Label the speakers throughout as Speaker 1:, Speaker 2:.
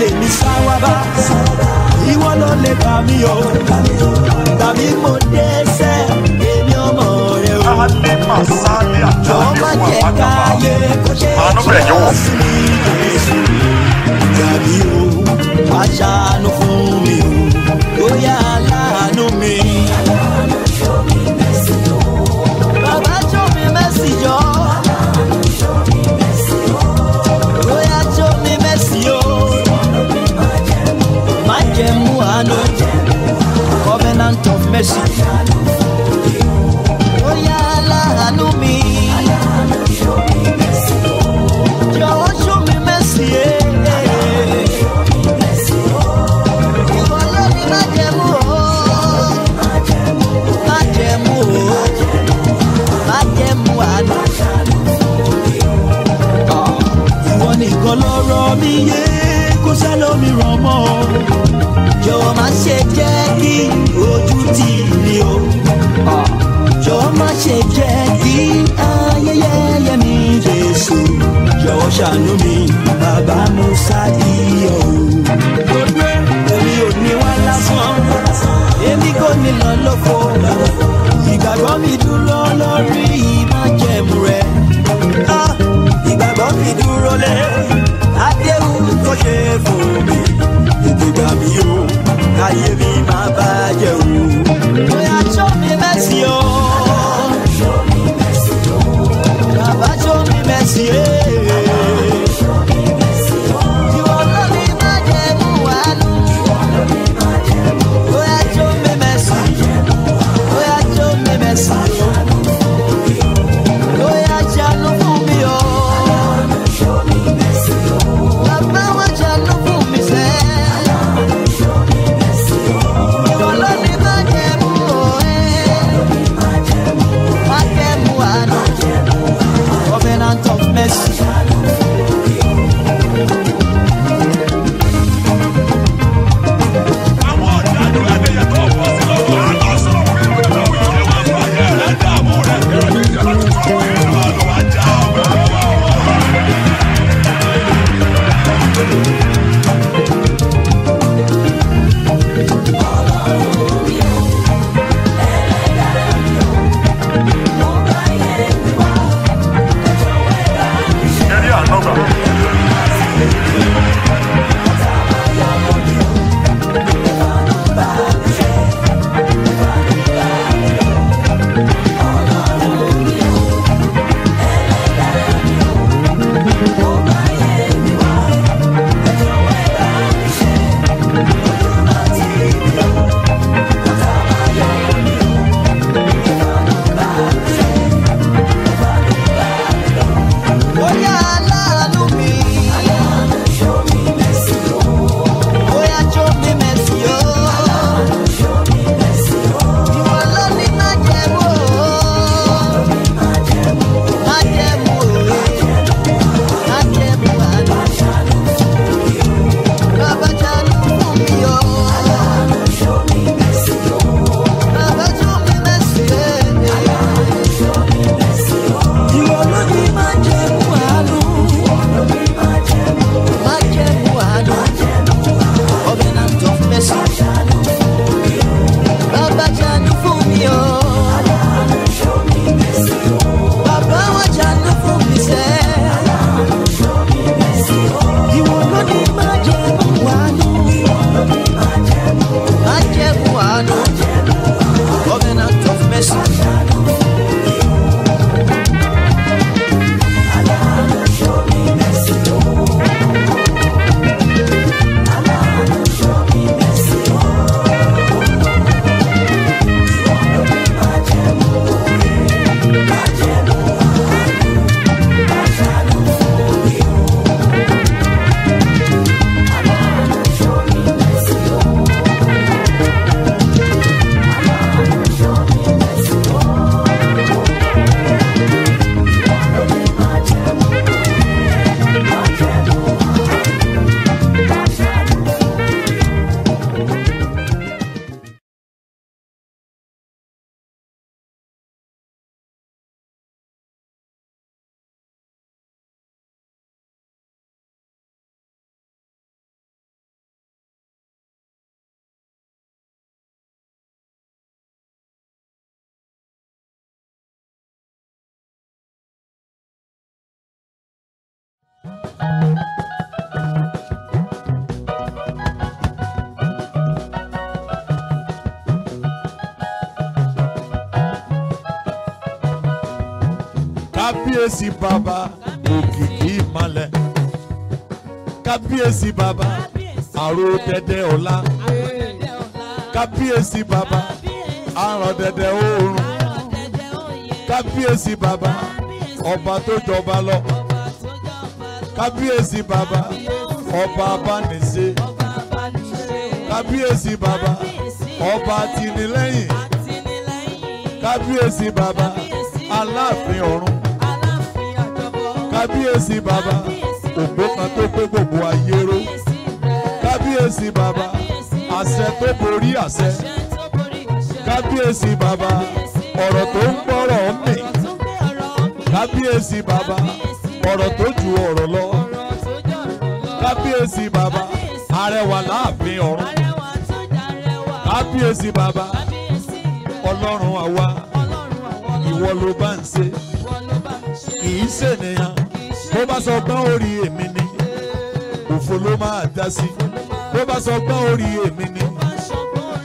Speaker 1: lèmi sáwá bá ìwọ ló lè bá mi o tàbí mo dẹ́sẹ̀ èmi ọmọ rẹ o jọ̀ọ́ má jẹ́ káyé kó ṣe é jọ sí mi èso tàbí o wá ṣàánú fún mi o lóyà láàánú mi. ayé kó
Speaker 2: sẹ́lómìíràn mọ́ o jọ̀wọ́ má ṣe jẹ́ kí ojú tì mí o jọ̀wọ́ má ṣe jẹ́ kí ayé yẹ̀yẹ́
Speaker 1: mi Jésù jọ̀wọ́ ṣàánú mi bàbá Musa iyọ̀ o èmi ò ní wá lásán èmi kò ní lọ lóko ìgbàgbọ́ mi dúró lórí ìmájẹ̀mú rẹ̀.
Speaker 2: Ah! gbàgbọ́ mi dúró lé àdéhùn tó ṣe fún mi tètè gbà mí o káyé mi máa bàjẹ́ o. bóyá ṣó mi mẹ́sì o bàbá ṣó mi mẹ́sì o.
Speaker 1: kábíyèsí bàbá òkìkí ìmàlẹ̀ kábíyèsí bàbá àrò dẹdẹ ọ̀la kábíyèsí bàbá àrò dẹdẹ oòrùn kábíyèsí bàbá ọba tó jọba lọ kábíyèsí bàbá ọba abánise kábíyèsí bàbá ọba tìnílẹ́yìn kábíyèsí baba, aláàfin ọ̀run kábíyèsí bàbá ògbó kan tó pé gbogbo ayé ró kábíyèsí bàbá àṣẹ tó borí àṣẹ kábíyèsí bàbá ọ̀rọ̀ tó ń gbọ́rọ̀ mì kábíyèsí bàbá ọ̀rọ̀ tó ju ọ̀rọ̀ lọ kábíyèsí bàbá arẹwà láàfin ọ̀run kábíyèsí bàbá ọlọ́run àwa ìwọ ló bá ń ṣe kì í ṣènìyàn bó bá sọ gbọ́n orí èmi ni òfo ló máa já sí bó bá sọ gbọ́n orí èmi ni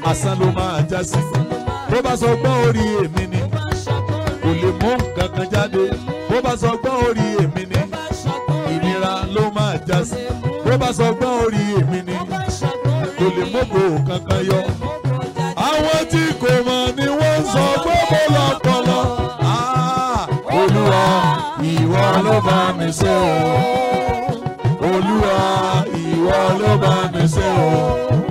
Speaker 1: asán ló máa já sí bó bá sọ gbọ́n orí èmi ni kò lè mú nǹkan jáde bó bá sọ gbọ́n orí èmi ni ìnira ló máa já sí bó bá sọ gbọ́n orí èmi ni kò lè mú kò kankan yọ.
Speaker 2: ló bá mi ṣe o olúwa ìwọ ló bá mi ṣe o.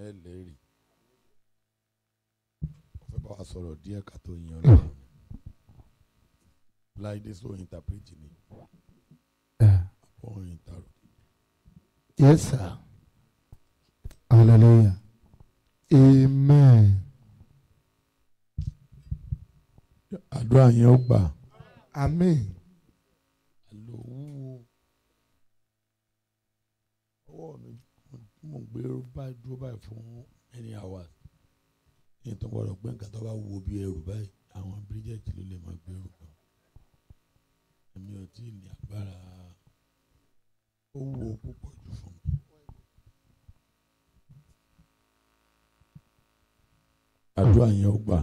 Speaker 2: ẹlẹ́rìí mo fẹ́ bá wa sọ̀rọ̀ díẹ̀ ká tó yan lọ
Speaker 1: láìdé so interpret ni ó yin yes sir hallelujah amen. àdúrà yẹn ó gbà. amen. gbé báyìí dúró báyìí fún many hours ní tó gbọdọ̀ gbé nǹkan tó bá wo bí ẹrù báyìí àwọn bridget ló lè máa gbé ẹrù kan èmi ò tí ì ní agbára ó wo púpọ̀ jù fún mi. àdúrà yẹn ó gbà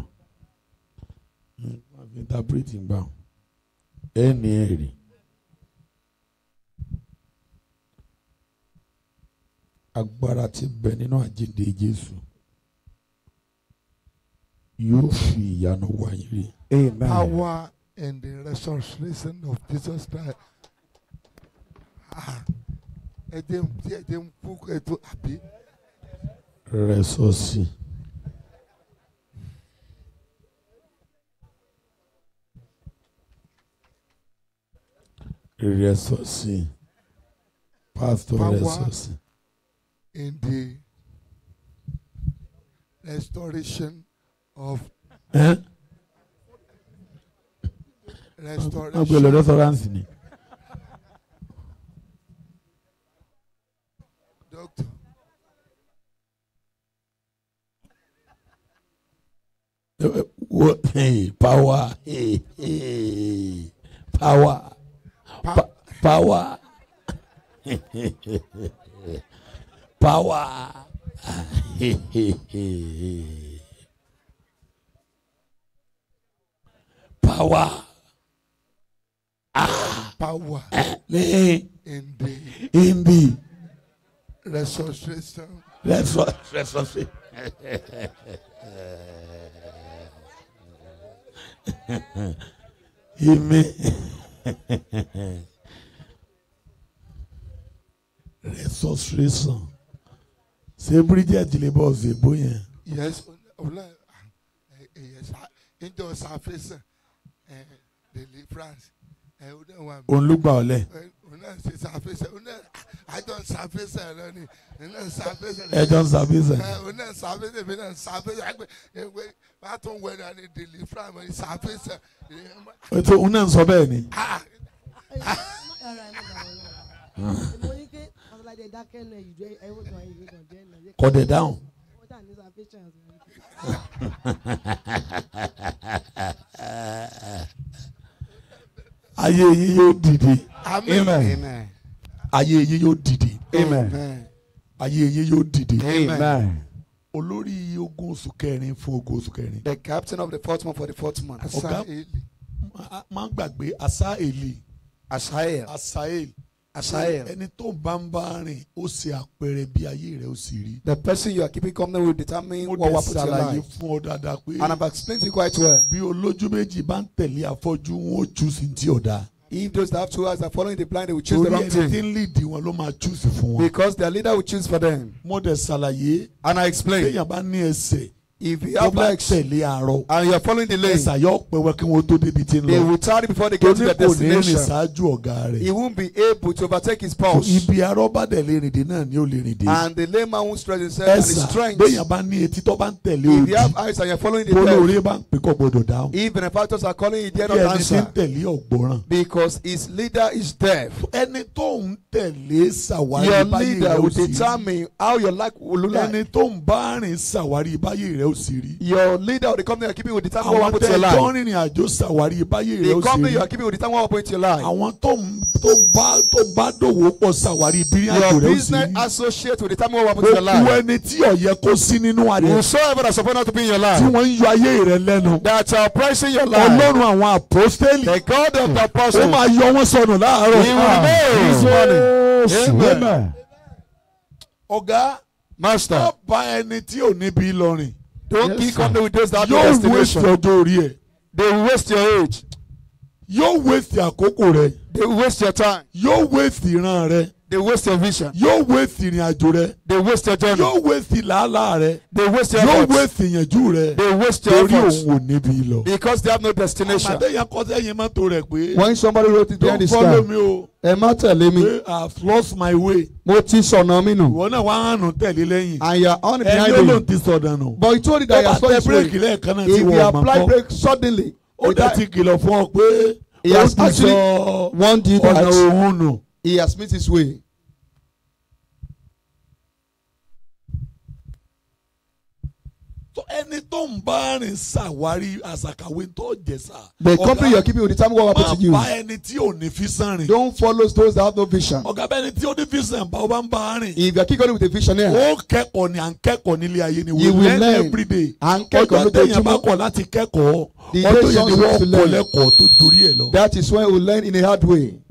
Speaker 1: wọ́n interpreting gbà ẹ̀ ní ẹ̀rí. agbára tí bẹ nínú àjíǹde Jésù yóò fi ìyanu wáyé rí. Amen. Power and the resurrection of Jesus Christ. Ah, ẹ jẹ́ tí ẹ jẹ́ ń kú ètò àbí. Rẹ̀sọ̀sì. Rẹ̀sọ̀sì. Pásítọ̀ Rẹ̀sọ̀sì. Power in the restoration of. Eh? restoration. wọ́n gbé lọ rẹ́sọ̀ránsì ni. doctor. power power power. power. power. Ah. Eh, power. Eh. In the, in the resurrection. Resurrection.
Speaker 2: me.
Speaker 1: Resurrection. ṣé Bridget lè bọ̀ ṣe bó yẹn. yes ọlọ ẹyẹ sa njẹ ọsàn fẹsẹ ẹ
Speaker 3: deliverance ẹ o náà eh, eh, wà. òun ló gbà ọ lẹ. Eh,
Speaker 1: òun náà ṣe ṣàfẹsẹ òun náà àjọ ah, ń ṣàfẹsẹ rẹ ni òun náà ṣàfẹsẹ. ẹjọ ń ṣàfẹsẹ. òun náà ṣàfẹsẹ mi náà ṣàfẹsẹ àgbẹ ẹgbẹ bá tó ń wẹrẹ ni deliverance mi ṣàfẹsẹ. ètò òun náà ń sọ bẹ́ẹ̀ ni. Ah, ah kọ́ dẹ̀ dáhùn. ayé yìí yóò dìde ayé yìí yóò dìde ayé yìí yóò dìde olórí ogun oṣù kẹrin fún ogun oṣù kẹrin. the captain of the fourth month for the fourth month. ọ̀gá máa ń gbàgbé asaeli. asael. asael.
Speaker 3: Asael. Ẹni
Speaker 1: tó bá ń bá rìn, ó ṣe àpẹẹrẹ bí ayé rẹ̀ ó sì rí. The person you are keeping company will determine what will happen to your life. Mo dẹ̀ ṣàlàyé fún ọ dáadáa pé. And I have explained it quite well. Bí olójú méjì bá ń tẹ̀lé àfọ́jú, wọn ó jù sí ti ọ̀dà. If those that have two eyes are following the blind, they will choose the wrong thing. Torí ẹni tí ń lead wọn ló máa choose fún wọn. Because their leader will choose for them. Mo dẹ̀ ṣàlàyé. And I explained. Béèyàn bá ní ẹsẹ̀ if you have legs and you are following the lane they will tarry before they get to their destination he won't be able to overtake his spouse and the layman won't stretch himself and his strength if you have eyes and you are following the lane even the factors are calling he dare not answer because his leader is deaf your leader will determine how your life like ó sì rí. your leader of the company you are keeping will determine what happen to your life. àwọn tẹ́ jọ́rìnrìn àjò ṣàwárí báyé rẹ̀ ó sì rí. the company you are keeping will determine what happen to your life. àwọn tó tó bá tó bá dòwò pọ̀ ṣàwárí bírí àjò rẹ̀ ó sì rí. your business associate will determine what happen to your life. gbogbo ẹni tí ó yẹ kó sí nínú adé. you saw ever as supposed to be in your life. tí wọ́n ń yọ ayé rẹ lẹ́nu. that are pricing your life. ọlọ́run àwọn apostoli. the God of the apostoli. ó máa yọ wọ́n sọnù láàárọ̀. he will know. Ah, amen. ọ̀gá. master. ọba ẹni tí ò níbi lọ́rìn don't yes, kill with those that have destination. yóò they will waste your age. yóò waste àkókò rẹ. they waste your time. yóò waste ìran rẹ they waste your vision. yóò waste ìrìn àjò rẹ. they waste your journey. yóò waste làálàá rẹ. they waste your effort. yóò waste ìyànjú rẹ. they waste your effort. torí òun ò níbi lọ. because they have no destination. àmàdéyàn kọ́sẹ́ yẹn máa tó rẹ̀ pé. when somebody wrote it down the sky. don't follow me o. ẹ má tẹ̀lé mi. I lost my way. mo ti sọ̀nà mi nù. ìwọ náà wàá hànú tẹ̀lé lẹ́yìn. and you are on behind me. ẹni olóhùn ti sọ̀dà nù. but he told me that you are so his way. if he apply brake suddenly. ó dẹ̀ ti kìlọ̀ fún ọ pé. he has actually warned you that. He has made his way. So ẹni tó ń bá rìn ṣàwárí àṣàkàwé tó jẹ̀sà. The company you are keeping will determine what happen to you. máa bá ẹni tí ò ní vision rìn. Don't follow those that have no vision. ọ̀gá bẹ́ẹ̀ ni tí ó ní vision bá ó ń bá rìn. If you are keeping with a visionaire. ó kẹ́kọ̀ọ́ ni à ń kẹ́kọ̀ọ́ nílé ayé ni. You will learn every day. à ń kẹ́kọ̀ọ́ lójoojúmọ́. ọjọ́ téèyàn bá kọ̀ láti kẹ́kọ̀ọ́. The day sun is to learn. ọjọ́ yẹn ni wọ́n kọ̀ lẹ́kọ̀ọ́ tó dorí ẹ̀ lọ. That is when we learn in a hard way.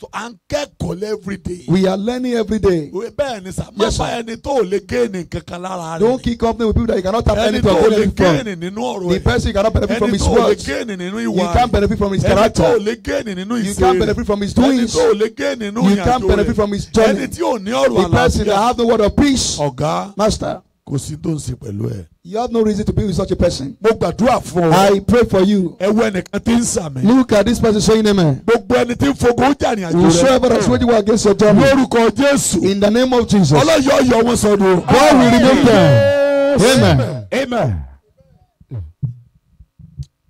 Speaker 1: So à ń kẹ́kọ̀ọ́ every day. We are learning every day. Bẹ́ẹ̀ ni sá, má bá ẹni tó lè géènì kankan lára rẹ̀. Don't keep company with people that you cannot have anything from. Ẹni tó lè géènì nínú ọ̀rọ̀ rẹ̀. The person you cannot benefit from his words. Ẹni tó lè géènì nínú ìwà rẹ̀. You can't benefit from his character. Ẹni tó lè géènì nínú ìṣe rẹ̀. You can't benefit from his doings. Ẹni tó lè géènì nínú ìyàtọ̀ rẹ̀. You can't benefit from his journey. Ẹni tí ò ní ọ̀rọ̀ àlàáfíà. The person that have the word of peace. Ọ̀gá. Master kò sí tó ń ṣe pẹ̀lú ẹ. you have no reason to be with such a person. mo gbàdúrà fún ọ. I pray for you. ẹ ẹnìkan tí ń sàmì. look at this person saying amen. gbogbo ẹni tí ń fogun jà ní àjò rẹ. you sure ever as wage war against your journey. lórúkọ Jésù. in the name of Jesus. ọlọ́yọ̀ yọ wọn sọdún. God will remove them. amen. amen.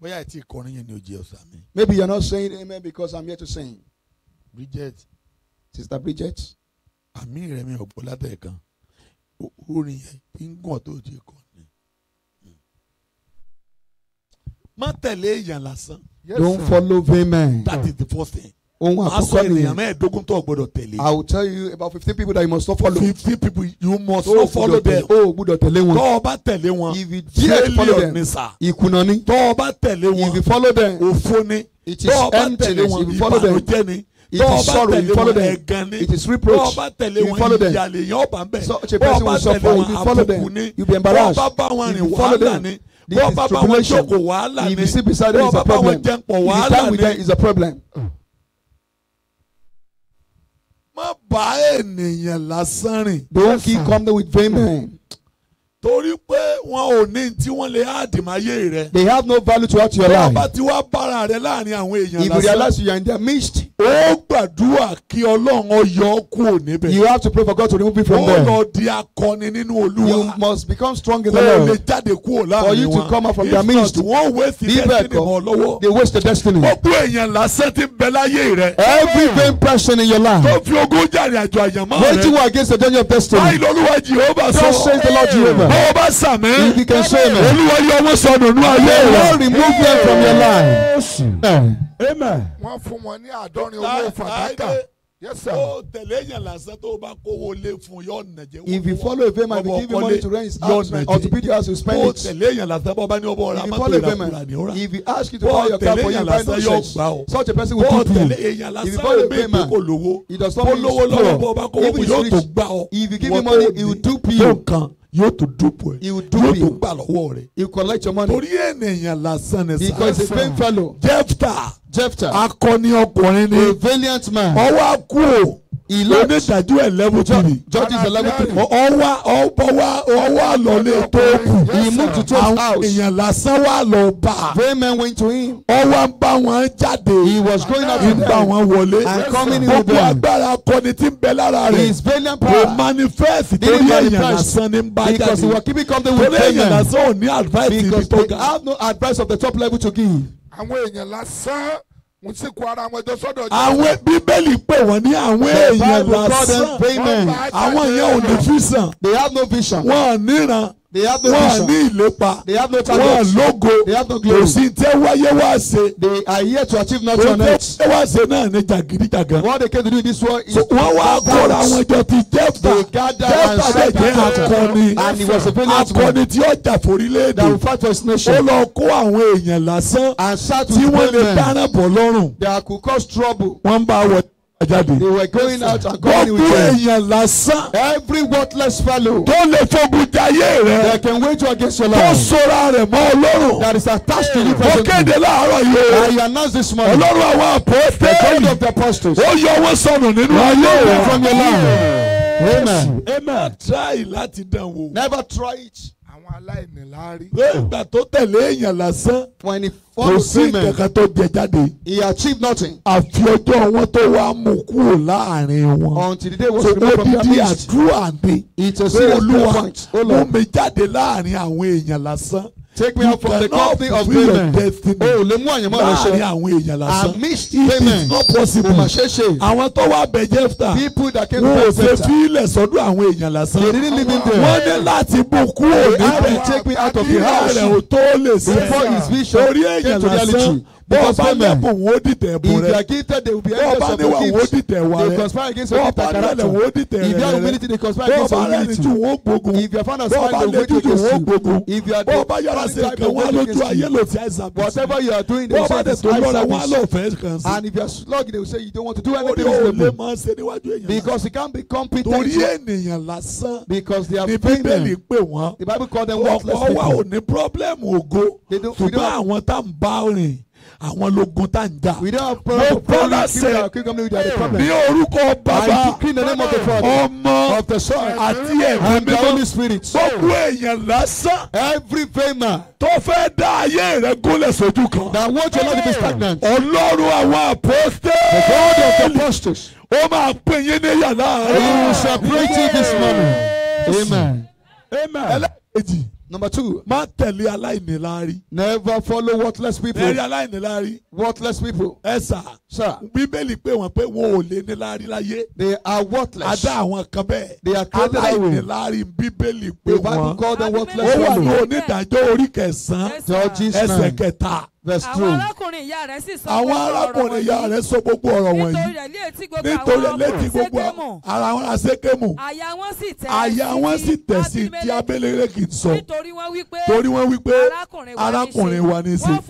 Speaker 1: bóyá ẹ ti kọrin yẹn ni o jẹ mi. maybe you are not saying amen because I am here to sing. Bridget. sister Bridget. àmì rẹ̀ mi ò gbọ́ látẹ̀ kan orin yẹn ti ń gàn tó ti kọ ni. má tẹ̀lé èèyàn lásán. don't follow vain men. that is the first thing. ohun àkọ́kọ́ nìyẹn. aṣọ ènìyàn mẹ́ẹ̀ẹ́dógún tó gbọ́dọ̀ tẹ̀lé. I will tell you about fifteen people that you must not follow. fifteen people you must not follow them. o gbọ́dọ̀ tẹ̀lé wọn. tọ́ ọ bá tẹ̀lé wọn. if you dare follow them ìkùnà ni. tọ́ ọ bá tẹ̀lé wọn. if you follow them òfo ni. it is empty. if you follow them. ìbànújẹ́ ni it is sorrow you follow them it is reproach you follow them such a person will suffer if you follow them you be embarrassed if you follow them this is tribulation if you sit beside them is a problem if you má bá ènìyàn lásán rìn. don't keep coming with vain men torí pé wọn ò ní tí wọ́n lè àdìmáyé rẹ. they have no value to what you are life. tí wàá bára rẹ láàrin àwọn èèyàn lásán. if you realize you are in their midst. ó gbàdúrà kí ọlọ́run ọyọ kú níbẹ̀. you have to pray for God to remove you from there. ó lọ di akọni nínú olúwa. you must become strong in the Lord. ó lè jáde kúrò láàrin wọn. for you to come out from their midst. if not wọ́n waste the destiny mọ́ lọ́wọ́. they waste the destiny. gbogbo èèyàn lásán ti bẹ láyé rẹ. every vain person in your life. tó fi ogún jàre àjò àyànmọ́ rẹ. waiting against the danger of destiny. báyìí lọ́lúwa Jehovah says the Lord Jehovah bó bá sàmì. if you can show me. olúwa yọ owó sọnù nínú ayé rẹ. the lord remove them from your
Speaker 2: life. amen. wọ́n fún wọn ní àádọ́rin owó fàdákà. Yes,
Speaker 1: sir. Ó tẹ̀lé yẹn lásán tó o bá kówó lé fún yóò nàjẹ́. If you follow a payment, you give you money to rent his house or to build your house, you spend it. Ó tẹ̀lé yẹn lásán bọ́ bá ní ọbọ̀ ra mọ́tò ìlàkùnrin ni ó rà. If you ask you to buy your car for you, buy no Such a person will do. you. Ó tẹ̀lé yẹn lásán if you follow a payment, kò lówó. He does not mean he's poor. Even if he's rich, if you give him money, he will dupe you yóò tún dúpọ̀ ẹ̀ yóò tún gbà lọ́wọ́ rẹ̀. you collect your money. torí ènìyàn lásán ni sàásàn. because he's a pain fellow. Jephthah. akọni ọkùnrin ni. a valiant man. ọwọ́ àkúrò ìlọ́ọ̀tì onídàájú eleven three judges eleven three ọwọ́ ọwọ́ ọwọ́ àlọ́lé tóòpù àwọn èèyàn lásán wà lọ bá ọwọ́ ń bá wọn jáde ń bá wọn wọlé gbogbo agbára akọni tí ń bẹ lára rẹ̀ kò manifest torí èèyàn lásán ní ń bá jáde torí èèyàn lásán ò ní advice ibi tó ga. because they have no advice of the top level to give àwọn èèyàn lásán ń sìnkú ara wọn jọ sọ́dọ̀ jọ. àwọn bíbélì pè wọ́n ní àwọn èèyàn lásán àwọn èèyàn ò ní fìsàn. they have no vision. wọ́n ò níran they have no vision. wọ́n ní ìlépa. they have no target. wọ́n lógo. they have no glory. kò sí tẹ́ wáyé wá ṣe. they are here to achieve nothing on earth. kò tẹ́ wá ṣe náà ní jàgídíjàgan. what they came to do in this world is. wọ́n wá kóra wọn jọ ti jẹ́fà. they gather and set up jẹ́fà akọni. and he was a brilliant man. akọni tí ó jà forílẹ̀-èdè. that will fight for his nation. ó lọ kó àwọn èèyàn lásán. and start with the men. tí wọ́n lè dáná bọ̀ lọ́rùn. They could cause trouble. wọ́n bá wọ̀ jáde. they were going out and coming with them. gbogbo èèyàn lásán. every worthless fellow. tó lè fogun jayé rẹ. they can wait to against your life. tó sora rẹ̀ mọ́ Ọlọ́run. that is attached to you. mo kéde láàárọ̀ yìí I announce this morning. Ọlọ́run àwọn àpótẹ́. the God of the apostles. ó yọ owó sọnù nínú ayé rẹ. from your life. amen. amen. try láti dán never try
Speaker 2: it àwọn aláìní láárí.
Speaker 1: lẹ́gbà tó tẹ̀lé èèyàn lásán. when he women kò sí kankan tó jẹ jáde. he achieved nothing. àfi ọjọ́ wọn tó wá mú kúrò láàrin wọn. until the day was so removed from their midst. so odidi àdúrà ni. it's a serious prayer point. mú mi jáde láàrin àwọn èèyàn lásán. Take me out from the company of payment. O oh, lè mú àyànmọ́ rẹ ṣe. Láàárín àwọn èèyàn lásán. I missed payment. It not possible. Kò mà ṣe ṣe. Àwọn tó wá bẹ̀ Jẹ́fta. People that came from Jẹ́fta. Wọ́n ò ṣe fílẹ̀ sọ́dọ̀ àwọn èèyàn lásán. They didn't live in there. Wọ́n ní láti bú kúrò níbẹ̀. They had take me out of the house. Before his vision came to reality because bá lẹ́bùn ẹ̀bùn rẹ if you are gifted
Speaker 3: they will be envious of the gift bó bá níwà wo dìtẹ̀ ẹ̀wà rẹ they conspire against your gift if you are humility they conspire against your humility bá lẹ́ni tí wọ́n
Speaker 1: gbógun if you are found as fine they will wait against you if you are the bó bá yàrá sí ẹ̀kan wọ́n á lójú ayé lò sí àìsàn whatever you are doing they will say this is high service and if you are slug they will say you don't want to do anything reasonable because you can't be competent because they have been the Bible called them worthless people ọ̀pọ̀ wa problem ògo ṣùgbọ́n àwọn tá à ń bá rìn àwọn lógun tá ń jà. mo bọ́ lásẹ̀ ní orúkọ bàbá ọmọ àti ẹ̀mí gbogbo èèyàn lásán. every payment. tó fẹ́ dá ayé rẹ gúnlẹ̀ sójú kan. na watch your life be stagnant. ọlọ́run àwọn apostles. the God of the apostles. ó máa pè yín ní yàrá rẹ. we will separate this morning. amen. amen. Number two. Má tẹ̀lé aláìní láárí. Never follow worthless people. Tẹ̀lé aláìní láárí. Worthless people. Ẹ sà. Sà. Bíbélì pé wọ́n pé wọn ò lè ní láárí láyé. They are worthless. Adá àwọn kan bẹ́ẹ̀. They are created that Bíbélì pé wọ́n. The Bible called them worthless people. Ó wà ní onídàájọ́ orí kẹsàn-án. Ẹsẹ̀ kẹta verse two. àwọn
Speaker 3: arákùnrin ìyá rẹ̀ sì
Speaker 1: sọ gbogbo ọ̀rọ̀ wọ̀nyí. àwọn arákùnrin ìyá rẹ̀ sọ gbogbo ọ̀rọ̀ wọ̀nyí. nítorí
Speaker 3: rẹ̀ létí gbogbo àwọn ọmọ ara wọn ra sékémù. àyà wọn sì tẹ̀ sí àyà wọn sì tẹ̀ sí tí Abímélékì sọ. nítorí wọ́n wí pé torí wọ́n wí pé arákùnrin wa ní í ṣe. wọ́n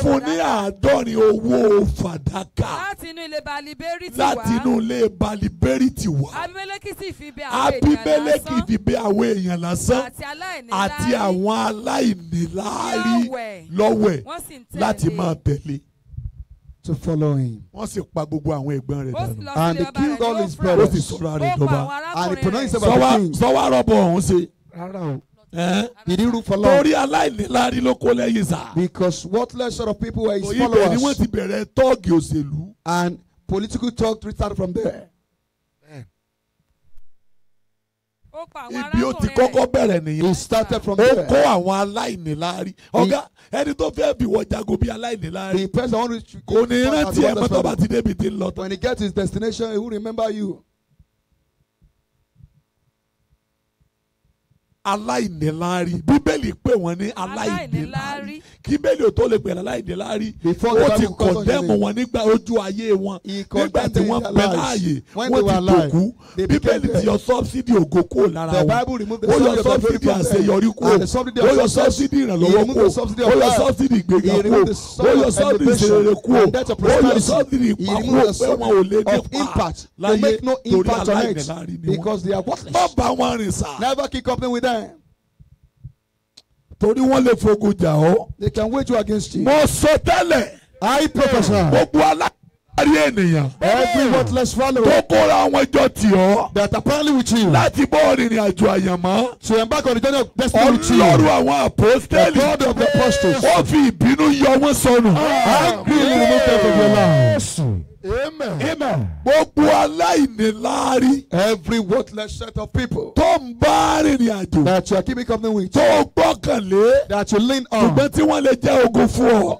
Speaker 1: fún ní àádọ́rin owó fàdákà.
Speaker 3: láti inú ilé balibérì tiwa. láti inú
Speaker 1: ilé balibérì tiwa.
Speaker 3: Abímélékì sì fi bẹ̀
Speaker 1: àwọn èèyàn lásán.
Speaker 3: àti àwọn aláìníláárí lọ́wẹ̀ láti máa
Speaker 1: tẹ̀lé. to follow him. wọ́n sì pa gbogbo àwọn ẹ̀gbọ́n rẹ̀ dànù. and they killed all his brothers. ó sì sọ̀rọ̀ rẹ̀ dọ̀ba. and he pronounced himself as king. sọ́wọ́ àrọ̀bọ̀ ọ̀hún ṣe. rárá o. Ìdírú fọlọ́. Torí aláìníláàrí ló kó lẹ́yìn sá. Because worthless sort of people were his followers. Òyìnbó ni wọ́n ti bẹ̀rẹ̀ tọ́ọ̀gì òṣèlú. And political talk started from there. ibi ó ti kọ́kọ́ bẹ̀rẹ̀ nìyẹn. he started from there. ó kó àwọn aláìní láárí. ọ̀gá ẹni tó fẹ́ bí wọ́n jago bí aláìní láárí. the person who reach. kò ní rántí ẹ̀ mọ́tò bá ti débi ti lọ when he gets his destination he will remember you. aláìníláárí bíbélì pè wọ́n ní
Speaker 3: aláìníláárí
Speaker 1: kí bíbélì ò tó lè pè aláìníláárí ó ti kọ̀dẹ́mù wọn nígbà ojú ayé wọn nígbà tí wọ́n pẹ́ láàyè wọ́n ti dòkú bíbélì ti yọ sọ́bsidì ògo kúrò lára wọn ó yọ sọ́bsidì àṣeyọrí kúrò ó yọ sọ́bsidì ìrànlọ́wọ́ kúrò ó yọ sọ́bsidì ìgbéga kúrò ó yọ sọ́bsidì ìṣerere kúrò ó yọ sọ́bsidì ìpàkúrò pé wọn ò lè nípa láyé torí aláìníláárí ni wọ́n má bá wọn rìn sá. never kick up with them them. torí wọ́n lè fogun jà ọ́. they can wage you against you. mo sọ tẹ́lẹ̀. I prophesy. gbogbo aláàárí ènìyàn. every worthless follower. tó kóra àwọn ìjọ tì ọ́. that are partly with you. láti bọ́ ìrìn àjò àyànmọ́. to embark on the journey of destiny with you. ọlọ́run àwọn apostoli. the God of the apostles. ó fi ìbínú yọ wọ́n sọnù. I agree with the movement your life. Amen. Amen. Gbogbo aláìníláárí. Every worthless set of people. Tó ń bá rìnrìn àjò. That you are keeping company with. Tó gbọ́kànlé. That you lean on. Ṣùgbọ́n tí wọ́n lè jẹ́ ogun fún ọ.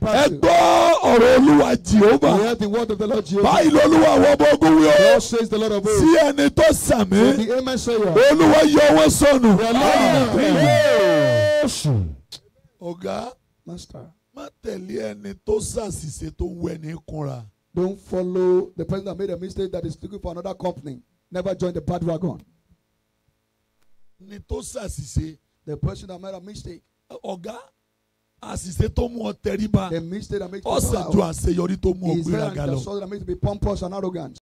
Speaker 1: Ẹ gbọ́ ọ̀rọ̀ Olúwa Jehova. We hear the word of the Lord Jehova. Báyìí lolúwa wọ ọmọ ogun wí o. God says the Lord of hosts. Sí ẹni tó sàmí. The amen sayer. Olúwa yọ owó sọnù. The Lord is the Lord. Master. Má tẹ̀lé ẹni tó ṣàṣìṣe tó wú ẹni kúnra. Don't follow the person that made a mistake that is looking for another company. Never join the bad wagon. Ní tó ṣàṣìṣe. The person that made a mistake. Ọ̀gá àṣìṣe tó mú ọ tẹríba. The mistake that makes people. proud. Ọ̀sẹ̀ ju àṣeyọrí tó mú ọ gbéraga lọ. Is better than the that makes you pompous and arrogant.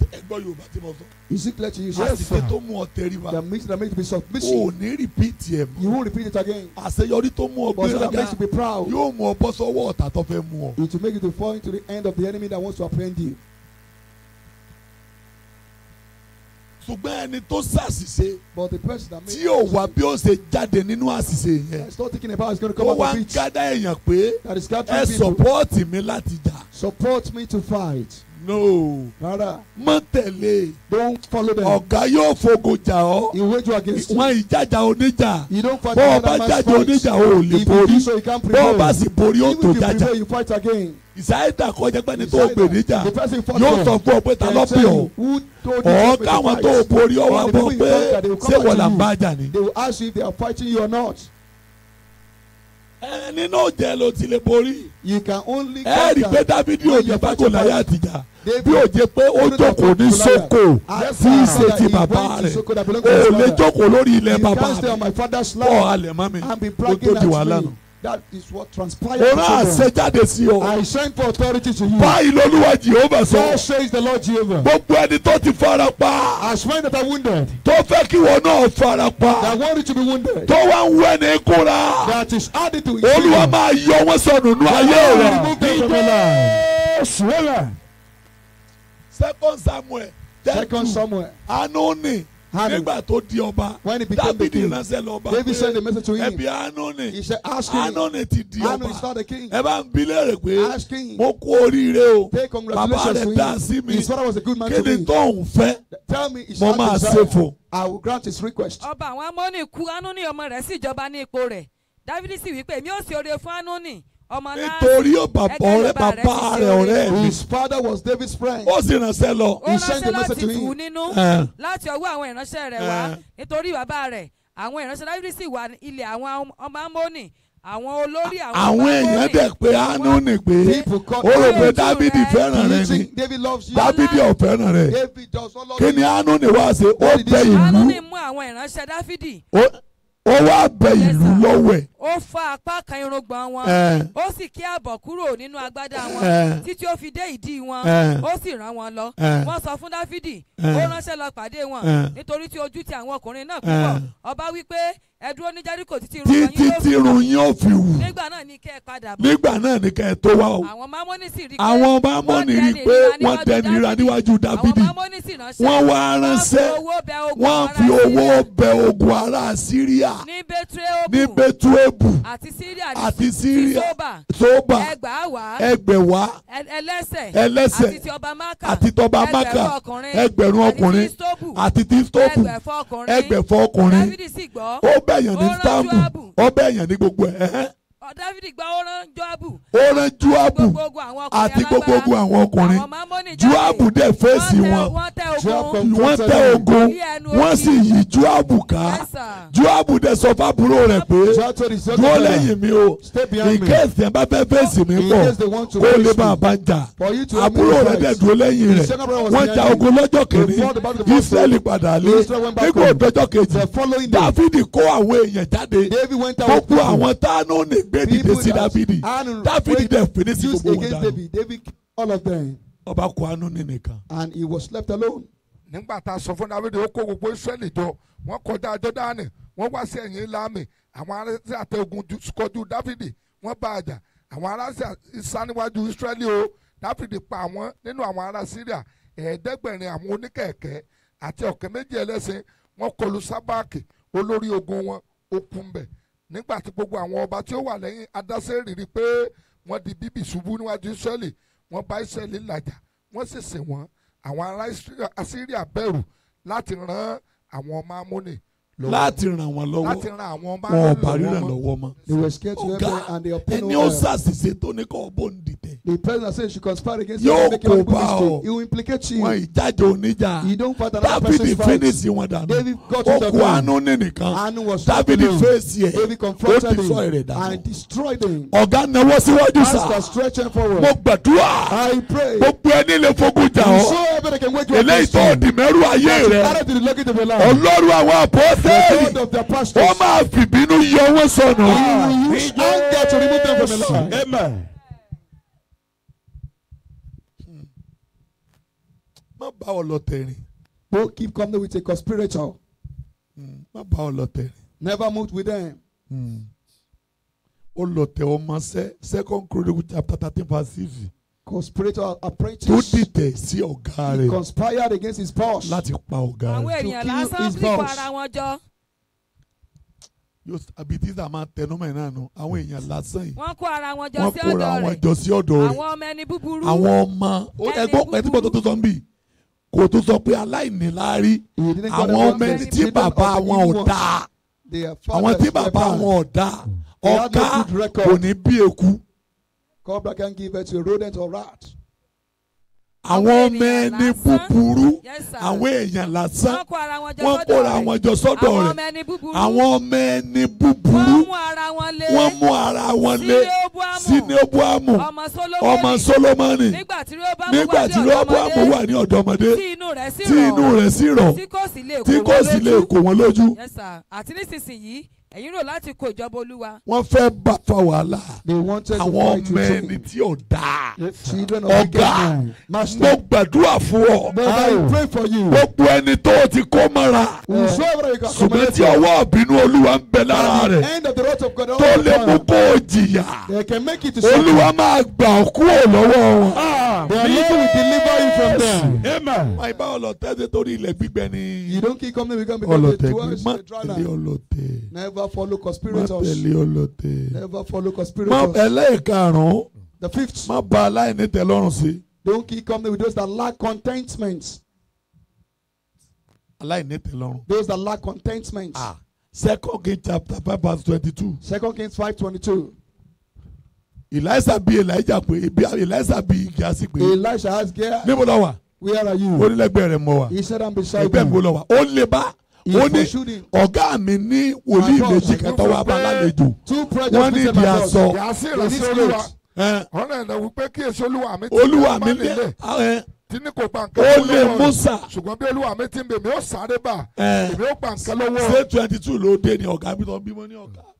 Speaker 1: ẹ gbọ́ yorùbá tí mo sọ. is it clear to you. àṣìṣe tó mú ọ tẹríba. the mix that makes me submission. o ní repeat yẹ mọ. you won't repeat it again. àṣeyọrí tó mú ọ gbéraga. but that makes you be proud. yóò mú ọ bọ́ sọ́wọ́ ọ̀tá tó fẹ́ mú ọ. it will make you to fall into the end of the enemy that wants to offend you. ṣùgbọ́n ẹni tó ṣàṣìṣe. but the person that made. tí yóò wá bí ó ṣe jáde nínú àṣìṣe yẹn. that is thinking about how it's going to come out of it. ó wá gádá èèyàn pé. that is capturing people. ẹ support me, láti jà. support me to fight no rárá mọ tẹ̀lé don't follow them ọ̀gá yóò fogo jà ọ́ he wage against you wọn ìjàjà oníjà you don't fight another man's fight bọ́ọ̀ bá jàjà oníjà o lè borí bọ́ọ̀ bá sì borí ó tó jàjà if you fight again ìsáyédà kọjá pé ní tó gbè níjà yóò sọ fún ọ pé ta ló pè ọ́ ọ̀ káwọn tó borí ọ wá bọ̀ pé ṣé wọ́n là ń bá jà ni. they will ask you if they are fighting you or not nínú òjẹ ló ti lè borí. you can only. ẹ rí i pé Dáfídì òjò bá kò láyé àtijọ́ bí ó jẹ́ pé ó jókòó ní soko tí í ṣe ti bàbá rẹ̀ ó lè jókòó lórí ilẹ̀ bàbá rẹ̀ ọ̀ halẹ̀ mọ́ mi ó tó di wàhálà nù. That is what transpired. àṣẹjáde sí ọ. I send for authority to you. Báyìí lolúwa Jehova sọ. says the Lord Jehovah. Gbogbo ẹni tó ti fara pa. As many that are wounded. Tó fẹ́ kí wọn náà fara pa. That to be wounded. Tó wá ń wẹ́ ní kúra. That is added to his. Olúwa máa yọ wọ́n sọnù nú ayé rẹ̀. Olúwa máa second samuel
Speaker 3: second samuel
Speaker 1: anoni nígbà tó di ọba dábìdì ránṣẹ́ lọ bá pé ẹbí anoni anoni ti di ọba ẹ bá ń bilẹ̀ rẹ̀ pé mo kú oríire o bàbá rẹ̀ dá sí mi kí ni tó ń fẹ́
Speaker 3: mo máa ṣe
Speaker 1: fún. I will grant his request.
Speaker 3: ọba àwọn amóni kú anoni ọmọ rẹ̀ sì jọba ní ipò rẹ̀ dávidi sì wí pé ò sí oore fún anoni nítorí bàbá ọ̀rẹ́ bàbá rẹ̀ ọ̀rẹ́ mi. his father was David's friend. ó sì ránṣẹ́ lọ. he sent a message to him. ó ránṣẹ́ láti tù ú nínú eh. láti ọwọ́ àwọn ìránṣẹ́ rẹ̀ wá eh. nítorí bàbá rẹ̀ àwọn ìránṣẹ́ Dáfídì sì wà ilé àwọn ọmọ Ámónì àwọn olórí àwọn àwọn èèyàn dẹ̀
Speaker 1: pé àánú nì pé ó rò pé dávidi fẹ́ràn rẹ ni dávidi ò fẹ́ràn
Speaker 3: rẹ
Speaker 1: kí ni àánú nì wá ṣe ó bẹ ìlú. àánú nì
Speaker 3: mú àwọn ìránṣẹ́ Dáfídì
Speaker 1: ó wá bẹ ìlú lọ́wọ́ ẹ̀.
Speaker 3: ó fa apá kan irùngbọ̀n wọn ó sì kí ààbọ̀ kúrò nínú agbádá wọn títí ó fi dé ìdí wọn ó sì rán wọn lọ wọ́n sọ fún dáfídì ó ránṣẹ́ lọ pàdé wọn nítorí tí ojú ti àwọn ọkùnrin náà púpọ̀ ọba wípé ẹ dúró ní Jẹ́ríkò títí irun yín ó fi wù nígbà náà ni kẹ́ ẹ padà bọ̀
Speaker 1: nígbà ni kẹ́ ẹ tó wá o àwọn mamoni sì rí i pé wọ́n dẹni ra níwájú Dáfídì
Speaker 3: wọ́n wá ránṣẹ́ wọ́n fi owó bẹ ogun ará Síríà ní Bẹ́túébù àti Síríà sóbà ẹgbẹ̀wá ẹlẹ́sẹ̀ àti tọba Mákà ẹgbẹ̀rún ọkùnrin àti tìstóbù ẹgbẹ̀fọ́ ọkùnrin ó bẹ bẹ̀yàn
Speaker 1: ní stamp ó bẹ̀yàn ní gbogbo ẹ̀
Speaker 3: Dáfídì gba ó rán Joabu. ó rán Joabu àti gbogbo ogun àwọn ọkùnrin Joabu dẹ̀ fèsì wọn wọ́n tẹ ogun wọ́n sì yí
Speaker 1: Joabu ká Joabu dẹ̀ sọ fábúrò rẹ̀ pé dúró lẹ́yìn mi o ìkẹ́sì ẹ̀ bá fẹ́ fèsì mi pọ̀ kó lè bá a bá jà àbúrò rẹ̀ dẹ̀ dúró lẹ́yìn rẹ̀ wọ́n jà ogun lọ́jọ́ kìíní Ísírẹ́lì padà lé nígbà òdọ́jọ́ kejì Dáfídì kó àwọn èèyàn jáde gbogbo àwọn táánù nìkan gbé dìde sí dábìdì dábìdì dẹ̀ pé ní sí gbogbo wọn dáná ọba kọ àánú nìkan. and he was left alone. nígbà tá a sọ fún dábìdì ó kó gbogbo israẹli jọ wọ́n kọjá jọdáàni wọ́n wá sí ẹ̀yìn láàmì àwọn aráàlú àtẹ̀gùn kọjú dábìdì wọ́n bá àjà àwọn aráàlú ìsáníwájú israẹli o dábìdì pa àwọn nínú àwọn ará syria ẹ̀ẹ́dẹ́gbẹ̀rin àwọn oníkẹ̀kẹ́ àti ọ̀kẹ́ méjì ẹlẹ́sìn wọ́n kọlù sábàkì olórí ogun wọn ó kú nígbà tí gbogbo àwọn ọba tí ó wà lẹ́yìn adásẹ́rì rí pé wọ́n di bíbí ṣubú níwájú israẹli wọ́n bá israẹli làjà wọ́n sì sìn wọ́n àwọn ará asíríà bẹ̀rù láti rán àwọn ọmọ amóni láti ràn wọ́n lọ́wọ́ wọn ò bá ríran lọ́wọ́ mọ́. and they obtained no help. ẹni ó ṣàṣìṣe tó ní kọ́ bó ń dìtẹ̀. the president said she conspired against you make you people mistake he will implicate you. wọn ìjájà oníjà you don't fight another person's fight David finish wọn dànù David got to the ground okun anu nìkan David face yẹ ó destroy rẹ dànù and destroy him. ọ̀gá náwó síwájú sá mo gbàdúrà gbogbo ẹni lè fogun jà ọ́ eléyìí tó di mẹ́rù ayé rẹ ọlọ́run àwọn àpọ́sẹ̀ pray ó máa fìbínú yọ owó sọnù. His anger to remove them from your life. Amen. Hmm. má bá ọ lọ tẹ̀rín. don't keep coming with a conspirator. Hmm. má bá ọ lọ tẹ̀rín. never move with them. Hmm. ó lọ tẹ̀ ọmọ sẹ́ second chronicle chapter thirteen verse six conspirator apprentice. tó dìtẹ̀ sí ọ̀gá rẹ̀. he conspired against his boss. láti pa ọ̀gá rẹ̀. àwọn èèyàn lásán fipò ara wọn jọ. yóò àbí títà máa tẹnumọ́ ẹ̀ náà nù àwọn èèyàn lásán yìí.
Speaker 3: wọ́n kó ara wọn jọ sí ọ̀dọ̀ rẹ̀. wọ́n kó ara wọn jọ
Speaker 1: sí ọ̀dọ̀ rẹ̀. àwọn
Speaker 3: ọmọ ẹni búburú. àwọn
Speaker 1: ọmọ ẹgbọ́n ẹtìgbọ́n tó tó sọ ń bì kò tó sọ pé aláìníláárí àwọn ọmọ ẹni tí bàbá wọn ò dáa àwọn tí bàbá wọn ò dáa ọ̀gá kò ní bí eku. Cobra can give it to rodent or rat. Àwọn ọmọ ẹni búburú, àwọn èèyàn lásán,
Speaker 3: wọ́n kóra wọn jọ sọ́dọ̀ rẹ̀. Àwọn ọmọ
Speaker 1: ẹni búburú, wọ́n
Speaker 3: mú ara wọn lé Sinobuamu, ọmọ Solomoni, nígbà tí Roboamu wà ní ọ̀dọ́mọdé, tí inú rẹ̀ sì rọ̀, tí kò sì lè kó wọn lójú ẹ̀yin rò láti kó ìjọba olúwa.
Speaker 1: wọ́n fẹ́ bá fa wàhálà. they wanted to fight with you. àwọn ọmọ ẹni tí ò dáa. children of ọ̀gá mo gbàdúrà fún ọ. I pray for you. gbogbo ẹni tó o ti kó mọ́ra. ṣùgbọ́n tí ọwọ́ ìbínú olúwa ń bẹ lára rẹ̀. tó lè mú kó o jìyà. olúwa máa gbà kú ò lọ́wọ́ wọn. the people will deliver you from them. amen. máa bá ọlọ̀tẹ̀ ṣe torí ilẹ̀ gbígbẹ ni. you don't keep coming because because the two hours is dry now. ọlọ̀tẹ̀ gbé ọlọ̀tẹ̀. never Never follow conspirators. Má tẹ̀lé ọlọ́tẹ̀. Never follow conspirators. Má ẹlẹ́ẹ̀karùn-ún. The fifth. Má bà aláìní tẹ́lọ́rùn sí. Don't keep coming with those that lack contentment. Aláìní tẹ́lọ́rùn. Those that lack contentment. Ah. Second Kings chapter five verse twenty-two. Second Kings five twenty-two. Elisha bi Elijah pé ibi Elisha bi Gíásì pé. Elisha ask here. Níbo lọ wà? Where are you? Onílẹ̀gbẹ́ rẹ̀ mọ̀ wá. He said I'm beside you. Ẹgbẹ́ mi lọ wà. Ó lè bá ó ní ọ̀gá mi ní wòlíì méjì kẹta wà bá lálejò
Speaker 2: wọ́n ní ìdí aṣọ.
Speaker 1: olúwa mi ní tí ní kò gba nǹkan lọ́wọ́ rẹ̀ ó lè musa ṣùgbọ́n bí olúwa mi ti ń bẹ̀ mi ó sáré bá èmi ó gba nǹkan lọ́wọ́ rẹ̀. ṣé twenty two ló dé ní ọ̀gá mi tó ń bímọ ní ọ̀gá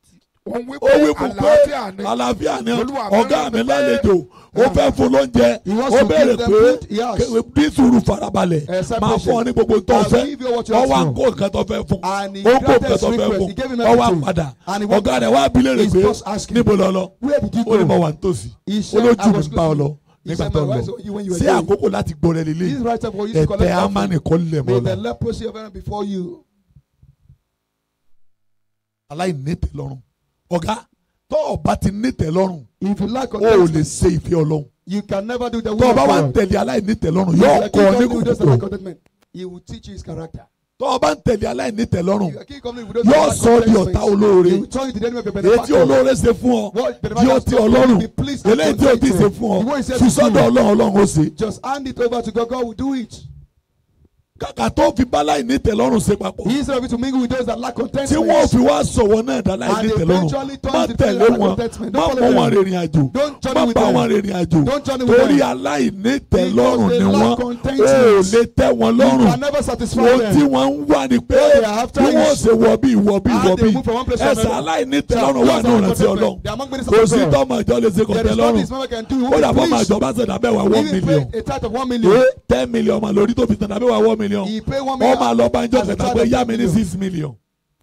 Speaker 1: ó wí fún pé àlàáfíà ni ọ̀gá mi lálejò ó fẹ́ fún lóúnjẹ ó béèrè pé bí sùúrù farabalẹ̀ máa fún ọ ní gbogbo tó fẹ́ ọ wá kó nǹkan tó fẹ́ fún ó kó nǹkan tó fẹ́ fún ọ wá padà ọ̀gá rẹ̀ wá bilé rẹ̀ pé níbo lọ lọ ó ní mo wà nítòsí ó mi bá ọ lọ nígbà tó lọ sí àkókò láti gbọrẹ lílé ẹ̀tẹ̀ amani kọ́ lẹ̀ mọ́ la aláìní tẹ́lọ́rùn ọ̀gá tó o bá ti ní tẹ̀lọ́rùn o ò lè ṣe ìfẹ́ ọlọ́run you can never do the will of God. ń tẹ̀lé aláìní tẹ̀lọ́rùn yóò kọ́ ọ ní kòkòrò he will teach his character tó o bá ń tẹ̀lé aláìní tẹ̀lọ́rùn yóò sọ ọ́ di ọ̀tá olóore ètí olóore ṣe fún ọ tí ó ọlọ́run eléyìí tí ó ti ṣe fún ọ sísọ́dọ̀ ọlọ́run ọlọ́run ó ṣe. just hand it over to God God will do it kàkà tó fi bá láì ní tẹ̀lọ́rùn ṣe papọ̀. he is ready to mingle with those that lack contentment. tí wọ́n fi wá sọ̀wọ́ náà dá láì ní tẹ̀lọ́rùn má tẹ̀lé wọn má mú wọn rìnrìn àjò má bá wọn rìnrìn àjò torí aláìní tẹ̀lọ́rùn ni wọ́n ó lè tẹ́ wọn lọ́rùn ohun tí wọ́n ń wá ni pé bí wọ́n ṣe wọ bí wọ bí wọ bí ẹ̀sà aláìní tẹ̀lọ́rùn wà ní ìrántí ọlọ́run kò sí tọ́mọ ìjọ lè ṣe kò tẹ̀lọ́rùn
Speaker 2: ó dàbọ̀ máa jọba
Speaker 1: ṣẹ̀dá bẹ́ẹ̀ wá one million ten million mà lórí tó fi tẹ̀dá bẹ́ẹ̀ wá one million million ó máa lọ bá ẹjọ́ kẹta pé yá mi ní six million.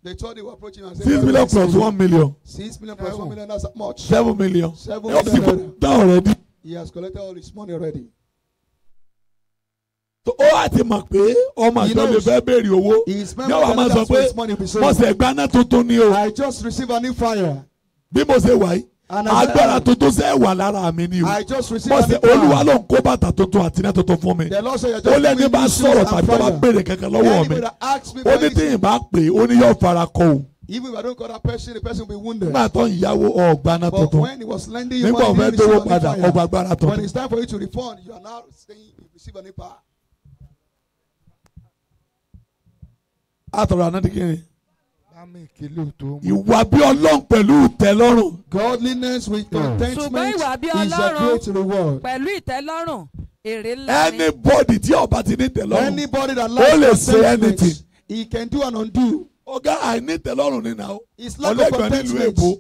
Speaker 1: They
Speaker 3: told you approaching and said, Six million plus one million. Six million plus one million, that's much. Seven million. Seven million. Down already.
Speaker 1: He has collected all his money already. So, ó àti mọ̀ pé ọmọ àjọ lè fẹ́ béèrè owó ní ọ̀wá máa sọ pé mọ̀sẹ̀ gbaná tuntun ni o. I just received a new fire. Bí mo ṣe wà agbára tuntun sẹ́ wà lára mi ni o mo sì olúwa ló ń kó bàtà tuntun àti iná tuntun fún mi ó lẹ́ni bá sọ̀rọ̀ tàbí tó bá béèrè kankan lọ́wọ́ mi ó ní tí yìí pè é ó ní yóò fara kọ o. Even if I don't call that person, the person will be wounded. Nígbà tó ń yáwó ọ̀gbáná tuntun. But when he was lending you money, nígbà ọ̀fẹ́ tó wó padà ọ̀gbàgbára tuntun. When it's time for you to refund, you are now saying you receive a new power. Àtọ̀rọ̀ àná di kí ni? Ìwà bí Ọlọ́run pẹ̀lú ìtẹ́lọ́rùn. Godliness with hmm. contentment is a great reward.
Speaker 3: Pẹ̀lú ìtẹ́lọ́rùn, èrè ńlá ni.
Speaker 1: Anybody tí ọba ti ní ìtẹ́lọ́rùn. Anybody that lacks contentment. lè ṣe anything. He can do and undo. Ọ̀gá àìní ìtẹ́lọ́rùn nínú àwọn. It's lack of contentment. Ọlẹ́gbẹ̀ẹ́ nílùú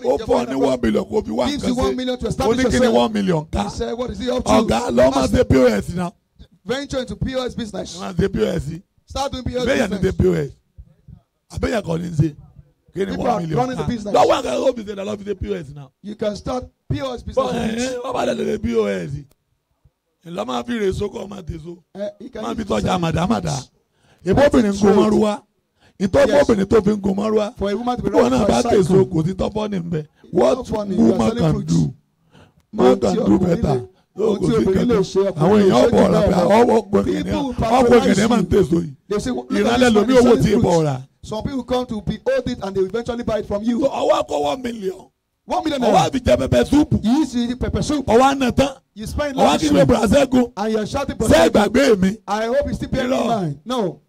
Speaker 1: Èkó ó fọ ní one million kó fi wá nǹkan ṣe ó ní kí ni one million ká ọ̀gá lọ́ máa ṣe POS náà. venture into POS business. máa ṣe POS. start doing POS business. bẹ́ẹ̀ yẹn ni ṣe POS abẹ́yẹ kọ́ ni one million lọ́wọ́ àgbà ó bìí ṣe lọ́wọ́ bìí pos now. you can start pos business. bọ́ọ̀ wọ́n bá lẹ́lẹ̀ lé pos ìlọ máa fi rè so kọ́ máa tè so máa fi tọ́jà màdàmàdà
Speaker 3: ìbọ́bìnrin ń gun mọ́rúwá
Speaker 1: ìtọ́jú obìnrin tó fi ń gun mọ́rúwá wọn náà bá tè so kò sí tọ́pọ́ ní nbẹ what woman can do man can do better yóò kò
Speaker 3: sí kẹtù àwọn èèyàn ọ̀bọ̀ ọ̀rà ọ̀wọ̀ gbọ̀ngàn ọ̀gbọ̀ngàn ẹ̀ máa ń
Speaker 1: tè so yìí ìrànlẹ́ lomi owó tí ì bọ̀ ọ̀rà. Some people come to behold it and they eventually buy it from you. Ọwọ́ kó one million. One million naira. Ọwọ́ àfi jẹ pẹpẹ súùpù. Yìí sì pẹpẹ súùpù. Ọwọ́ àna tán. You spend last week. Ọwọ́ kí ni Brazego. And you shouting Brazego. Ṣé ìgbàgbé mi? I hope you still pay me mine. No.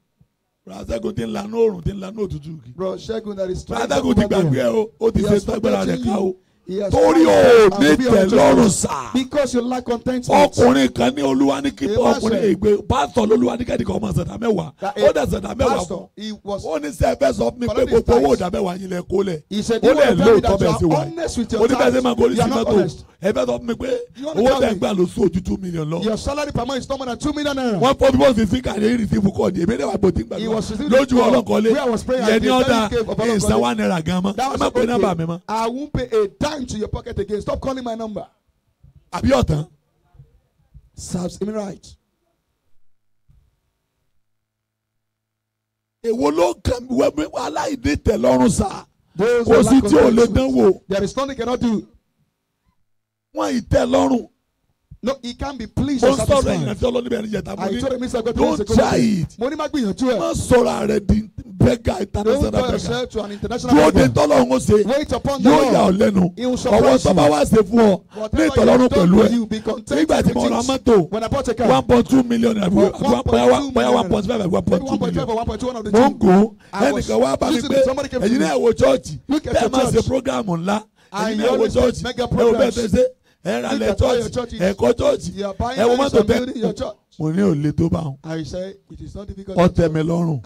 Speaker 1: Brazego ti ń lanu oòrùn ti ń lanu òtútù. Bro Ṣẹ́gun that is true. Brazego ti gbàgbé o, o ti ṣe sọ́gbẹ́ra rẹ̀ ká o torí o ní tẹ́lọ́rùn sá. because you lack contentment. ọkùnrin kan ní olúwa ní kí ọkùnrin ègbé pásítọ̀ lolúwa ní kẹ́ni kan ọmọ ṣẹ̀dá mẹ́wàá ó dẹ̀ ṣẹ̀dá mẹ́wàá kù ó ní sẹ́ fẹ́ sọ fún mi pé gbogbo owó ìdá mẹ́wàá lẹ kó lẹ̀ ó lẹ̀ lóòótọ́ bẹ́ẹ̀ sí wa ó máa kó sí mọ́tò ẹ bẹ sọ fún mi pé owó tẹ gbà lóṣù ojú two million lọ. your salary per month is no more than two million naira. wọ́n fọ́ bí wọ́n sì sí kàdé receive kọ́ ni èmi náà wà gbòtí gbàgbọ́. he was receiving the call lójú ọlọ́kọ̀ọ́lé yẹn ní ọ̀dà ìsan one naira gan mọ́ ẹ má pè nọ́mbà mi mọ́. I won't pay a dime to your pocket again stop calling my number. àbí ọ̀tán. serves him right. èwo ló kàn wẹ́wẹ́ aláìní tẹ̀ lọ́rùn sá kò sí tí ò lè dánwò. there is nothing you cannot do wọn ìtẹ́ lọ́rùn. No, he can't be pleased or satisfied. mo sọ̀rọ̀ ìrántí ọlọ́ni bẹ̀rẹ̀ níjẹta mo ní don't try it. mo ní má gbìyànjú ẹ̀. má sọ̀rọ̀ rẹ̀ di bẹ́gà international bẹ́gà. dúró de tọ́lọ̀ ń ṣe yóò yà ọ́ lẹ́nu ọwọ́ sọ́ba wá ṣe fún ọ ní ìtọ́lọ́run pẹ̀lú ẹ̀ nígbà tí mo ra mọ́tò one point two million àbí bóyá one point five àbí one point two million mo ń gò ẹnìkan wá bá mi pé ẹ̀yin náà wò chọ́ọ̀chì bẹ́ẹ̀ máa ṣe program ńlá ẹ̀yin náà wò chọ́ọ̀chì ẹ̀ ẹ ra lẹ chọọchì ẹ kọ́ chọọchì ẹ wọ mọ́tò bẹ́ẹ̀ mo ní òle tó bá wọn
Speaker 2: ọtẹ mi lọ́rùn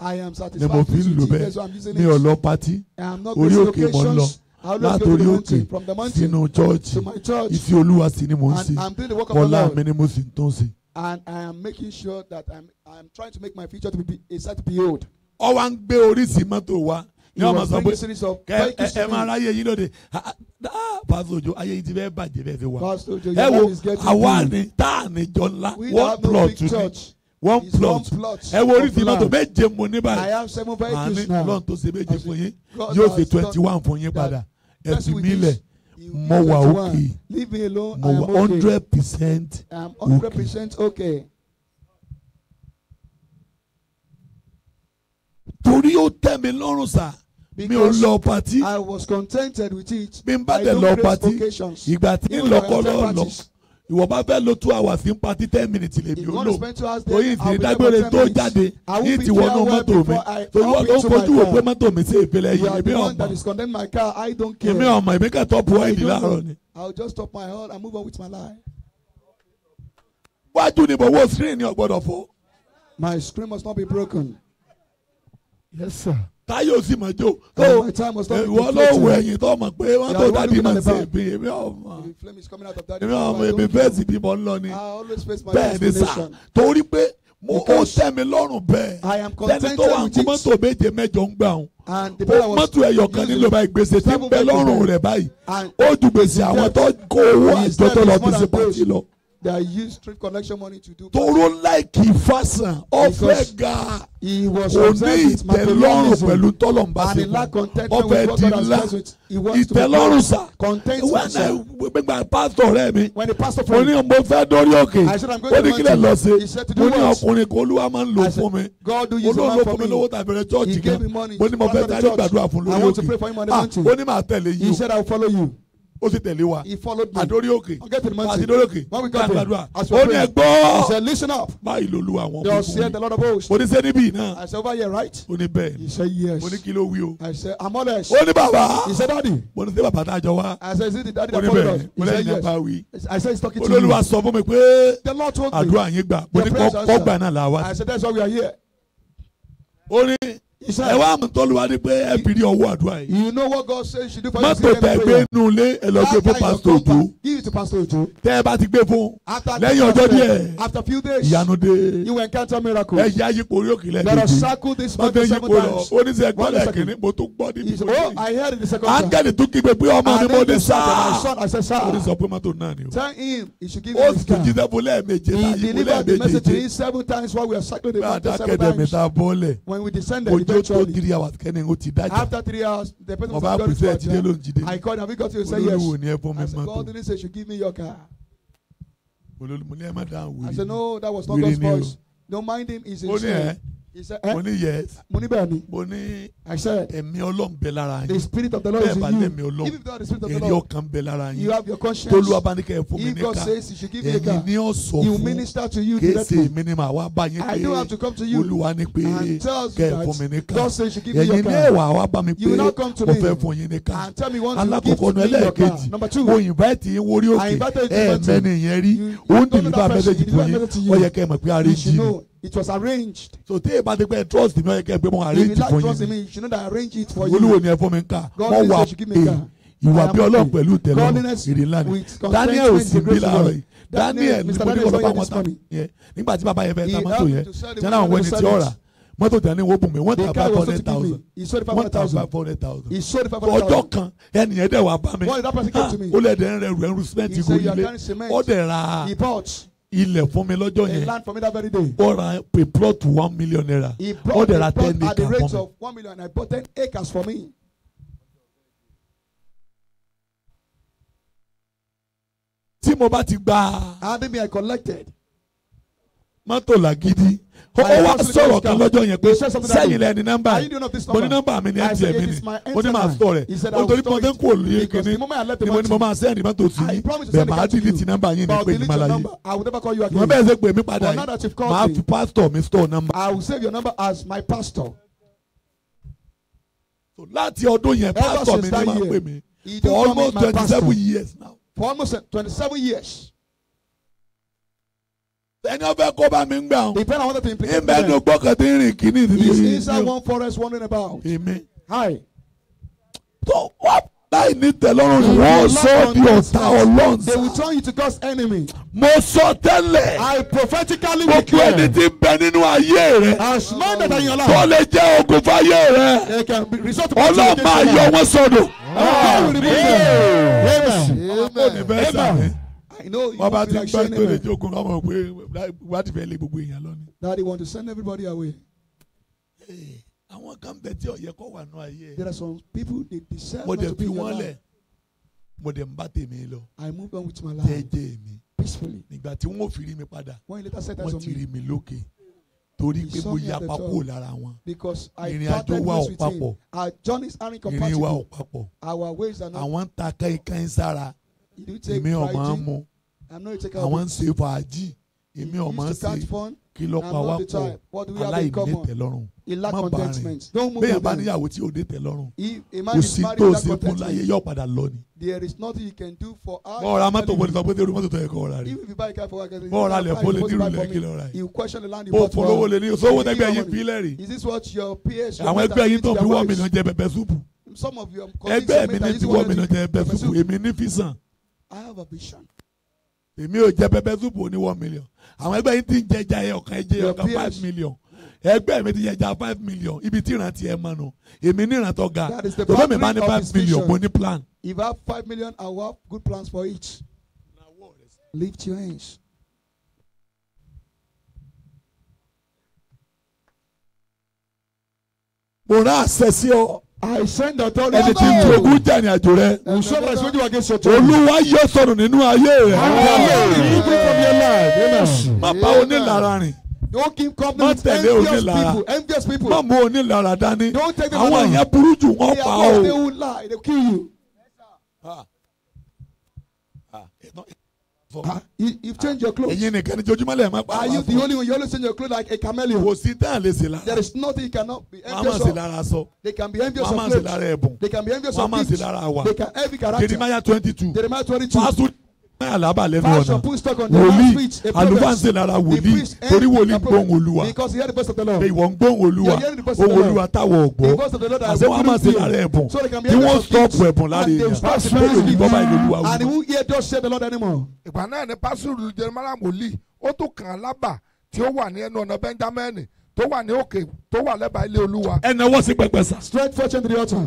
Speaker 2: ni mo fi ń lò bẹ́ẹ̀ mi ò lọ patí orí òkè mo ń lọ látòrí òkè sínú chọọchì ìfi olúwa sí ni mo ń
Speaker 1: ṣe ọlá mi ni mo sì ń tún ṣe. and I am making sure that I am I am trying to make my future to be a sight to behold. ọwọ́ ń gbé oríṣi mọ́tò wa ní ọmọ sọ pé ẹ ẹ máa ráyè yín lóde pásítọ̀ òjò ayé yìí ti fẹ́ bàjẹ́ bẹ́ẹ̀ fi wá ẹ wo àwa ni tá a ní jọ ńlá one plot to me one plot ẹ wo oríṣi mọ́tò méje mo ní báyìí àní lọ́n tó ṣe méje fún yín yóò ṣe twenty one fún yín padà ẹ ti mílẹ̀ mo wà òkè mo wà hundred percent òkè. torí ó tẹ́ mi lọ́rùn sáà mi ò lọ pàtí. I was contented with it. mi ń bá dẹ̀ lọ pàtí ìgbà tí ń lọkọ lọ́ọ́ lọ ìwọ bá fẹ́ lo two hours fi ń patí ten minutes lèmi ò lò oyin ti dágbére tó jáde ní ìtìwọ́nú mọ́tò mi torí wọ́n tó ń fojú wò pé mọ́tò mi sí ìpínlẹ̀ yìí èmi ọ̀mọ̀ èmi ọ̀mọ̀ èmi kẹ́ tọ́pù ọ́ìlì láàárọ̀ ni. wájú ni bọ̀wọ́ screen ni ọ̀gbọ́dọ̀ fọ́. My screen must not be broken. Yes, sir táyé ò sì mọ̀ jó tó eh, ìwọ ló wọ ẹ̀yìn tó mọ̀ pé wọ́n tó dáàdi máa ṣe èmi èmi ọmọ èmi ọmọ èmi fẹ́ẹ̀sì bí mo ń lọ ni bẹ́ẹ̀ ni sà torí pé mo ó tẹ́ mi lọ́rùn bẹ́ẹ̀ tẹ́ni tó wà kó mọ́tò méje mẹ́jọ ń gbà ọ́n ó mọ́tò ẹ̀yọ̀ kan nílò báyìí gbèsè tí ń bẹ lọ́rùn rẹ̀ báyìí ó ju gbèsè àwọn tó kó owó àjọ tó lọ fi ṣe pàtì lọ. They use street connection money to do. Toro láìkì ìfàsàn ọ̀fẹ́ ga òní ìtẹ̀lọ́rùn pẹ̀lú tọ́lọ̀mbà sí fún ọ̀fẹ́ ti ńlá ìtẹ̀lọ́rùn sà wẹ́n gbẹ̀gbà pásítọ̀ rẹ̀ mi mo ní mo fẹ́ dórí òkè ó ní kílẹ̀ lọ sí mo ní ọkùnrin kó olúwa máa ń lò fún mi olúwa ló fún mi lówó tàbí rẹ chọ́ọ̀chì kan mo ní mo fẹ́ tẹ́lẹ̀ gbàdúrà fún lórí òkè ah, ó ní màá tẹ̀lé yìí o ó sì tẹ̀lé wa àdórí òkè àti dórí òkè kàgbàdua ó ní ẹgbọ́ báyìí lolú àwọn ọmọ ogun ó ní ṣé níbí náà ó ní bẹ́ẹ̀ ó ní kí ló wí o ó ní bàbá mo ní ṣé bàbá tá a jọ wá ó ní bẹ́ẹ̀ mo lẹ́yìn náà bá wí olólùwà sọ fún mi pé àdúrà yín gbà mo ní kọ́ gbà náà là wá ó ní ẹ wá mú tọ́lúwa ni pé ẹ fi rí ọwọ́ àdúrà yìí. you know what God says you should do for your spirit prayer. má pè pẹ́ gbé inú ilé fún pastor ojú. give it to pastor ojú. tẹ́ ẹ bá ti gbé fún. lẹ́yìn ọjọ́ díẹ̀. after few days. ìyanu dé. you will encounter miracle. ẹ yá yípo orí lẹ́ẹ̀kejì. let us circle this mountain seven times. ó ní oh I heard the second time. áńgẹ́lì tún kígbe pé ọmọ mi mo ní sáà. I said sáà. ó ní sọ pé mọ́tò náà ni o. tell him he should give you this delivered the message to him times while we are circling when we descended tó tó three hours kẹ́ni ó ti dájà. after three hours the person was secure his car. ọba àpèsè I called have you got to say yes. olórí wo ni ẹ fún mi said God give me your car. olórí mo ní ẹ má dáhùn I said no that was not God's voice. don't mind him He's is insane. He mo ní yes. Eh, mo ní bẹ́ẹ̀ ni. mo ní ẹ̀mí ọlọ́run bẹ lára yín. the spirit of the Lord is in you. bẹ́ẹ̀ bá lẹ́mí ọlọ́run èrè ọkàn bẹ lára yín. you have your conscience. tolu abanikẹ fún mi ní ká. if God says you should give me the car. ni ó sọ fún. he will minister to you kése mi ni bá yín pé. I do have to come to you. olúwa ni pé kẹ fún mi ní ká. God says you should give me your car. ẹ̀yin ni ẹ̀wà wá bá mi pé mo fẹ́ fún yín ní ká. and tell me one thing. alákọ̀ọ́kọ́ ẹlẹ́ẹ̀kejì. number two. mo invite yín wórí òkè. I invited you to my team. ẹ̀ẹ̀mẹ́ni yẹn rí. ó ń dìbò bá mẹ́sẹ̀jì fún yín. ó yẹ kẹ́ mọ̀ pé a rí jí ni it was arranged. so tí èyí bá ti pẹ́ trust mi ọ̀yẹ́kẹ́ pé mo arrange fún yín. if you like trust me you should know that I arrange it for you. olúwo ni ẹ fún mi ká wọ́n wà pé ìwà bí ọlọ́run pẹ̀lú tẹ̀lé ìrìn ńlá ni Daniel ò sì bí láàárọ̀ yìí Daniel ní mo ní kọ́ lọ́pàá wọn ta yẹn nígbà tí bàbá yẹn fẹ́ ta mọ́tò yẹn jẹ́nà àwọn ẹni tí ó rà mọ́tò tẹ̀ ní wo bùn mi one thousand five hundred thousand one thousand five hundred thousand ọjọ́ kan ẹnìyẹn dẹ̀ wá bá mi ah, ó lẹ̀ dẹ̀ ń rẹ̀ rẹ̀ rú sìmẹ́ǹtì kò yí lé ó dẹ̀ ra ilẹ̀ fún mi lọ́jọ́ yẹn. me that very day. ó ra a plot one million
Speaker 2: naira. he brought he at the rate of
Speaker 1: one million I bought ten acres for me. tí mo bá ti gbà. abimi I collected. mọ́tò làgídí ó wá sọ̀rọ̀ kan lọ́jọ́ yẹn pé sẹ́yìn lẹ́ni nọ́mbà mo ní nọ́mbà mi ní ẹ̀ tiẹ̀ mi ni mo ní máa sọ rẹ̀ ó torí pé ọdún kò lóye kìíní ni mo ní mo máa sẹ́yìn ní mọ́tò sí bẹ́ẹ̀ máa dìlì ti nọ́mbà yín ní pé ní malaye wọ́n bẹ́ẹ̀ sẹ́ pé mi padà yìí máa fi pásítọ̀ mi store nọ́mbà. I will save your number as my pastor. láti ọdún yẹn pásítọ̀ mi ni máa pè mí for almost twenty seven years now. for almost twenty seven years ẹni ọbẹ̀ kó bá mi ń gbà. the pen i wanted to implicate. ìbẹ́ ní gbọ́kàtí rìn kìíní ti di. he is inside one forest wandering about. èmi. hi. tó wá láì ní tẹ̀lọ́rùn wọ́n sọ di ọ̀tá ọlọ́run. they will turn you to God's enemy. mo sọ tẹ́lẹ̀. I prophetically will gbogbo ẹni tí bẹ nínú ayé rẹ. as man that are in your life. tó jẹ́ ogun fáyé rẹ. they can be
Speaker 3: result. ọlọ́run máa yọ wọ́n sọdọ̀. ọlọ́run máa yọ wọ́n sọdọ̀
Speaker 1: wọ́n bá ti gbọ́ ìpèrè jókòó ọmọ pé wádìí fẹ́ lé gbogbo èèyàn lọ ni. want to send everybody away. Eh, àwọn kan bẹ tí ọ̀yẹ́ kọ́ wà nù ayé. there are some people they deserve not to be in your life. mo dẹ̀ ń bá tèmi lọ. I move on with my life. jẹ́jẹ́ mi. peacefully. nígbà tí wọ́n fi rí mi padà. when he later said that to me. wọ́n ti rí mi lókè torí pé mo yapa kúrò lára wọn. because I parted ways with him. our journeys are incompatible. ìrìn wa ò papọ̀. our ways are not. àwọn ń ta kankan sára. èmi ọmọ ń mu àwọn ń ṣe fàájì èmi ọmọ ń ṣe kí lọ pa wá pọ̀ aláìní tẹ́lọ́rùn má bá rìn bẹ́ẹ̀ bá níyàwó tí ò ní tẹ́lọ́rùn kò sí tó o ṣe fún láyé yóò padà lọ ni. bọ́ọ̀ ra mọ́tò wọlé sọ pé tí olùmọ́tò tó yẹ kọ́ ọ̀ra rí bọ́ọ̀ ra lẹ̀ fọ́lẹ̀ ní ìrùlẹ̀ kí lọ́ra rí bọ́ọ̀ fọlọ́wọ́ lè ní sọ́wọ́ tẹ́gbẹ́ yín fílẹ̀ rí àwọn ẹgbẹ́ yín tó fi wọ́n mi náà jẹ bẹ̀bẹ̀ súpù ẹgbẹ́ mi ní ti wọ́n mi náà jẹ bẹ̀bẹ̀ súpù èmi ní fi sàn. I have a vision èmi ò jẹ pẹpẹ súpù ní one million àwọn ẹgbẹ́ yìí ti ń jẹjà ẹ ọ̀kan ẹ jẹ ọ̀kan five million ẹgbẹ́ mi ti jẹjà five million ibi tí ìrántí ẹ mọ̀ nù èmi ní ìrántọ́ ga tòbẹ́ mi máa ní five million mo ní plan. if I have five million I will have good plans for each lift your hands. mo rán àṣẹ sí ọ àìsàn ìdàtọ́ rẹ. ẹni tí ń jogún jà ní àjò rẹ. òṣùwọ̀n àìsàn ìjọba kìí sọ̀tún. olúwa yọ sọnù nínú ayé rẹ. bàbá onílára rìn. Don't keep company with envious people. Envious people. Má mú onílára dání. Don't take them along. Àwọn èèyàn burú jù wọ́n pa o. They will lie. They will kill you. Ah. Ah. Ah for me. you you ah. change your clothes. ẹ̀yin nìkan ni jojúmọ́ lẹ́yìn máa pa àwọn fún are you the only one you always change your clothes like a chameleon. kò sí tán lè ṣe lára. there is nothing you cannot be envious of. wọ́n á máa ṣe lára aṣọ. they can be envious of clothes. wọ́n á máa ṣe lára ẹ̀bùn. they can be envious of gifts. wọ́n á máa ṣe lára wa. they can envy character. jeremiah twenty two. jeremiah twenty two náà lábà lẹ́nu ọ̀nà wòlíì àlùfáàsì lára wòlíì torí wòlíì gbóhùn olúwa pé ìwọ ń gbóhùn olúwa ohùn olúwa táwọ̀ ọ̀gbọ́ àti wọn máa ṣe lára ẹ̀bùn kí wọ́n stọ́ọ̀pù ẹ̀bùn lára èèyàn pé olùgbọ́ bá ìlú olúwa wù. ìgbà náà ni pásítọ̀ Jeremiah wòlíì ó tún kàn án lábà tí ó wà ní ẹnu ọ̀nà Benjamin tó wà ní òkè tó wà lẹ́bàá ilé olúwa. ẹnà wọ́n sí pẹpẹ sà. straight fortune to the altar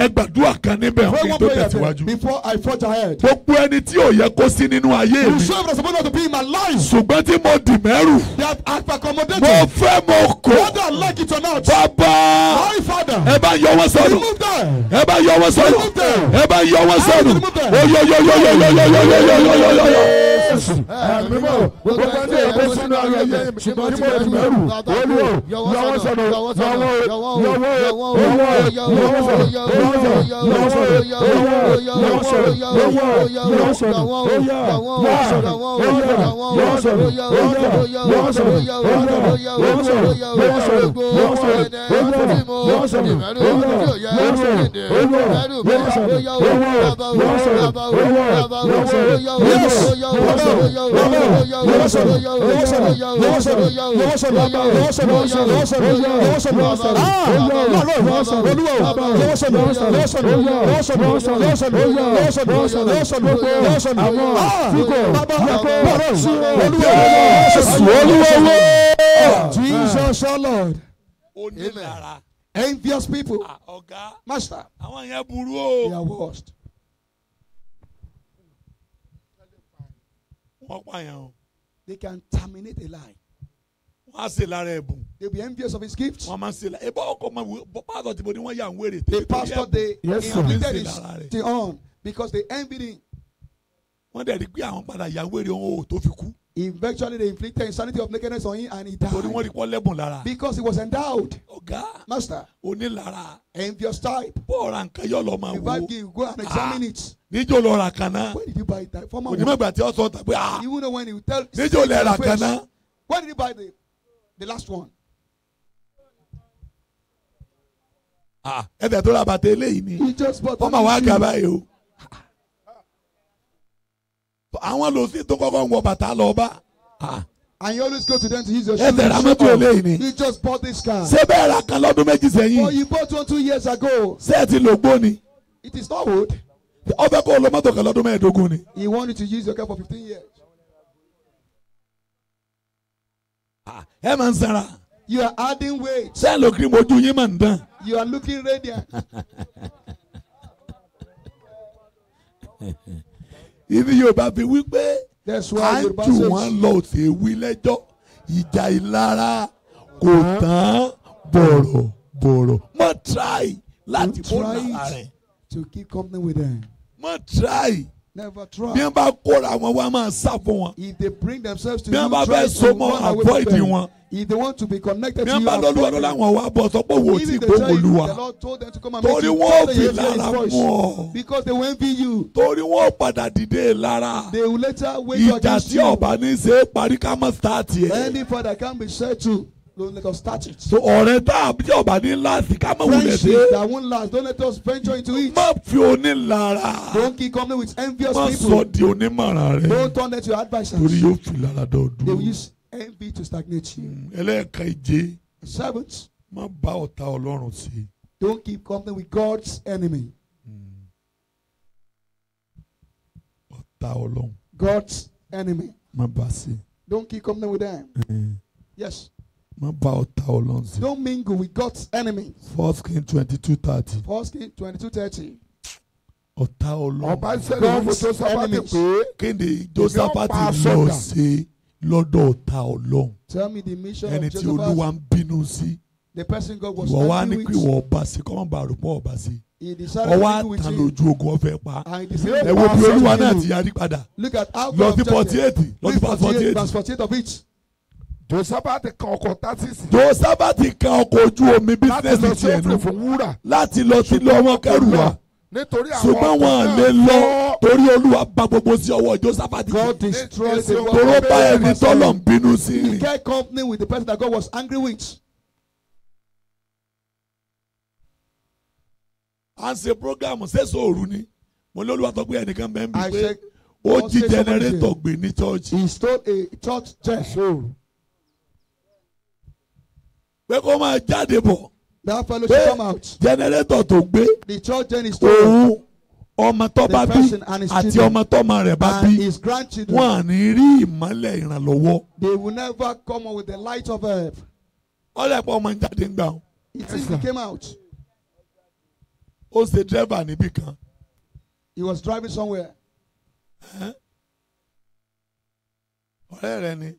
Speaker 1: ẹ gbàdúrà kan níbẹ̀ àwọn tó tẹ̀síwájú. before I forge ahead. gbogbo ẹni tí ò yẹ kó sí nínú ayé mi. you sure you suppose to be in my life. ṣùgbọ́n tí mo dì mẹ́rù. that I accommodate. mo fẹ́ mo kó. whether I like it or not. bàbá. my father. ẹ bá yọ wọ́n sọnù. remove
Speaker 2: them. ẹ bá yọ wọ́n sọnù. remove them. ẹ bá yọ wọ́n sọnù. oyoyoyoyoyoyoyoyoyoyoyoyo jésù ẹ̀mí mọ̀ gbogbo ẹni èkó sínú ayẹyẹ ṣùgbọ́n tí mo ti bẹ̀rù olú o yọwọ́ sọ̀rọ̀ yọwọ́ yọwọ́ yọwọ́ yọwọ́ sọ̀rọ̀ yọwọ́ sọ̀rọ̀ yọwọ́ sọ̀rọ̀ yọwọ́ sọ̀rọ̀ yọwọ́ sọ̀rọ̀ yọwọ́ sọ̀rọ̀ yọwọ́ sọ̀rọ̀ yọwọ́ sọ̀rọ̀ yọwọ́ sọ̀rọ̀ yọwọ́ sọ̀rọ̀ yọwọ́ sọ̀rọ̀ yọwọ́ sọ̀rọ̀ yọwọ́ sọ̀rọ̀ yọwọ́ sọ̀rọ̀ Yes sọ̀rọ̀ Lord, lọ́wọ́ sọ̀rọ̀ lọ́wọ́ sọ̀rọ̀ lọ́wọ́ sọ̀rọ̀ lọ́wọ́ sọ̀rọ̀ lọ́wọ́ sọ̀rọ̀ lọ́wọ́ sọ̀rọ̀ lọ́wọ́ sọ̀rọ̀ lọ́wọ́ sọ̀rọ̀ lọ́wọ́ sọ̀rọ̀ lọ́wọ́ sọ̀rọ̀ olúwa lọ́wọ́ sọ̀rọ̀ lọ́wọ́ sọ̀rọ̀ lọ́wọ́ sọ̀rọ̀ lọ́wọ́ sọ̀rọ̀ lọ́wọ́ sọ̀rọ̀ lọ́wọ́ sọ̀rọ̀ lọ́wọ́ sọ̀rọ̀ lọ́wọ́ sọ̀rọ̀ lọ́wọ́ sọ̀rọ̀
Speaker 1: lọ́wọ́ sọ̀rọ̀ lọ́wọ́ sọ̀rọ̀ Envious people. Master. Àwọn yẹn burú o. They are worst. kọ́ pààyàn o. they can terminate a lie. wọ́n á ṣe lára ẹ̀bùn. they will be envious of his gifts. wọ́n máa ń lára ẹ̀ bọ́ ọkọ̀ máa pásítọ̀ tí mo wọ́n yà ń wèrè. the pastor they inhabited his the horn because they envied him. wọ́n dẹ̀ rí pé àwọn padà yà ń òun ò tó fi kú. Eventually they inflicted insanity of nakedness on him and he died. Torí wọ́n rí kọ́ lẹ́bùn lára. Because he was endowed. Ọ̀gá. Master. Onílára. Envious type. Bọ́ọ̀ra nǹkan yóò lọ máa wo. If I go and examine ah. it. Níjó lọ ra kan When did you buy it? Former one. Onímọ̀gbà tí ó sọ tàbí ah. Even though when he tell. Níjó lẹ ra kan When did you buy the the last one? Ah, ẹ̀dẹ̀ tó ra bàtà eléyìí ni. He just bought. Wọ́n máa wá gàbá yìí o àwọn lòsí tó kọ́kọ́ ń wọ bàtà lọ bá. Ah. And you always go to them to use your shoes. Ẹsẹ̀ ramẹ́tò eléyìí ni. You just bought this car. Ṣé bẹ́ẹ̀ ra kan lọ́dún méjì sẹ́yìn? Or you bought one two years ago. Ṣé ẹ ti lò gbó ni? It is not wood. Ó fẹ́ kó o lo mọ́tò kan lọ́dún mẹ́ẹ̀ẹ́dógún ni. He wanted to use your car for fifteen years. Ah, ẹ máa ń sanra. You are adding weight. Ṣé ẹ lo kiri mojú yín máa ń dán? You are looking radiant. ibi yorùbá fi wí pé à ń jù wọ́n lọ sí wí lẹ́jọ́ ìjà ìlara kò uh-huh. tán bọ̀rọ̀ bọ̀rọ̀ mọ try láti bọ́ lára rẹ̀. to keep company with them. mọ try bí wọ́n bá kóra wọn wọ́n máa sá fún wọn. if they bring themselves to you bí wọ́n bá fẹ́ so mọ́ avoid wọn. if they want to be connected to you. bí wọ́n bá lọ́lúwa lọ́la wọn wá bọ̀ sọ́pọ̀ wò ó ti gbó olúwa. torí wọ́n ò fi lára mú ọ. because they envy you. torí wọ́n ò padà dìde lára. they will later wait for you. ìjà tí ọba ní í ṣe é parí ká mọ̀ start yẹn. father can be said to. Don't let us start it. So ọ̀rẹ́ tá a bí ọba ní láti ká mọ̀ wulẹ̀ dé. Friendship that won't last don't let us venture into it. Má fi onílara. Don't keep company with envious people. Má sọ di onímọ̀ràn rẹ. Don't turn them to your advisers. Torí yóò fi lára dọ̀ dúró. They will use envy to stagnate you. Mm, Ẹlẹ́ẹ̀ka ìje. Seventh. Má bá ọ̀tá Ọlọ́run sí. Don't keep company with God's enemy. Mm. Ọ̀tá Ọlọ́run. God's enemy. Má bá a sí. Don't keep company with them. Mm. yes. Má bá ọ̀tá Ọlọ́run sí. Don't mingle with God's enemies. First King twenty-two thirty. First King twenty-two thirty. Ọ̀tá Ọlọ́run. Ọba ìṣẹ̀lẹ̀ fún Josaphat pé. Kí ni lọ ṣe lọ́dọ̀ ọ̀tá Ọlọ́run? Tell me the mission of Josaphat. Ẹni tí Olúwa ń bínú sí. The person God was angry with. Ìwọ wá ní kí ìwọ ọba sí kọ́ mọ̀ bàrù mọ́ ọba sí ọwọ́ àtàn lójú ogun ọ̀fẹ́ pa ẹ wo bí olúwa náà ti yarí padà lọ sí forty eight lọ sí forty eight josabati kan ọkọ̀ tasisi. josabati kan ọkọ̀ ojú omi bísíǹsì tiẹ̀ nù láti lọ sí lọ́wọ́ kẹrù wa ṣùgbọ́n wọn lè lọ torí olúwa bà gbogbo sí ọwọ́ josafati toró bá ẹni tọ́lọ̀ ń bínú sí i. he get company with the person that God was angry with. à ń ṣe programu ṣèṣe òru ni mo lé olúwa tó pé ẹnìkan bẹ́ẹ̀ bí pé ó jí jẹnẹrétọ̀ gbé ní church. he stole a church chair pé kó máa jáde bọ̀ that fellow should come out. Generator tó gbé the church then is told. òun ọmọ tó bá bí àti ọmọ tọmọ rẹ̀ bá bí wọn à ní rí ìmọ́lẹ̀ ìrànlọ́wọ́. they will never come up with the light of earth. ọ̀rẹ́ pọ̀ ọmọ jáde ń gbà o. it is he came out. ó ṣe dírẹ́fà níbì kan. he was driving somewhere. ọ̀rẹ́ rẹ ni.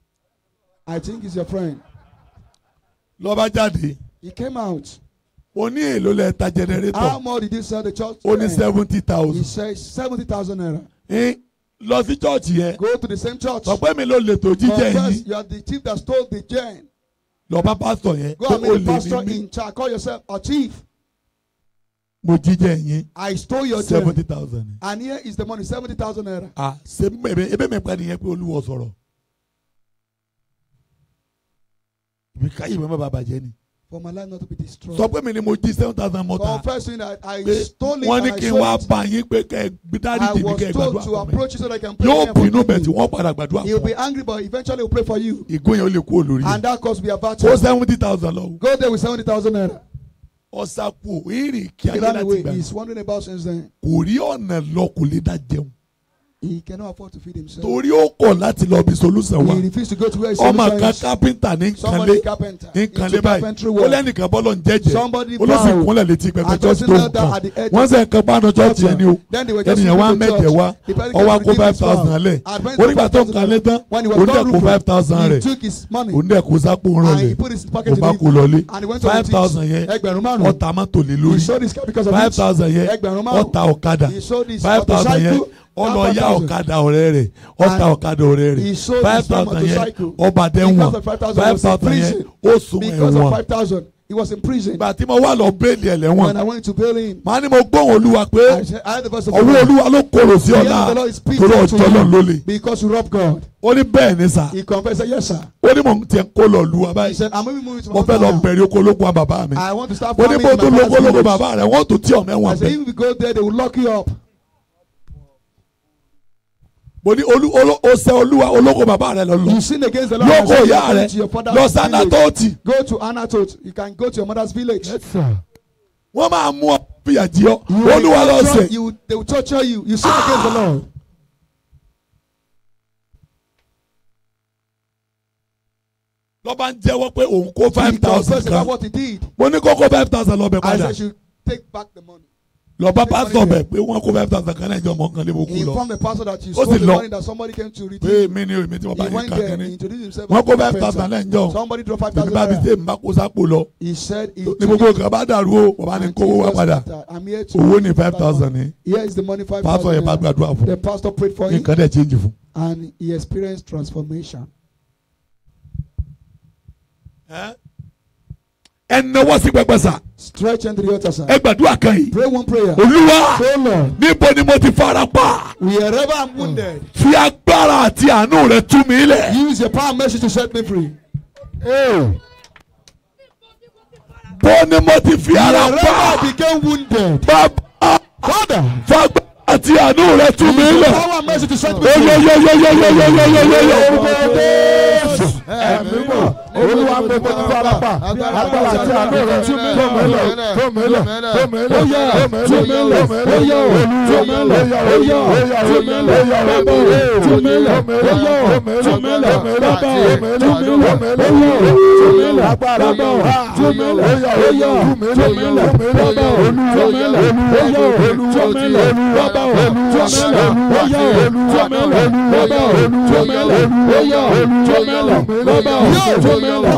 Speaker 1: I think he's your friend ló bá jáde. he came out. ó ní èlò lẹ ta generator. how much did you sell the church. ó ní seventy thousand. he said seventy thousand naira lọ sí chọ́ọ̀chì yẹn. go to the same church. ọ̀pẹ́ mi ló lè tó jíjẹ yìí. confess you are the chief that stole the gen. lọ bá pásítọ̀ yẹn. go and meet the pastor in charge call yourself a chief. mo jíjẹ yín. I stole your gen. seventy thousand. and here is the money seventy thousand naira. ah ṣe ebe mi pẹ́ nìyẹn pé olúwo sọ̀rọ̀. èmi káyé mi má bàa bàjẹ́ ni. For my life not to be destroyed. Sọ pé mi ni mo jí seven thousand mọ́ta. Confessing that I stole it and I sold it. Wọ́n ní kí n wá bá yín pé kẹ́ ẹ tèmi kẹ́ gbàdúrà fún mi. I was told to approach you so that I can pray for you. Yóò bínú bẹ̀ tí wọ́n padà gbàdúrà fún ọ. He will be angry but eventually he will pray for you. Ìgún yẹn ó lè kú olórí. And that cost be about to. Kó seventy thousand lọ. Go there with seventy thousand naira. Ọ̀sàpò ìrìn kí ayé láti gbà. He is wondering about since then. Kò rí ọ̀nà lọ kò lè dá jẹun he cannot afford to feed himself. torí ó kọ̀ láti lọ bí solúsàn wa. he refused to go to where solution is. ọmọ kan kápẹ́ntà ní nkanlé ní nkanlé báyìí ó lẹ́nìkan bọ́lọ̀ ń jẹ́jẹ́ olóṣù kúnlẹ̀ létí pẹ̀pẹ́ church tó nǹkan wọ́n sẹ́ nǹkan bá ọ̀nà church yẹn ni o ènìyàn wa mẹ́jẹ̀ wa ọwọ́ kó five thousand lẹ̀ onígbà tó nǹkan lé tán onídẹ̀ kó five thousand rẹ̀ onídẹ̀ kó sápò rán rẹ̀ kó bá kó lọlé five thousand yẹn ó ta mọ́tò lé lórí five thousand yẹn ó ta ọ̀kadà five thousand yẹn ó lọ yá ọ̀kadà ọ̀rẹ́ rẹ̀ ó ta ọ̀kadà ọ̀rẹ́ rẹ̀ five thousand yẹn ọba dẹ́wọ̀n five thousand yẹn ó sùn ẹ̀wọ̀n. He was in prison. Ìgbà tí mo wá lọ bẹ́ẹ̀lì ẹ̀ lẹ́wọ̀n. When I went to bail him. Màá ní mo gbóhùn Olúwa pé ọwọ́ Olúwa ló korò sí ọ̀la torí ọjọ́ náà ló le. Because you rob God. Ó ní bẹ́ẹ̀ ni sà. He confessed yes sir. Ó ní mò ń tiẹ̀ kó lọ lu wa báyìí. He said I'm moving moving to my home Mo fẹ́ lọ bẹ̀rẹ̀ oko ológun wa bàbá mi. I want to start farming my father's village. Ó ní mo tún lóko ológun bàbá rẹ̀ wọ́n tún tí ọ̀mẹ́wọ̀n bẹ́ẹ̀. I said if you go there they will lock you up mo ní olú olú ọsẹ olúwa olóko bàbá rẹ lọ lọ. you sin against the Lord. lóko ìyá rẹ lọ sí Anatoti. go to Anatoti you can go to your mother's village. Yes, sir. wọ́n máa mú ọ fìyà jí ọ olúwa lọ sẹ. they will torture you you sin against the ah! Lord. lọ́ba ń jẹ́wọ́ pé òun kó five thousand kan mo ní kó kó five thousand lọ padà. I said she take back the money lọ bá pásítọ̀ pé wọ́n kó five thousand kan náà jọ mọ́ nǹkan kú lọ. he informed the pastor that he stole that somebody came to redeem. pé mi ni èmi tí wọ́n bá yín kankan ní. wọ́n kó five thousand náà jọ. somebody drop five thousand naira. bíbá kó sápò lọ. said he took it. ní gbogbo nǹkan bá dàrú o bàbá ni kówó wá padà. owó ni five thousand ni. here is the money five thousand. yẹn bá gbàdúrà fún. the pastor prayed for him. nǹkan dẹ̀ change fún. and he experienced transformation. Eh? ẹnáwó sí gbẹgbẹsà. stretch and the altar sir. ẹ gbàdúrà kan yìí. pray one prayer. olúwa níbo ni mo ti fara pa. wherever I'm wounded. Hmm. fi agbára àti àánú rẹ tú mi lẹ̀. use your power message to set me free. Hey. bó ni mo ti fi ara pa. wherever I became wounded. bàbá fagbá àti àánú rẹ tú mi lẹ̀. use your power message to set me free. oyoyoyoyoyoyoyoyoyo. ẹ̀mí mọ̀ olúwa mo bójú tó alápá agbára
Speaker 2: àti àánú rẹ tó mẹ́lẹ̀ tó mẹ́lẹ̀ tó mẹ́lẹ̀ ó yá tó mẹ́lẹ̀ ó yá ó tó mẹ́lẹ̀ ó yá ó tó mẹ́lẹ̀ bàbá ó tó mẹ́lẹ̀ ó yá ó tó mẹ́lẹ̀ bàbá ó tó mẹ́lẹ̀ ó yá ó tó mẹ́lẹ̀ agbára bàbá ó tó mẹ́lẹ̀ ó yá ó tó mẹ́lẹ̀ Yeah.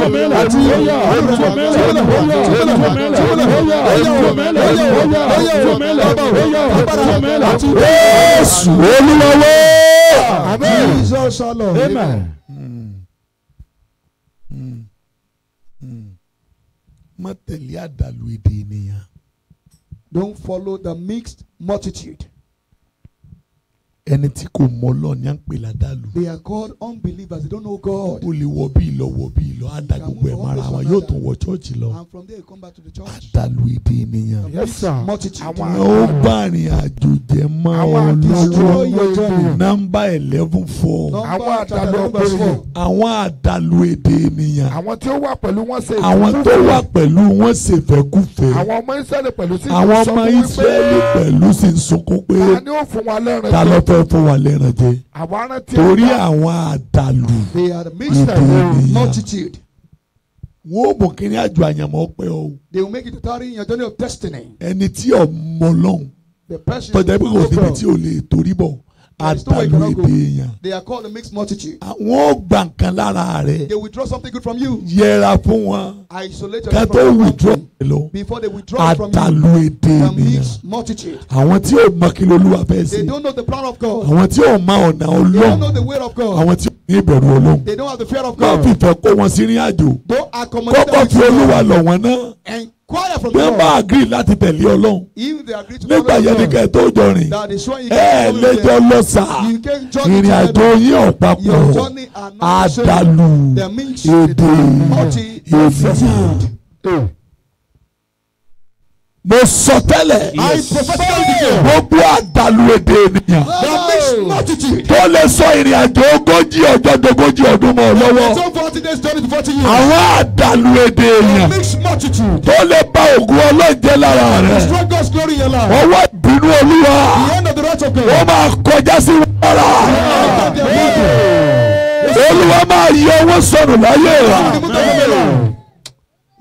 Speaker 2: àti
Speaker 1: àti Jésù olúwawo. Jesus Amen. Don't follow the mixed multitude ẹni tí kò mọ Ọlọ́run ni à ń pè ládàlú. they are called unbelievers they don't know God. ó lè wọ bí ìlọ wọ bí ìlọ á gbogbo ẹ̀ mara wọn yóò tún wọ chọ́ọ̀chì lọ. and from there you come back to the church. àdàlú èdè ènìyàn. yes sir àwọn ó bá rìn àjò jẹ mọ́ ọ lọ́wọ́ nọ́mbà eleven four. àwọn àdàlú ọgbẹ́rẹ́. àwọn àdàlú èdè ènìyàn. àwọn tí ó wà pẹ̀lú wọn ṣe ìfẹ́kúfẹ́. àwọn tó wà pẹ̀lú wọn ṣe ìfẹ́kúfẹ́. àwọn ọmọ Ísírẹ́lì pẹ̀lú sì ń sunkún pé. àwọn ọmọ Ísírẹ́lì pẹ̀lú sì sunkún pé fẹ́ fún wa lẹ́ran jẹ torí àwọn àdàlù ìdòwònìyàn wo bò kiri àjò àyànmọ́ pẹ́ o. they will make it thirty in your journey of destiny. ẹni tí ọmọ lọ́hùn tọ́jà pé kò débi oh, tí o lè torí bọ̀ àtàlù they are called a mixed multitude. àwọn ò gbà nǹkan lára rẹ. they withdraw something good from you. yẹra fún wọn. isolate yourself from them. kátó withdraw lo. before they withdraw from you. àtàlù èdè ènìyàn. the mixed multitude. àwọn tí ò mọ kí lolúwa fẹ́ sí. they don't know the plan of God. àwọn tí ò mọ ọ̀nà Ọlọ́run. they don't know the way of God. àwọn tí ò ní ìbẹ̀rù Ọlọ́run. they don't have the fear of God. wọ́n fìfẹ́ kó wọn sí ìrìn àjò. don't accommodate them with God. kọ́kọ́ fi Olúwa lọ̀ wọ́n náà bẹ́ẹ̀ máa agree láti tẹ̀lé ọlọ́run nígbà yẹn ni kẹ́ẹ̀ tó jọ rìn ẹ lẹ́jọ́ lọ́sà ìrìn àjò yín ọ̀pápọ̀ àdàlù èdè ìfẹ́fẹ́ mo sọ tẹ́lẹ̀ gbogbo àdàlù èdè ènìyàn tó lè sọ ìrìn àjò ogójì ọjọ́ dogójì ọdún mọ́ lọ́wọ́ àwọn àdàlù èdè ènìyàn
Speaker 2: tó lè bá ògùn ọlọ́jẹ́ lára rẹ̀ ọwọ́ ìbínú olúwa wọ́n máa
Speaker 1: kọjá sí wàrà olúwa máa yọ owó sọnù láyé rà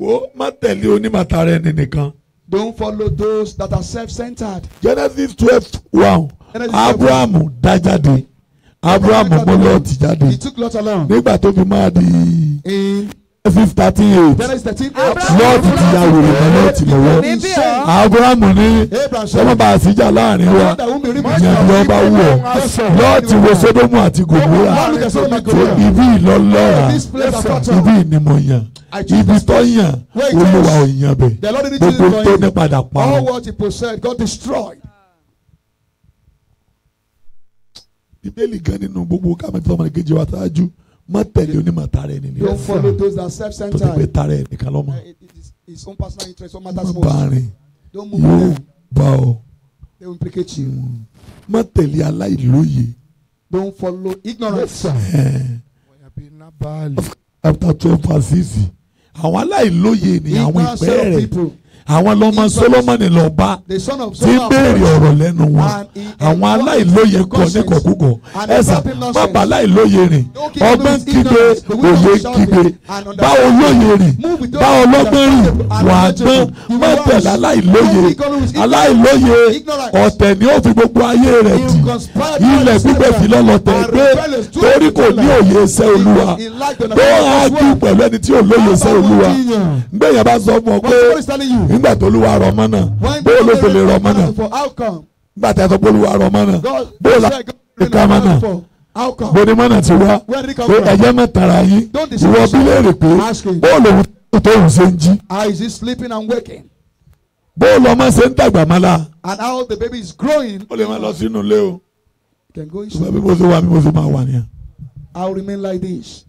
Speaker 1: wo má tẹ̀lé onímọ̀tara ẹni nìkan. Don't follow those that are self-centered. Genesis 12. one
Speaker 3: Abraham
Speaker 1: dá jáde Abraham mú Lọ́ọ̀tì jáde nígbà tó fi máa di Genesis thirteen eight lọ́ọ̀tì ti ya wèrè mọ́ lọ́ọ̀tì lọ́wọ́ Abrahamu ní ọmọ bá a sì jà láàrin wa ìyẹn ni ọba wù ọ́ lọ́ọ̀tì wo Sódómù àti Gòmórà ibi ìlọ́lọ́ra ibi ìnimọ̀ yẹn ibi tó yàn Olúwa ò yàn bẹ̀ gbogbo tó ní padà pa ọ́. Bíbélì gan nínú gbogbo kámi tí ọmọ nìkejì wa ṣáájú má tẹ̀lé onímọ̀ tara ẹni nìyẹn. don't follow those that self centered. tó ti pé tara ẹni kan lọ́mọ. Eh, his own personal interest all matters most. bàárín yóò bá ọ. they will implicate you. Hmm. má tẹ̀lé aláìlóye. don't follow ignorance. after twelve verse six àwọn aláìlóye ni àwọn ìpẹ́ rẹ̀ àwọn lọ́mọ Solomoni lọ bá ti béèrè ọ̀rọ̀ lẹ́nu wọn àwọn aláìlóye kọ ní kọ̀kúkọ̀ ẹ̀sà má bàa aláìlóye rìn ọgbọ́n kígbe òye kígbe bá olóye rìn bá ọlọ́gbọ́n rìn wà á gbọ́n má tẹ̀lé aláìlóye aláìlóye ọ̀tẹ̀ ni ó fi gbogbo ayé rẹ̀
Speaker 2: dì ilẹ̀ gbígbẹ́ fi lọ́lọ́tẹ̀ gbé torí kò ní
Speaker 1: òye iṣẹ́ Olúwa
Speaker 2: tó á kí pẹ̀lú
Speaker 1: ẹni tí ò lóye iṣẹ́ Olúwa gbẹ̀yìn bá sọ fún ọ pé nígbà tó olúwa rọ̀ mọ́ náà bó ló fi lè rọ̀ mọ́ náà nígbà tí a sọ pé olúwa rọ̀ mọ́ náà bó la fi ká mọ́ náà bó ni mọ́ ti wá pé ẹ̀jẹ̀ mẹ́tara yín ìwọ bí léèrè pé bó lòun tó ń ṣe ń jí. How is he sleeping and waking? bó lọ máa ṣe ń dàgbà máa and how the baby is growing. ó lè máa lọ sínú ilé o. can go inside. bí remain like this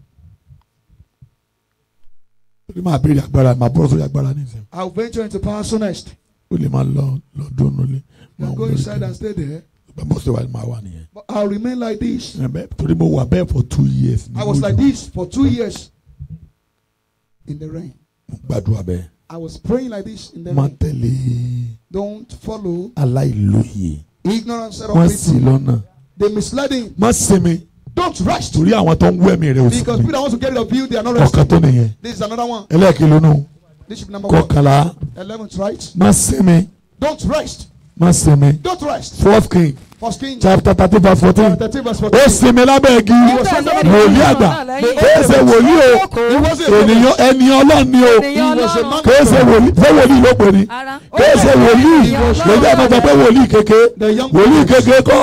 Speaker 1: torí máa béèrè agbára máa bọ́ sórí agbára nísìnyí. I will venture into power so next. o lè máa lọ lọ dún un lé. go inside and stay there. bàbá sọ wà ní màá nìyẹn. but I remain like this. torí mo wà bẹ́ẹ̀ for two years. I was like this for two years in the rain. mo gbàdúrà bẹ́ẹ̀. I was praying like this in the rain. má tẹ̀lé. don't follow. aláìlóye. ignorance of people. wọ́n sì lọ́nà. they misled him. má ṣe mi don't rush to rí àwọn tó ń wú ẹ̀mí rẹ òfin. because people that want to get rid of you they are not resting. ọ̀kan tó nìyẹn. this is another one. ẹlẹ́ẹ̀kìlú nù. this should be number one. kọkànlá. eleven right. má sinmi. don't rest.
Speaker 3: má sinmi. don't
Speaker 1: rush. fourth king chapter thirty verse fourteen ó sinmi lábẹ́ igi wòlíì àgbà kéèsè wòlíì o ènìyàn ẹni ọlọ́run ni o kéèsè wòlíì fẹ́ wòlíì ló pè ní kéèsè wòlíì lójú ẹ̀ mọ̀jọ pé wòlíì kéke wòlíì kéke kọ́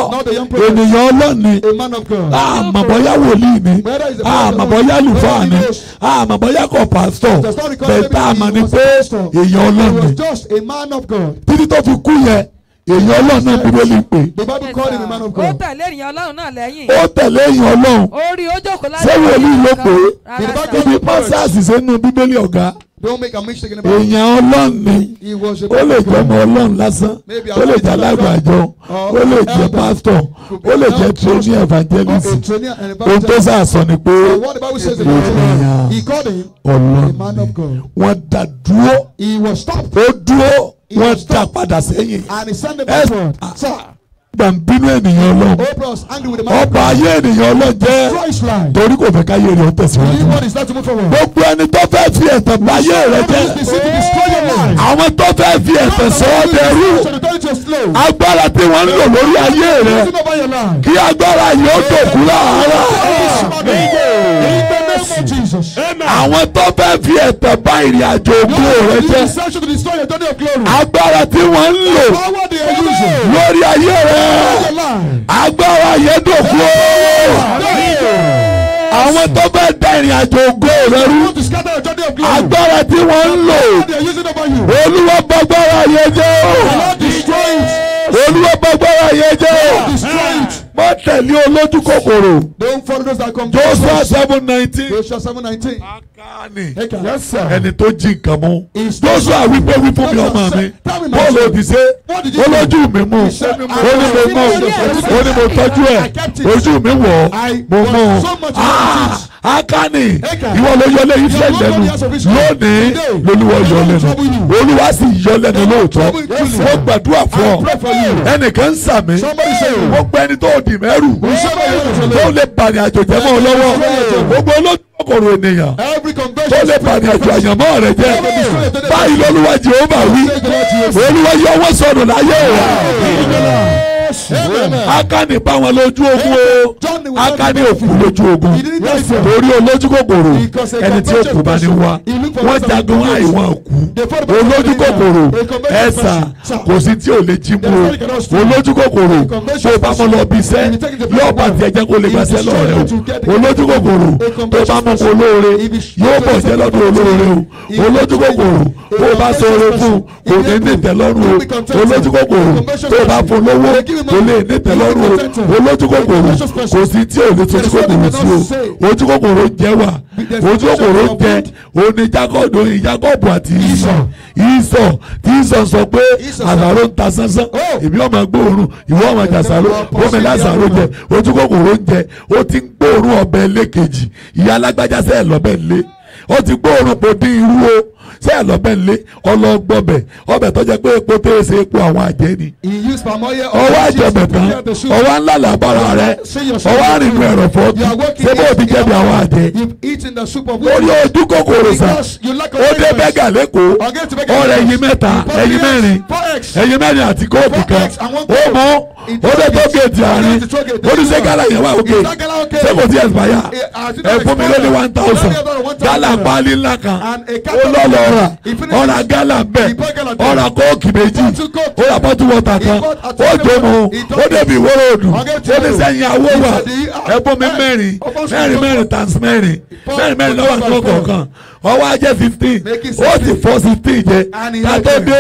Speaker 1: ènìyàn ọlọ́run ni àmàbọ̀yá ah, wòlíì ni àmàbọ̀yá ah, lùfáà ni àmàbọ̀yá ah, kọ̀ pásítọ̀ bẹ̀ẹ́ tá a mọ̀ ni pé èèyàn ọlọ́run ni títí tó fi kú yẹn èyàn ọlọ́run náà bíbélì ń pè.
Speaker 3: the bible called him a man of God. ó tẹ̀lé èyàn ọlọ́run
Speaker 1: náà lẹ́yìn. ó tẹ̀lé èyàn ọlọ́run.
Speaker 3: orí ó jókòó láti ṣe ìlú
Speaker 1: ló pé. ibi pọ́sáàsì sínú bíbélì ọ̀gá. Don't make a mistake in the Bible. Èèyàn ọlọ́run ni ó lè jẹ́ ọmọ ọlọ́run lásán, ó lè jẹ́ alágbàjọ, ó lè jẹ́ pastor, ó lè jẹ́ training evangelist. Ohun tó sàṣọ ni pé èèyàn ọlọ́run
Speaker 3: ni
Speaker 1: wọ́n dá dúró, ó dúró wọ́n dá padà sẹ́yìn. ẹ ah. gbàǹbínú ènìyàn Ọlọ́run oh, ọba ayé ènìyàn Ọlọ́run jẹ́ torí kò fẹ́ ká yé rẹ̀ ó tẹ̀síwájú. gbogbo ẹni tó fẹ́ fi ẹ̀tẹ̀ bà ayé rẹ̀ jẹ́
Speaker 2: àwọn tó fẹ́ fi ẹ̀tẹ̀ sọ ọ́ dẹrú agbára tí wọ́n ń lò lórí ayé rẹ̀ kí agbára yóò dòkú láàárọ̀ jésù àwọn
Speaker 1: tó fẹ́ fi ẹ̀tẹ̀ bá ìrìn àjò ògo rẹ jẹ́ agbára tí wọ́n ń lò lórí ayé rẹ agbára yẹn dòkú àwọn tó fẹ́ da ìrìn àjò ògo rẹ rú agbára tí wọ́n ń lò olúwa gbàgbára yẹn jẹ́ olúwa gbàgbára yẹn jẹ́ má tẹ̀lé olójú kòkòrò. don't follow those that come. Joshua seven nineteen. Joshua seven nineteen kaani ẹni tó jí nǹkan mú Joshua wípé wípé mi ọmọ mi bọ́ọ̀lù òdìsé olójú mi mú ó ní mo mú ó ní mo tọ́jú ẹ̀ ojú mi wọ̀ mo mú
Speaker 2: akani ah, ìwọ ló yọ lẹ́yìn fẹ lẹ́nu lónìí lolúwa yọ lẹ́nu olúwa sì yọ lẹ́nu lóòótọ́ mo gbàdúrà fún ọ
Speaker 1: ẹnìkan ń sàmì mo gbẹni tó dì mẹ́rù tó lè bàrìn àjòjẹmọ lọ́wọ́ gbogbo olóòótọ́ ọkọ̀rọ̀ ènìyàn tó lè bàní àjọ àyànmọ́ rẹ jẹ́ báyìí lọ́lúwa Jèhófà wí olúwa yọ wọ́n sọnù láyé o. Jésù akami bá wọn lójú ogun o akami òkú lójú ogun torí olójú kòkòrò ẹni tí òkú bá ní wá wọ́n jagun àìwọ̀n òkú olójú kòkòrò ẹ̀sà kò sí tí ò lè jí mú o olójú kòkòrò tó bá mọ lọ bí iṣẹ́ yóò bá tiẹ̀ jẹ́ kó lè gba iṣẹ́ lọ́rẹ́ o olójú kòkòrò tó bá mọ kó lóore yóò bọ̀ jẹ́ lọ́dún olóore o olójú kòkòrò tó bá sọ oore fún kò ní ní o olójú kòkòrò tó bá fún lówó kò lè ní tẹ́lọ́rùn olójúkòkòrò kò sí tí ò ní tójúkòkòrò sí
Speaker 2: o ojúkòkòrò
Speaker 1: jẹ́ wà ojúkòkòrò jẹ́ òní jákòdò ìyákòbù àti ìsọ̀ ìsọ̀ tí ìsọ̀ sọ pé àsàrò ń ta sánsán oh. èmi ọmọ gbóòórùn ìwọ ọmọ jàsàrò gómìnà àsàrò jẹ ojúkòkòrò jẹ ó ti ń gbóòórùn ọbẹ̀ lẹ́kejì ìyá alágbájá sẹ́ẹ̀ lọ́bẹ̀ lé ó ti gbóòórùn pò dín irú o. ṣé àlọ́bẹ̀nlé ọlọ́gbọ́bẹ̀ ọbẹ̀ tó jẹ́ pé epo tó ṣe epo àwọn àjẹ́ ni. ọwọ́ àjẹbẹ̀ tán ọwọ́ ńlá làbára rẹ ọwọ́ àrìnrìn ẹ̀rọ̀fọ́ ṣé bó ti jẹ̀bi àwọn àjẹ́. lórí ojú kòkòrò sà ó dé bẹ́gà lẹ́kọ̀ọ́ ọ̀rẹ́ ẹyin mẹ́ta ẹyin mẹ́rin ẹyin mẹ́rin àti kóòkù kan ó mú ó lè tó géètì àárín ó ní yẹn wà òkè ṣé kò naira ó ra gálà bẹ́ẹ̀ ó ra kóòkì méjì ó ra bọ́tù wọ́tà kan ó jẹun ó débi ìwóró odò ó ní sẹ́yìn awó wà ẹ̀bùn mi mẹ́rin mẹ́rin mẹ́rin times mẹ́rin mẹ́rin mẹ́rin lọ́wọ́ àti kọ̀ọ̀kan ọwọ́ ajẹ́ fifteen ó sì fọ́ sixteen jẹ kátó dé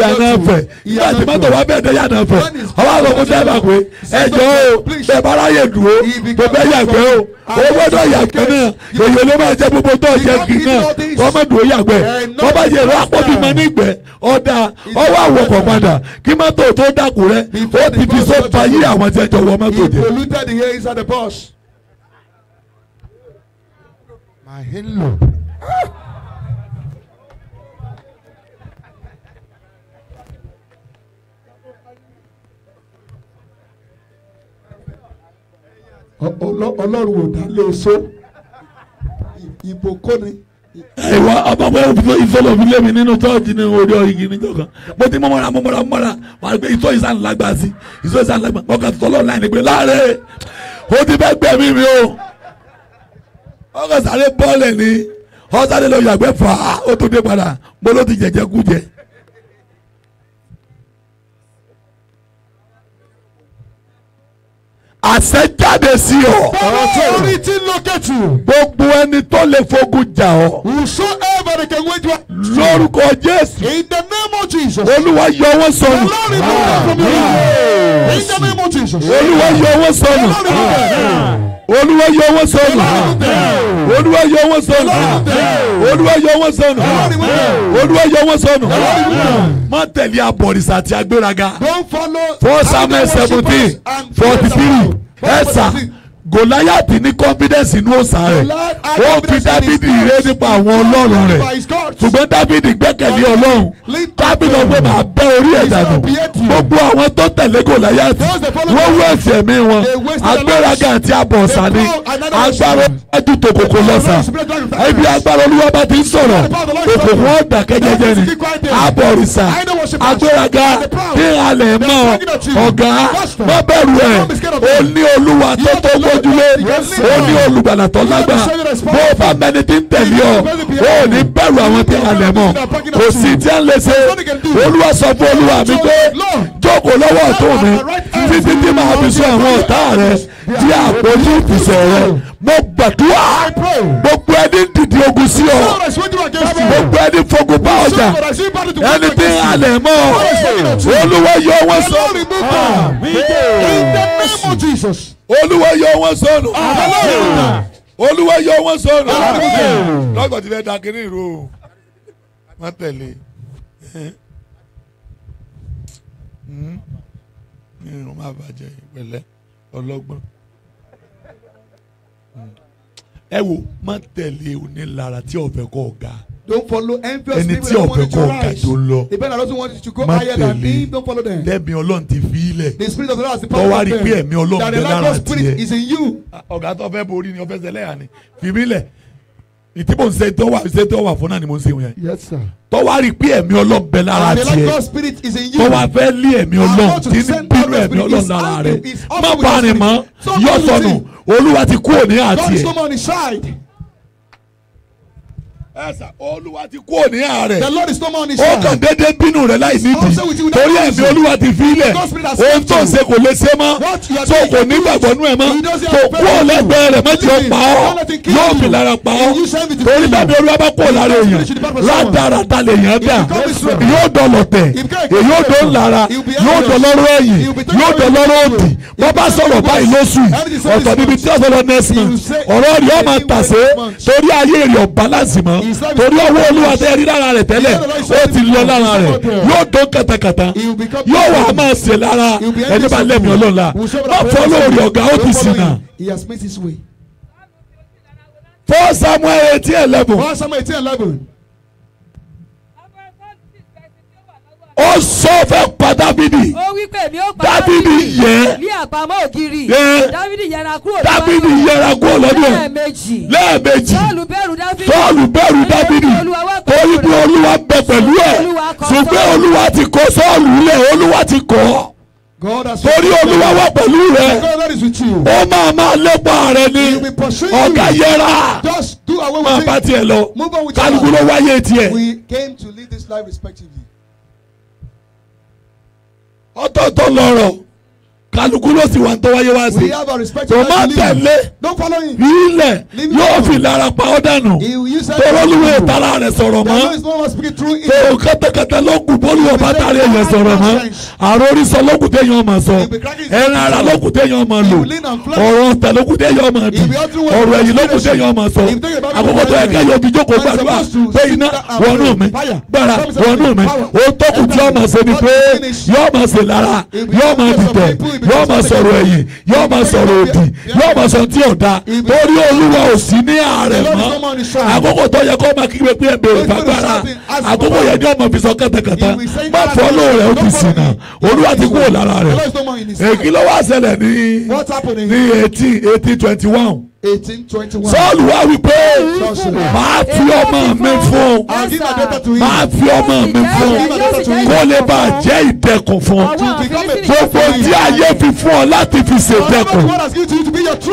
Speaker 1: yàrá ẹ̀fẹ̀ yàrá tìmọ́tò wà bẹ́ẹ̀ dé yàrá ẹ̀fẹ̀ ọwọ́ àwọn ọmọdé ẹ̀ bá pé ẹjọ́ o bẹ́ẹ̀ bá ráyè dúró tó bẹ́ẹ̀ yàgbẹ́ o owó náà yàgbẹ́ náà èyí ló máa jẹ́ gbogbo tó jẹ́ kí náà ọmọdé ò yàgbẹ́ wọ́n bá yẹ̀rọ àpọ́bímọ nígbẹ́ ọ̀dà ọwọ́ àwọ̀kọ̀ padà kí mọ́tò tó dàkú rẹ ó ti fi sọ́ọ̀fà yí àwọn tí ẹjọ́ wọ mọ́tò jẹ. He polluted ọlọ́run ò dá lóso e ìbò kọ́ni ẹwà àbàbọ̀ ẹ̀fọ́ ìfọlọ̀ fi lé mi nínú tọ́ọ̀tì ní orí ọ̀yìngì níjọ kan mo ti mọ́mọ́ra mọ́mọ́ra mọ́ra wàá gbé ìtọ́ ìsàn lágbà sí ìtọ́ ìsàn lágbà ọkà tó tọ́lọ̀ láì ní pé láàárẹ̀ ó ti fẹ́ gbẹ̀mí mi o ọkọ̀ sáré bọ́ọ̀lẹ̀ ni ọ̀sáré lọ yàgbẹ́ fà á ó tó dé padà mo ló ti jẹ̀jẹ̀ kú jẹ́. àṣẹ sí ọ. bọ́lá orí tí lọ́kẹ̀tù. gbogbo ẹni tó lè fogun jà ọ. whosoever can wage war. lórúkọ jésù. in the name of jesus. olúwa yọ wọ́n sọnù. olórí ló wà fún mi. in the name of jesus. olúwa yọ wọ́n sọnù. olórí ló wà
Speaker 2: fún
Speaker 1: mi olúwa yọ owó sọnù olúwa yọ owó sọnù olúwa yọ owó sọnù olúwa yọ owó sọnù má tẹ̀lé abọ̀rìṣà àti agbéraga four samuel seventeen forty three ẹ̀sà goliath ní confidence inú òòsà rẹ̀ ó fi dábìdì ré nípa àwọn ọlọ́run rẹ̀ ṣùgbọ́n dábìdì gbẹ́kẹ̀lé ọlọ́run dábìdì ọgbẹ́ máa bẹ́ orí ẹ̀ dànù
Speaker 2: gbogbo àwọn tó
Speaker 1: tẹ̀lé goliath wọ́n wú ẹ̀sẹ̀ mi wọn agbéraga àti abọ̀ọ̀sà ni agbára ẹ̀dùn tòkòkò lọ́sà ibi agbára olúwa bá ti ń sọ̀rọ̀ òkòkò ọ̀dà kẹ́jẹ́jẹ́ ni abọ̀ọ̀rìṣà agbéraga kí alẹ̀ mọ́ ọ̀gá má bẹ̀rù ẹ̀ ó ní olúwa tó tó gbọ́ gbójúlé ó ní olùgbàlà tó lágbára bó o bá mẹni tí ń tẹ̀lé ọ ó ní bẹ̀rù àwọn tí a lẹ̀ mọ́ kò sí tí a ń lè ṣe olúwa sọ fún olúwa mi pé jókòó lọ́wọ́ ọ̀tún mi títí tí màá fi sọ àwọn ọ̀tá rẹ tí àpótí ìfìsọ̀ rẹ mo gbàdúrà gbogbo ẹni dìde ogun sí ọ gbogbo ẹni fogun bá ọjà ẹni tí a lẹ̀ mọ́ olúwa yọ wọn sọ. Ah, In the name of Jesus olúwa yọ wọn sọnù olúwa yọ wọn sọnù lọ́gọ̀ tí fẹ́ da kiri ìró o má tẹ̀lé hmm? irun má bàjẹ́ ìpẹ̀lẹ́ ọlọ́gbọ́n hmm. ẹ wo má tẹ̀lé onílára tí ọ̀fẹ́ kọ̀ ga. Don't follow envious people that want you to rise. The people that doesn't want you to go higher than me. don't follow them. Lẹ́mi Ọlọ́run ti fi ilẹ̀. The spirit of the Lord has the power of them. Tọ́wárí pé ẹ̀mí Ọlọ́run bẹ̀rẹ̀ lára tiẹ̀. That the Lord's spirit is in you. Ọ̀gá tó fẹ́ borí ni ọ̀fẹ́ sẹ́lẹ̀yà ni. Fìmí lẹ̀ ìtí mò ń ṣe tó ṣe tó fún náà ni mò ń ṣe wọn yẹn. yes sir. tó wá rí pé ẹ̀mí Ọlọ́run bẹ lára tiẹ̀ tó fẹ́ lé ẹ̀mí Ọlọ́run tí ní bínú ẹ̀mí Ọlọ́run lára rẹ̀ má bá mọ́ yọ̀sọ̀nù Olúwa ti kú òní àti ẹsà olúwa ti kú òní àárẹ̀. the lord is no more on his side. ó kàn dédé bínú rẹ̀ láì nídìí torí ẹ̀mí olúwa ti fi ilẹ̀ ohun tó ń ṣe kò lè ṣe mọ́ tó kò ní gbàgbọ́ nú ẹ̀ mọ́ tó kú ọ̀lẹ́gbẹ̀ẹ́ rẹ̀ mẹ́tì ó pa ọ́ yóò fi lára pa ọ́ torí bẹ́ẹ̀ olúwa bá kú ọ̀lára èèyàn ládàra ta lè yàn dà yóò dọ̀lọ̀ tẹ̀ èyí ó dọ̀ lára yóò dọ̀ lọ́rọ̀ ẹ̀yìn yóò dọ̀ lọ́rọ̀ òdì bọ́ bá sọ̀rọ̀ báyìí lóṣù ọ̀tọ̀ níbi tí ọ̀sọ̀rọ̀ nẹ́sìn ọ̀rọ̀ rẹ̀ ọ̀ máa tàsé torí ayé rẹ̀ ọ̀ balance mọ́ torí ọwọ́ olúwa tẹ́ rí lára rẹ̀ tẹ́lẹ̀ ó ti lọ lára rẹ̀ yóò dún kàtàkàtà yóò wà máa ṣe lára ẹni bá lẹ́mí ọlọ́run la má fọ́ lórí ọ̀gá ó ti sìn náà. First Samuel eighteen eleven. First Samuel eighteen eleven. ó sọ fẹ́ pa dávidi.
Speaker 3: ó wí pé mi ó pa dávidi yẹ. ní àpamọ́ ògiri. yẹ dávidi yẹra kúrò lọ́dọ̀. dávidi yẹra kúrò lọ́dọ̀. lẹ́ẹ̀mejì. lẹ́ẹ̀mejì. sọ́ọ̀lù bẹ̀rù dávidi. sọ́ọ̀lù bẹ̀rù dávidi. torí bí olúwa
Speaker 1: bẹ pẹ̀lú ẹ̀. ṣùgbọ́n olúwa ti kó sọ́ọ̀lù lẹ̀ olúwa ti kọ́. torí olúwa wà pẹ̀lú rẹ̀. ó máa máa lépa rẹ̀ ni. ọ̀gá yẹra. máa bá tiẹ̀ lọ. kálukú ló wáyé tiẹ̀. We came to live this life respectively ọ̀tọ̀ọ̀tọ̀ lọ̀rọ̀ kálukú ló sì wà tó wáyé wá sí tó má tẹ̀lé ilẹ̀ yóò fi lára pa ọ́ dànù tọ́lọ́lùwẹ̀ tara rẹ̀ sọ̀rọ̀ mọ́ tó kẹ́tẹ́kẹ́tẹ́ lókùn bọ́lùwọ̀ bá tari ẹ̀yẹ sọ̀rọ̀ mọ́ àrórísọ lókùn téèyàn máa sọ ẹran ara lókùn téèyàn máa lò
Speaker 2: ọ̀rọ̀
Speaker 1: ọ̀tẹ̀ lókùn téèyàn máa dì ọ̀rọ̀ ẹ̀yìn lókùn téèyàn máa sọ àkókò tó yẹ kẹ́yọ̀ bí jókòó gbàdúrà pé iná wọnú mi gbàrà wọnú mi ó tókùn tí yọ máa ṣe ni pé yọ máa ṣe lára yọ máa dìtẹ̀ yóò máa sọ̀rọ̀ ẹ̀yìn yóò máa sọ̀rọ̀ òdì yóò máa sọ tí ọ̀dà torí olúwa ò sí ní ààrẹ mọ́
Speaker 2: àkókò tó yẹ
Speaker 1: kó máa kígbe pé ẹ̀bẹ̀rẹ̀ fagbára àkókò yẹ ní ọmọ fi sọ kẹtẹkẹtẹ má fọ́lọ́ rẹ̀ ó ti sìn náà olúwa ti kúrò lára
Speaker 2: rẹ̀ èkí ló wá
Speaker 1: ní eighteen eighteen twenty one
Speaker 2: sọ́ọ̀lù
Speaker 1: wá wípé máa fi ọmọ mi fún máa fi ọmọ mi fún kó lè bá a jẹ́ ìdẹ̀kùn fún gbogbo tí ayé fi fún ọ láti fi ṣèdẹ̀kùn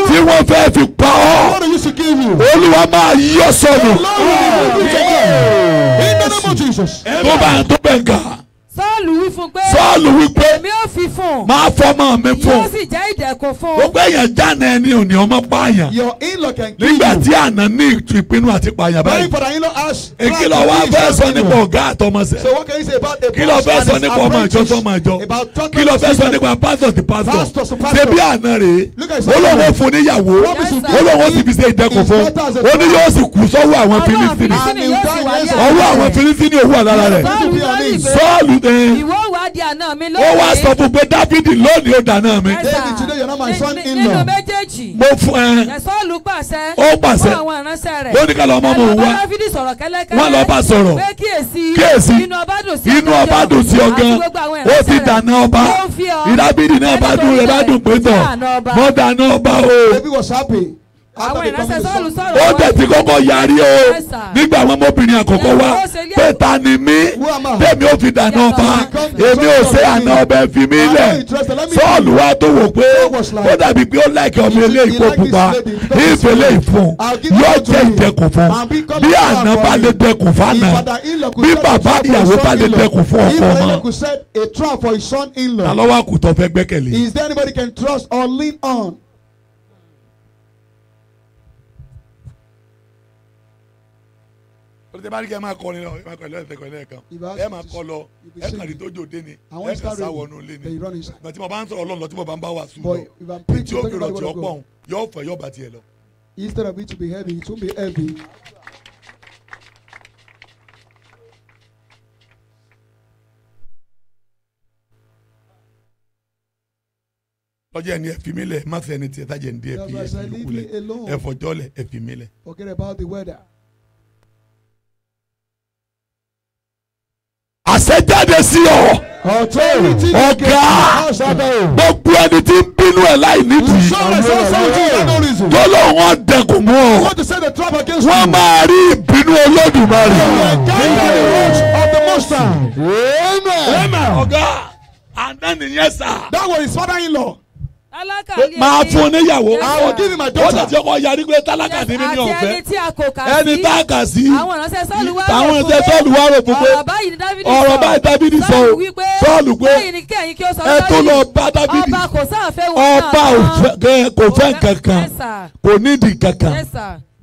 Speaker 2: tí wọ́n fẹ́ fi pa ọ́ olúwa máa yọ sọnù tó bá ń tó bẹ̀ ń gà
Speaker 3: sọ́ọ̀lù wí fún pé sọ́ọ̀lù wí pé èmi ò fi fún máa fọmọ mi fún yóò sì jẹ́ ìdẹ̀kùn fún. gbogbo èèyàn
Speaker 1: jáde ẹni ò ní ọmọ pààyàn nígbà tí àná ní ìpinnu àti pààyàn báyìí ìkìlọ̀ wa fẹ́ sọ nípa ọ̀gá àtọmọsẹ̀ kìlọ̀ fẹ́ sọ nípa ọmọ ìjọ sọmọ ìjọ kìlọ̀ fẹ́ sọ nípa pásítọ̀ ti pásítọ̀ ṣebí àná rèé olówó fún níyàwó olówó ti fi ṣe ìdẹ̀kùn fún ó ní yóò sì kú sọ́wọ́ àwọn Fílísítínì ọwọ́ àwọn Fílísítínì òwú àlára rẹ̀ sọ́ọ̀lù pé. ìwọ
Speaker 3: wà di àná mi lónìí. ó wá sọ fún pé dáfídì
Speaker 1: lónìí ó dáná mi. david today you are my son in law. nínú
Speaker 3: méjèèjì. mo fún ẹ. ẹ̀sọ́ọ̀lù pàṣẹ. ó pàṣẹ. fún àwọn aránṣẹ́ rẹ̀. lónìí kálọ̀ ọmọ mò ń wá. dáfídì sọ̀rọ̀ kẹ́lẹ́kẹ́lẹ́. wọ́n lọ bá sọ̀rọ̀. pé kíyèsí. kíyèsí. inú ọba dùn sí ọgán. ó ti dáná ọba.
Speaker 2: ìdábìdì náà bá dùn rẹ̀ bá dùn pé tọ̀. mo dáná ọba o
Speaker 3: àwọn ìránṣẹ́ sọ́ọ̀lù sọ̀rọ̀ ó tẹ̀sí kọ́kọ́ yarí o
Speaker 1: nígbà àwọn ọmọbìnrin àkọ́kọ́ wa pé ta ni mí tẹ̀mí ó fi dànù ọba èmi ò ṣe àná ọbẹ̀ fi mí lẹ̀ sọ́ọ̀lù wa tó wò pé ó dàbí pé ó láìkẹ́ ọmọ ilé ìkó pupa ìfẹ́lẹ́ ìfún yóò jẹ́ ìdẹkùn fún bí àná bá lè dẹkùn fánà bí bàbá ìyàwó bá lè dẹkùn fún ọkọ ọmọ. ta ló wà kùtọ̀ fẹ́ gbẹ́kẹ̀lé. anybody can trust or lean on? olùdé bá rí kẹ́ ẹ máa kọ́ ni lọ ẹ máa kọ́ ẹlẹ́sẹ̀ kọ́ ẹlẹ́ẹ̀kan ẹ máa kọ́ lọ ẹ kàn rí tójó dé ni ẹ kàn sáwọ nù lé ni bẹ́ẹ̀ tí mo bá ń sọ̀rọ̀ lọ́nà tí mo bá ń bá wà sùn lọ bí tí ó kérò tí ó pọ̀n yóò fẹ́ yóò bá tiẹ̀ lọ. instead of it to be heavy it won't be heavy. lọ́jọ́ ẹni ẹ̀fì mi lẹ̀ má sẹ́ni tiẹ̀ sájẹ̀ ní ẹ̀fì ẹ̀fì lókulẹ̀ ẹ̀fọ̀jọ́ lẹ̀ ẹ̀fì mi lẹ̀. forget about the weather. àṣẹjáde sí ọ ọ̀gá gbogbo ẹni tí ń bínú ẹ̀ láì nídìí tó lóun wọn dẹkùn mú ọ wọn máa rí ìbínú olódùmarè. ọ̀gá àná nìyẹn sá. that was
Speaker 3: his father-in-law máa fún oníyàwó ó dàtí ọkọ
Speaker 1: yarí pé tálákà ní mi ní ọ̀fẹ́ ẹni tá a kà sí àwọn
Speaker 3: ẹsẹ̀ sọ́ọ̀lù wà rò gbogbo ọ̀rọ̀ báyìí dábìdì sọ o sọ́ọ̀lù pé ẹ tó lọ bá dábìdì ọba kò fẹ́ kankan
Speaker 1: kò nídìí kankan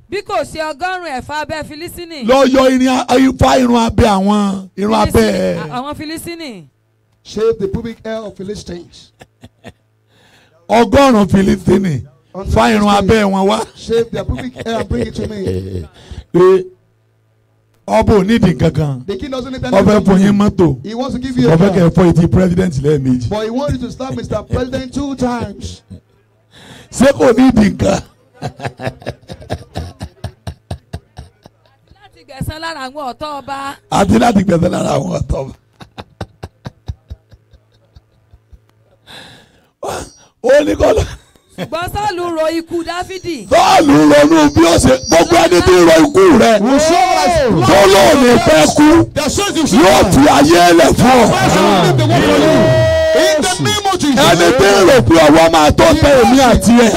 Speaker 3: bí kò ṣe ọgọ́rùn-ún ẹ̀fà abẹ́ filistini. lọ yọ ifá irun
Speaker 1: abẹ́ àwọn irun abẹ́.
Speaker 3: àwọn filistini. shave the pubic hair of philistines
Speaker 1: ọgọ́rùn-ún filistini fa irun abẹ́ wọn wá. shave their pubic hair bring it to me. Eh, ọba ò nídìí kankan ọbẹ̀ fún yín mọ́tò ọbẹ̀ kẹ́ fọ́ etí president lẹ́ẹ̀mejì. but he wanted to slap Mr. President two times. ṣé kò nídìí nǹkan.
Speaker 3: láti gbẹ̀san lára àwọn ọ̀tọ́ ọba.
Speaker 1: àti láti gbẹ̀san lára àwọn ọ̀tọ́ ọba. ó ní kọ́lá.
Speaker 3: ṣùgbọ́n sọ́ọ̀lù ro ikú dáfídì. sọ́ọ̀lù ronú
Speaker 1: bí ó ṣe gbogbo ẹni tí ro ikú rẹ̀ tó lóò ní fẹ́ kú yóò fi ayé lẹ̀ fún ọ ẹni tí ń rò pé ọwọ́ máa tọ́ tẹ èmi àti ẹ̀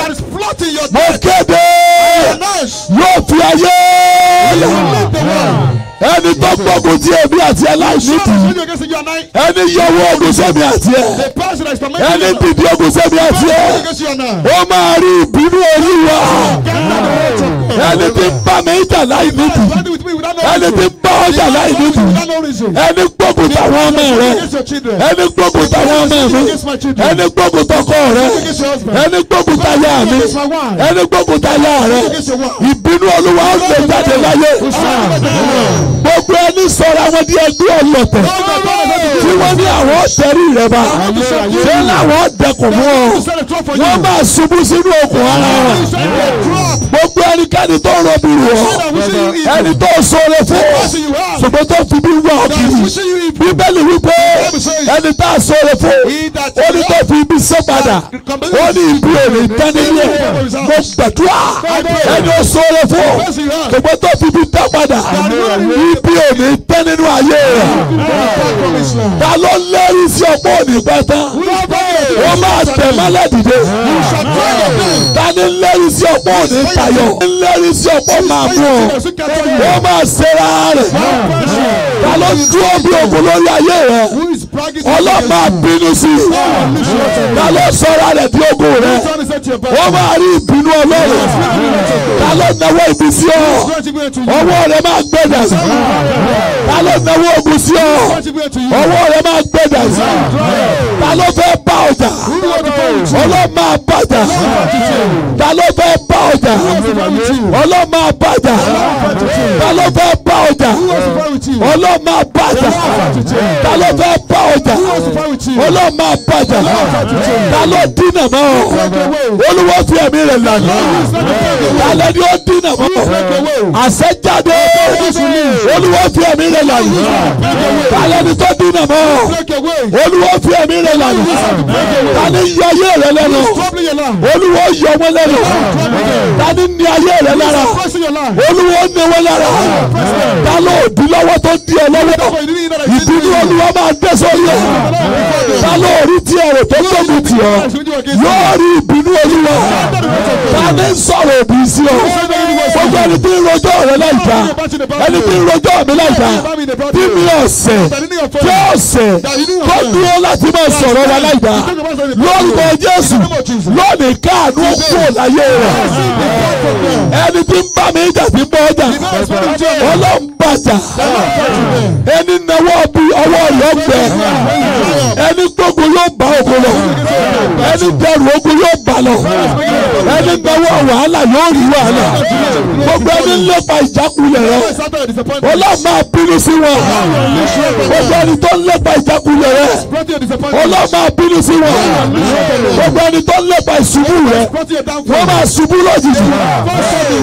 Speaker 1: mo kéde yóò fi ayé lẹ̀ ẹni tó gbógun ti èmi àti ẹ láìsí tì
Speaker 2: í ẹni yọwọ́ ogun sẹ́mi àti ẹ ẹni dìde ogun sẹ́mi àti ẹ ó máa rí ìbínú olúwa ẹni tí ń bá mi jà láì nídìí
Speaker 1: ẹni tí ń bá ọ jà láì nídìí
Speaker 2: ẹni gbógun tàwọn ọmọ rẹ ẹni gbógun tàwọn ọmọ mi ẹni
Speaker 1: gbógun tọkọ rẹ ẹni gbógun táyà mi ẹni gbógun táyà rẹ ìbínú olúwa ó lè jáde láyé gbogbo ẹni sọ̀rọ̀ àwọn di
Speaker 2: ẹgbẹ́ ọlọ́tẹ̀ tí wọ́n ní àwọn tẹ̀rí rẹ̀ bá ṣé làwọn dẹkùn mọ́ ọ wọ́n máa ṣubú sínú okùn ara wọn gbogbo ẹnikẹ́ni tó ń rọbì wọ́ ẹni tó sọ̀rọ̀ fún ọ ṣùgbọ́n tó fi bí wà
Speaker 1: ọ bíbélì wípé ẹni tá a sọ̀rọ̀ fún ọ tó fi sẹ́ padà ó ní ibi èrè ìtẹ́nilẹ̀ mo gbàdúrà ẹni ó sọ̀rọ̀ fún ọ gbogbo tó fi bí dá padà ibi èrè ìtẹ́ nínú ayé
Speaker 2: rẹ̀ ta ló lẹ́rìí sí ọ̀pọ̀
Speaker 1: òní pẹ́ tán
Speaker 2: wọ́n máa tẹ̀ mọ́lẹ̀ dìde
Speaker 1: ta ni lẹ́rìí sí ọ̀pọ̀ òní tayọ̀ lẹ́rìí sí ọ̀pọ̀ màmú ọ wọ́n máa ṣera rẹ̀
Speaker 2: ta ló dúró bí ogun lórí ayé rẹ ọlọ́pàá bínú sí i ta ló sọra rẹ bí ogun rẹ ó máa rí ìbínú ọlọ́run ta ló náwó ibi sí ọ ọwọ́ rẹ máa gbẹ̀dà sí ta ló náwó ogun sí ọ ọwọ́ rẹ máa
Speaker 1: gbẹ̀dà sí ta ló fẹ́ bá ọjà ọlọ́mọ àbàdà ta ló fẹ́ bá ọjà ọlọ́mọ àbàdà ta ló fẹ́ bá ọjà ọlọ́run máa bàjà ta ló fẹ́ bá ọjà ọlọ́run máa bàjà ta ló dínà mọ́ ọ olúwo fi ẹ̀mí rẹ̀ lànà ta ló ní ó dínà mọ́ ọ àṣẹjáde olúwo fi ẹ̀mí rẹ̀ lànà
Speaker 2: ta ló ní tó dínà mọ́ ọ olúwo fi ẹ̀mí rẹ̀ lànà ta ní yọ ayé rẹ̀ lẹ́nu olúwo yọ wọn lẹ́nu ta ní ní ayé rẹ̀ lára olúwo ní wọn lára. Dalo, lòdì lọ́wọ́ tó di ọ lọ́wọ́ ìbínú olúwa máa dé sórí Dalo, bá ti tí ọ̀rọ̀ tó tóbi tì ọ yóò rí
Speaker 1: ìbínú olúwa bá ní sọ̀rọ̀ òbí sí ọ
Speaker 2: gbogbo
Speaker 1: ẹni tí ń rojọ́ rẹ láìka ẹni tí ń rojọ́ mi láìka tí mi ọ̀sẹ̀ tí ọ̀sẹ̀ tó dúró láti máa sọ̀rọ̀ wa láìka lórúkọ Jésù lónìí káàánú kúrò láyé rẹ ẹni tí ń bá mi jà tí ń ọlọ́wọ́ ń bàjá ẹni
Speaker 2: náwó ọwọ́ rẹ̀ ọgbẹ́ ẹni ogun yóò bá ògo lọ ẹni bẹ̀rù ogun yóò bá lọ ẹni bẹ̀rù wàhálà yóò rí wàhálà gbogbo ẹni lépa ìjákulẹ̀ rẹ ọlọ́run máa bínú sí wọn
Speaker 1: gbogbo ẹni tó ń lépa ìjákulẹ̀ rẹ ọlọ́run máa bínú sí wọn gbogbo ẹni tó ń lépa ìṣubú rẹ wọ́n máa ṣubú lójijì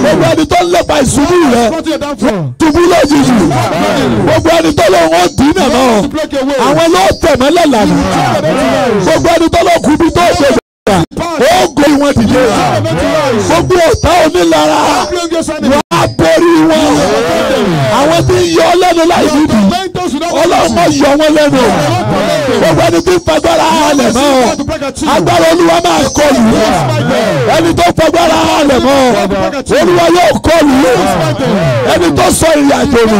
Speaker 1: gbogbo ẹni tó lépa ìṣubú rẹ ṣubú lójijì gbogbo ẹni tó lọ́wọ́ dín náà àwọn ló tẹ̀ mọ́lẹ̀ gbogbo ẹni tọ́lọ́kùn bí tó ṣe gbà ó gòrí wọn dìde gbogbo ọ̀tá onílara wàá borí wọn àwọn tí ń yọ ọ́ lẹ́nu láì nídìí
Speaker 2: ọlọ́run máa yọ wọn lẹ́nu gbogbo ẹni tó fagbára halẹ̀ mọ́ agbára olúwa máa kọlù ẹni tó fagbára halẹ̀ mọ́ olúwa
Speaker 1: yóò kọlù ẹni tó sọ ìyàjò nù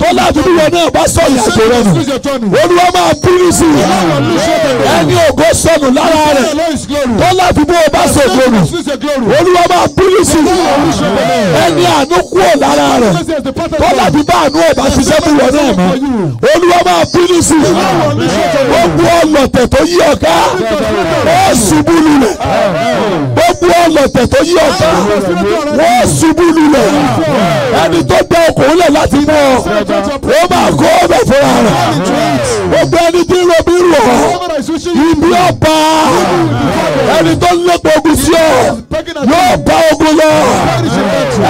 Speaker 1: tó láti bí wọn náà bá sọ ìyàjò rẹ nù olúwa máa bínú sí i ẹni ògo sọnù lára rẹ tó láti bí wọn bá sọ ògo olúwa máa bínú sí i ẹni àánú kúrò lára rẹ
Speaker 2: tó láti bá àánú ọba ṣiṣẹ́ fún wọn náà mọ́
Speaker 1: olúwa máa bínú sí i gbogbo ọlọ̀tẹ̀ tó yí ọ̀gá
Speaker 2: wọ́n
Speaker 1: ṣubú lulẹ̀ gbogbo ọlọ̀tẹ̀ tó yí ọ̀gá wọ́n ṣubú lulẹ̀ ẹni tó dá okòólẹ̀ láti mọ́ ọ wọ́n máa kó ọbẹ̀
Speaker 2: fúnra rẹ̀ gbogbo ẹni tí ń lo bí wọ̀ ibi ọba ẹni tó lépa ogun sí ọ yóò bá ogun lọ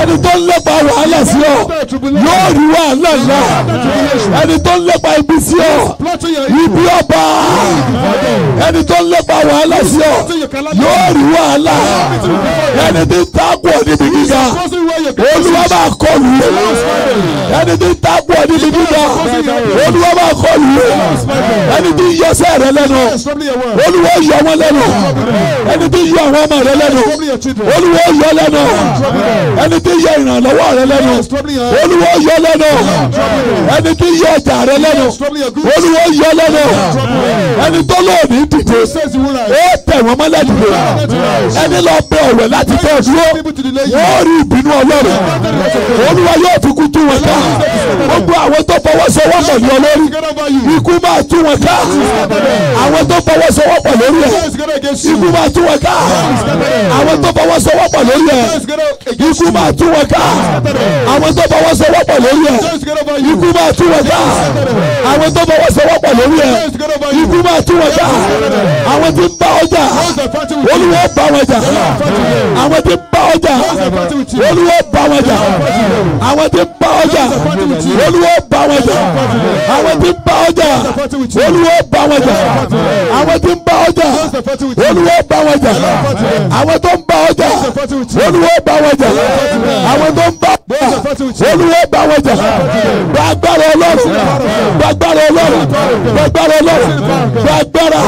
Speaker 2: ẹni tó lépa wàhálà sí ọ yóò rí wàhálà lọ ẹni tó
Speaker 1: lépa ibi sí ọ ibi ọba ẹni tó lépa wàhálà sí ọ yóò rí wàhálà
Speaker 2: ẹni tí takò níbi gíga olúwa máa kọlù ẹni tí takò níbi gíga
Speaker 1: olúwa máa kọlù ẹni tí yẹ ẹsẹ̀ rẹ lẹ́nu olúwa yọ wọn lẹ́nu
Speaker 2: ẹni tí yọ àwọn ọmọ rẹ lẹ́nu olúwa yọ lẹ́nu
Speaker 1: ẹni tí yọ ìrànlọ́wọ́ rẹ lẹ́nu olúwa yọ lẹ́nu ẹni tí yọ ọjà rẹ lẹ́nu olúwa yọ lẹ́nu ẹni tó lóòní dìde ó tẹ̀ wọ́n mọ́lẹ̀ nìyó ẹni lọ bẹ ọ̀wẹ̀ láti tẹ̀ dúró wọ́n rí ìbínú
Speaker 2: ọlọ́run olúwa yóò fi kú tú wọn ká gbogbo àwọn tó fọwọ́sowọ́pọ̀ ní olórí ikú máa tú wọn ká àwọn tó fọwọ́sowọ́pọ̀ lórí ẹ̀ ikú
Speaker 1: máa tú wọn ká àwọn tó fọwọ́sowọ́pọ̀ lórí ẹ̀ ikú máa tú wọn ká àwọn tó fọwọ́sowọ́pọ̀ lórí ẹ̀ ikú máa tú wọn ká àwọn tó fọwọ́sowọ́pọ̀ lórí ẹ̀ ikú
Speaker 2: máa tú wọn ká àwọn tí ń bá ọjà olúwo bá wọn jà àwọn tí bá wọn jà olúwo bá wọn jà àwọn tí bá wọn jà olúwo bá wọn jà àwọn tí bá wọn jà olúwo bá wọn jà àwọn tí bá wọn jà olúwo bá wọn jà àwọn tó ń bá wọn jà olúwo bá wọn jà àwọn tó ń
Speaker 1: bá olúwo bá wọn jà gbàgbára ọlọ́run
Speaker 2: gbàgbára ọlọ́run gbàgbára ọlọ́run gbàgbára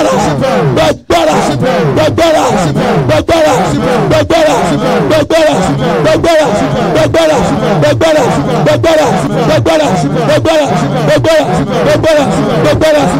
Speaker 2: gbàgbára gbàgbára gbàgbára gbàgbára gbàgbára gbàgbára gbàgbára gbàgbára gbàgbára gbàgbára gbàgbára gbàgbára gbàgbára gbàgbára.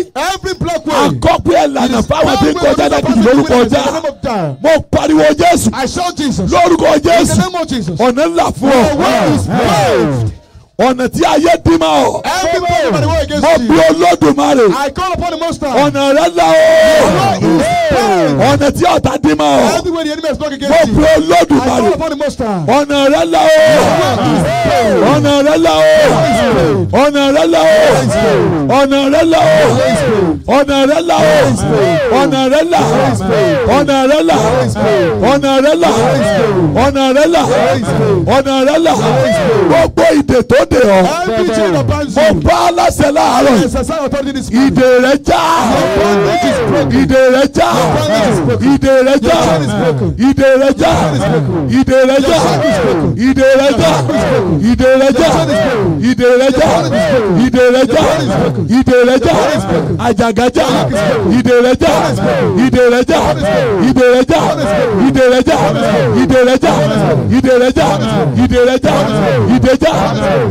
Speaker 1: every block way. akọ́pẹ́ ẹ̀lànà fáwọn ẹbí kọjá dákìtì lórúkọ ọjà mo pariwo Jésù lórúkọ Jésù ọ̀nà ńlá fún ọ ọ̀nà tí ayé dí mọ́ ọ. mo bí olódùmarè. ọ̀nà rẹ̀ la o. ọ̀nà tí ọ̀tá dí mọ́ ọ. mo bí olódùmarè. ọ̀nà rẹ̀ la o. ọ̀nà rẹ̀ la o. ọ̀nà rẹ̀ la o. ọ̀nà rẹ̀ la o. ọ̀nà rẹ̀ la o. ọ̀nà rẹ̀ la. ọ̀nà rẹ̀ la. ọ̀nà rẹ̀ la. ọ̀nà rẹ̀ la. ọ̀nà rẹ̀ la. gbogbo ìdè tó dé ọ mo bá aláṣẹ láàárọ̀ ìdè rẹ já ìdè rẹ já ìdè rẹ já ìdè rẹ já ìdè rẹ já ìdè rẹ já ìdè rẹ já ìdè rẹ já ìdè rẹ já ìdè rẹ já àjàgà já ìdè rẹ já ìdè rẹ já ìdè rẹ já ìdè rẹ já ìdè rẹ já ìdè rẹ já ìdè rẹ já ìdè já.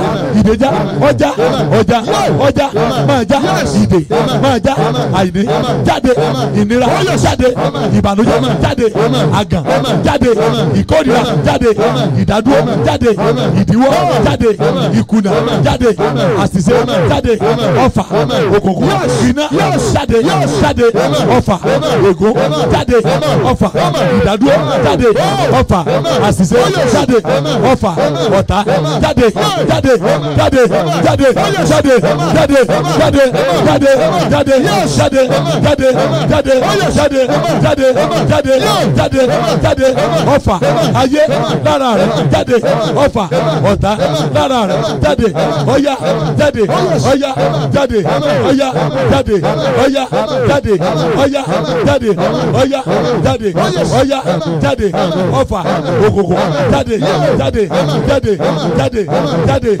Speaker 1: ìdèjà ọjà ọjà ọjà máa já ìdè máa já àìní jáde ìnira jáde ìbànújẹ́ jáde àgàn jáde ìkórira jáde ìdádúró jáde ìdíwọ́ jáde ìkùnà jáde àṣìṣe jáde ọfà òkùnkùn iná jáde jáde ọfà ègún jáde ọfà ìdádúró jáde ọfà àṣìṣe jáde ọfà ọ̀tá jáde jáde jáde jáde jáde jáde jáde jáde jáde jáde jáde jáde jáde jáde jáde jáde jáde jáde ọfà ayé lára rẹ jáde ọfà ọ̀tá lára rẹ jáde ọ̀yá jáde ọ̀yá jáde ọ̀yá jáde ọ̀yá jáde ọ̀yá jáde ọ̀yá jáde ọ̀yá jáde ọfà òkùnkùn jáde jáde jáde jáde jáde.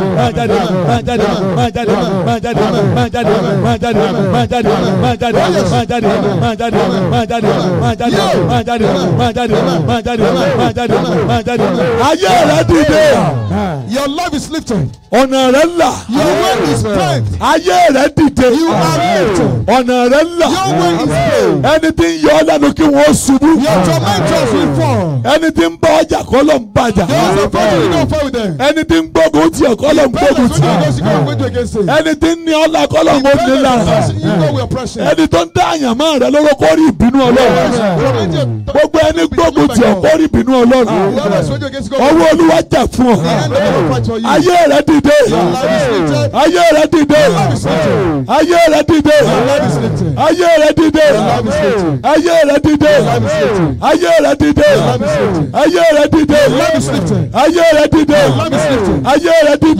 Speaker 1: máa jáde máa jáde máa jáde máa jáde máa jáde máa jáde máa jáde máa jáde máa jáde máa jáde máa jáde máa jáde máa jáde máa jáde máa jáde máa jáde máa jáde. ayé rẹ dìde. your love is lifted. ọ̀nà rẹ là. your
Speaker 2: way is paved.
Speaker 1: ayé rẹ dìde. you are lifted. ọ̀nà rẹ là. your way is paved. ẹni tí ń yọ ọ́ lẹ́nu kí wọ́n ṣubú. your tormentors will fall. ẹni tí ń bọ́ ọjà kọ́ ló ń bàjá. those are fortunate don't fall with them. ẹni tí ń gbógun tiẹ̀ kọ́ kọ́lọ̀ gbógun tì í ẹni tí ń ní ọlá kọ́lọ̀ gbógun tì í lára ẹni tó ń dá àyàmọ́ rẹ lóró kó rí ìbínú ọlọ́run gbogbo ẹni gbógun tì ọ́ kó rí ìbínú ọlọ́run ọwọ́ olúwa jà fún
Speaker 2: ọ ayé rẹ dìde
Speaker 1: ayé rẹ dìde ayé rẹ dìde ayé rẹ dìde ayé rẹ dìde ayé rẹ dìde ayé rẹ dìde ayé
Speaker 2: rẹ
Speaker 1: dìde ayé rẹ dìde.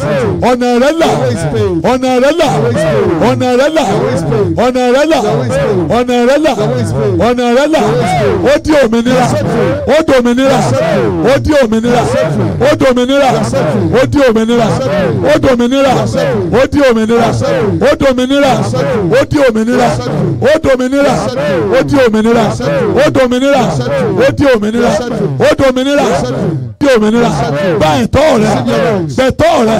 Speaker 1: ọ̀nà rẹ̀ là ọ̀nà rẹ̀ là ọ̀nà rẹ̀ là ọ̀nà rẹ̀ là ọ̀nà rẹ̀ là ọ̀nà rẹ̀ là ó di òmìnira ó di òmìnira ó di òmìnira ó di òmìnira ó di òmìnira ó di òmìnira ó di òmìnira ó di òmìnira ó di òmìnira ó di òmìnira ó di òmìnira ó di òmìnira ó di òmìnira ó di òmìnira di òmìnira báyìí tọ́ rẹ̀ bẹ̀ tọ́ rẹ̀.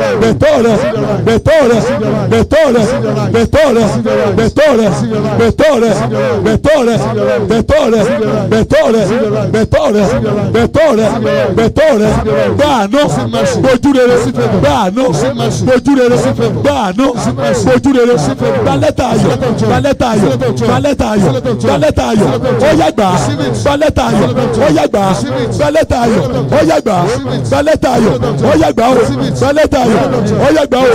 Speaker 1: rẹ̀ gbẹ̀tọ́ rẹ̀ gbẹ̀tọ́ rẹ̀ gbẹ̀tọ́ rẹ̀ gbẹ̀tọ́ rẹ̀ gbẹ̀tọ́ rẹ̀ gbẹ̀tọ́ rẹ̀ gbẹ̀tọ́ rẹ̀ gbẹ̀tọ́ rẹ̀ gbẹ̀tọ́ rẹ̀ gbẹ̀tọ́ rẹ̀ gbẹ̀tọ́ rẹ̀ gbẹ̀tọ́ rẹ̀ gbàánú bójúrere gbàánú bójúrere gbàánú bójúrere balẹ̀tà ayọ̀ balẹ̀tà ayọ̀ balẹ̀tà ayọ̀ balẹ̀tà ayọ̀ ó yá gbà balẹ̀tà ayọ̀ gbẹ́lẹ́tà ayọ̀ ọ̀yà gbà ó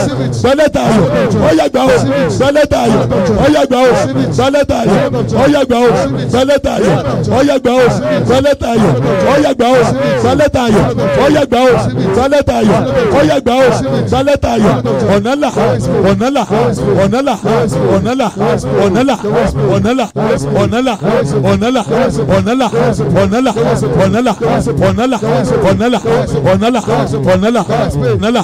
Speaker 1: gbẹ́lẹ́tà ayọ̀ ọ̀yà gbà ó gbẹ́lẹ́tà ayọ̀ ọ̀yà gbà ó gbẹ́lẹ́tà ayọ̀ ọ̀yà gbà ó gbẹ́lẹ́tà ayọ̀ ọ̀yà gbà ó gbẹ́lẹ́tà ayọ̀ ọ̀yà gbà ó gbẹ́lẹ́tà ayọ̀ ọ̀yà gbà ó gbẹ́lẹ́tà ayọ̀ ọ̀yà gbà ó gbẹ́lẹ́tà ayọ̀ ọ̀nàlà ọ̀nàlà ọ̀nàlà ọ̀nàlà ọ̀nàlà ọ̀nàlà ọ̀nàlà ọ̀nàlà ọ̀nàlà ọ̀nàlà ọ̀nàlà ọ̀nàlà ọ̀nàlà ọ̀nàlà ọ̀nàlà ọ̀nàlà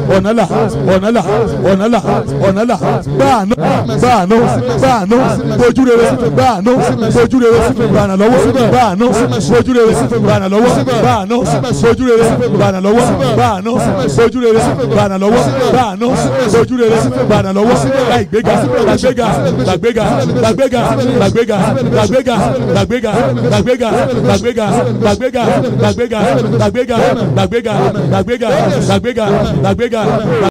Speaker 1: Onala, onala, onala, onala. ọ̀nà là ọ̀nà là ọ̀nà là ọ̀nà là gbàànú gbàànú gbàànú bójú rere gbàànú bójú rere gbàànà lọ́wọ́ gbàànú bójú rere gbàànà lọ́wọ́ gbàànú bójú rere gbàànà lọ́wọ́ gbàànú bójú rere gbàànà lọ́wọ́ gbàànú bójú rere gbàànà lọ́wọ́ láìgbéga lágbéga lágbéga lágbéga lágbéga lágbéga lágbéga lágbéga lágbéga lágbéga lágbéga lágbéga lágbéga lágbéga lágbéga lágbéga. pegar.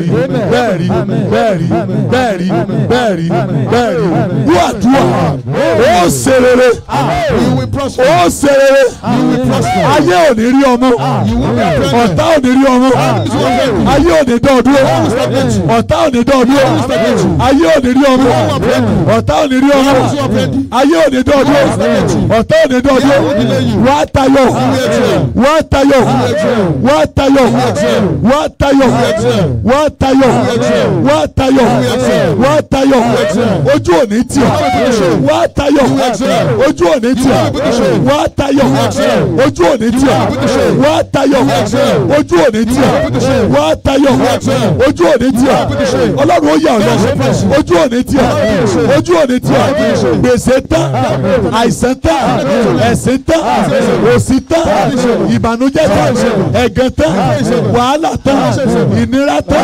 Speaker 2: bẹ́ẹ̀rí bẹ́ẹ̀rí bẹ́ẹ̀rí bẹ́ẹ̀rí bẹ́ẹ̀rí bẹ́ẹ̀rí wúwàdúwà
Speaker 1: ó ṣe rere ah, ó ṣe rere ayé ah, ò rí ọmọ ọ̀tá ò rí ọmọ ayé ò ní ah, ọ̀tá ò ní ayé ò rí ọmọ ọ̀tá ò rí ọmọ ayé ò ní dán dúró ọ̀tá ò ní dán dúró wá tayọ wá tayọ wá tayọ wá tayọ wá tayọ wá tayọ wá tayọ ojú òní tì ọ́ wá tayọ ojú òní tì ọ́ wá tayọ ojú òní tì ọ́ wá tayọ ojú òní tì ọ́ wá tayọ ojú òní tì ọ́ ọlọ́run ó yà ọ́ lọ ojú òní tì ọ́ ojú òní tì ọ́ gbèsè tán àìsàn tán ẹ̀sìn tán òṣì tán ìbànújẹ́ tán ẹ̀gàn tán wàhálà tán ìnira tán.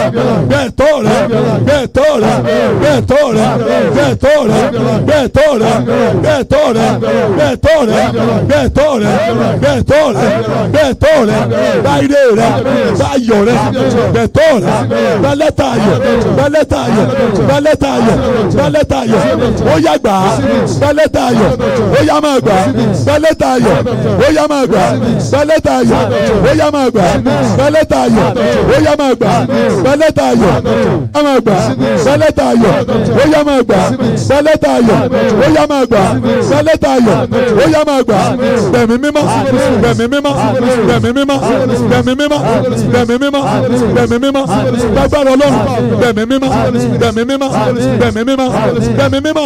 Speaker 1: rẹ bẹ́ẹ̀ tó rẹ bẹ́ẹ̀ tó rẹ bẹ́ẹ̀ tó rẹ bẹ́ẹ̀ tó rẹ bẹ́ẹ̀ tó rẹ bẹ́ẹ̀ tó rẹ bẹ́ẹ̀ tó rẹ bẹ́ẹ̀ tó rẹ bẹ́ẹ̀ tó rẹ bẹ́ẹ̀ tó rẹ báyìí rẹ báyọ̀ rẹ bẹ́ẹ̀ tó rẹ bẹ́lẹ́tà ayọ̀ bẹ́lẹ́tà ayọ̀ bẹ́lẹ́tà ayọ̀ bẹ́lẹ́tà ayọ̀ ó yá gbà á bẹ́lẹ́tà ayọ̀ ó yá máa gbà á bẹ́lẹ́tà ayọ̀ ó yá máa gbà á bẹ́lẹ́tà ayọ̀ ó yá máa gbà á bẹ́lẹ́tà ayọ̀ ó yá máa gbà á balẹ̀tà ayọ̀ ẹ máa gbà balẹ̀tà ayọ̀ ó yá máa gbà balẹ̀tà ayọ̀ ó yá máa gbà balẹ̀tà ayọ̀ ó yá máa gbà bẹ̀mí mímọ́ bẹ̀mí mímọ́ bẹ̀mí mímọ́ bẹ̀mí mímọ́ bẹ̀mí mímọ́ bẹ̀mí mímọ́ lágbára ọlọ́run bẹ̀mí mímọ́ bẹ̀mí mímọ́ bẹ̀mí mímọ́ bẹ̀mí mímọ́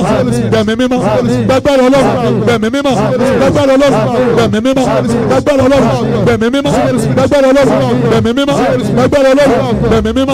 Speaker 1: bẹ̀mí mímọ́ lágbára ọlọ́run bẹ̀mí mímọ́ lágbára ọlọ́run bẹ̀mí mímọ́ lágbára ọlọ́run bẹ̀mí mímọ́ lágbára ọlọ́run bẹ̀mí mímọ́ lágbára ọlọ́run bẹ̀mí mímọ́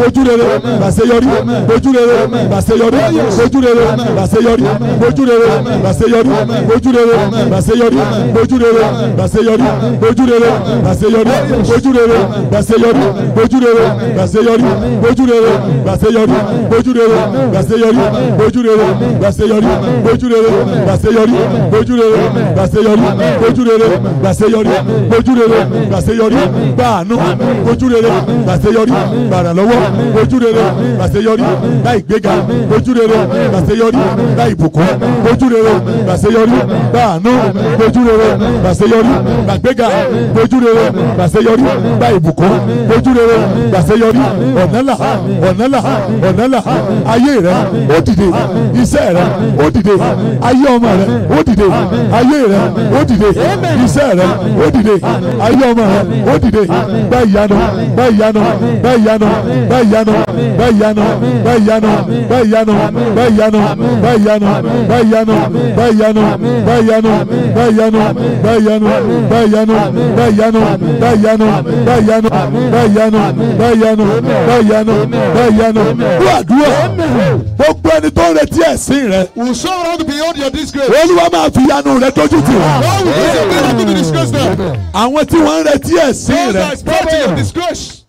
Speaker 1: bójú rere gbàṣeyọrí bójú rere gbàṣeyọrí bójú rere gbàṣeyọrí bójú rere gbàṣeyọrí bójú rere gbàṣeyọrí bójú rere gbàṣeyọrí bójú rere gbàṣeyọrí bójú rere gbàṣeyọrí bójú rere gbàṣeyọrí bójú rere gbàṣeyọrí bójú rere gbàṣeyọrí bójú rere gbàṣeyọrí bójú rere gbàṣeyọrí bójú rere gbàṣeyọrí bójú rere gbàṣeyọrí bójú rere gbàṣeyọrí gbàánú bójú rere gbàṣeyọrí gbàrànlọ́wọ́ ojú rere làṣeyọrí láì gbéga ojú rere làṣeyọrí láì bùkún ojú rere làṣeyọrí láàánú ojú rere làṣeyọrí làgbéga ojú rere làṣeyọrí láì bùkún ojú làṣeyọrí ọ̀nàlà ọ̀nàlà ọ̀nàlà ayé rẹ ó dìde iṣẹ́ rẹ ó dìde ayé ọmọ rẹ ó dìde ayé rẹ ó dìde iṣẹ́ rẹ ó dìde ayé ọmọ rẹ ó dìde bá ìyanu bá ìyanu bá ìyanu bá bẹ́ẹ̀ yanu bẹ́ẹ̀ yanu bẹ́ẹ̀ yanu bẹ́ẹ̀ yanu bẹ́ẹ̀ yanu bẹ́ẹ̀ yanu bẹ́ẹ̀ yanu bẹ́ẹ̀ yanu bẹ́ẹ̀ yanu bẹ́ẹ̀ yanu bẹ́ẹ̀ yanu bẹ́ẹ̀ yanu bẹ́ẹ̀ yanu bẹ́ẹ̀ yanu bẹ́ẹ̀ yanu bẹ́ẹ̀ yanu bẹ́ẹ̀ yanu bẹ́ẹ̀ yanu bẹ́ẹ̀ yanu. Dúwàdúwà gbogbo ẹni tó ń retí ẹ̀sìn rẹ̀.
Speaker 2: Will soar out beyond your disgrace. Olúwa máa fi
Speaker 1: yanu rẹ̀ dojú tì wá.
Speaker 2: Lord will use your people to disgrace them.
Speaker 1: Àwọn tí wọ́n ń retí ẹ̀sìn rẹ̀. Those that expect
Speaker 2: your disgrace.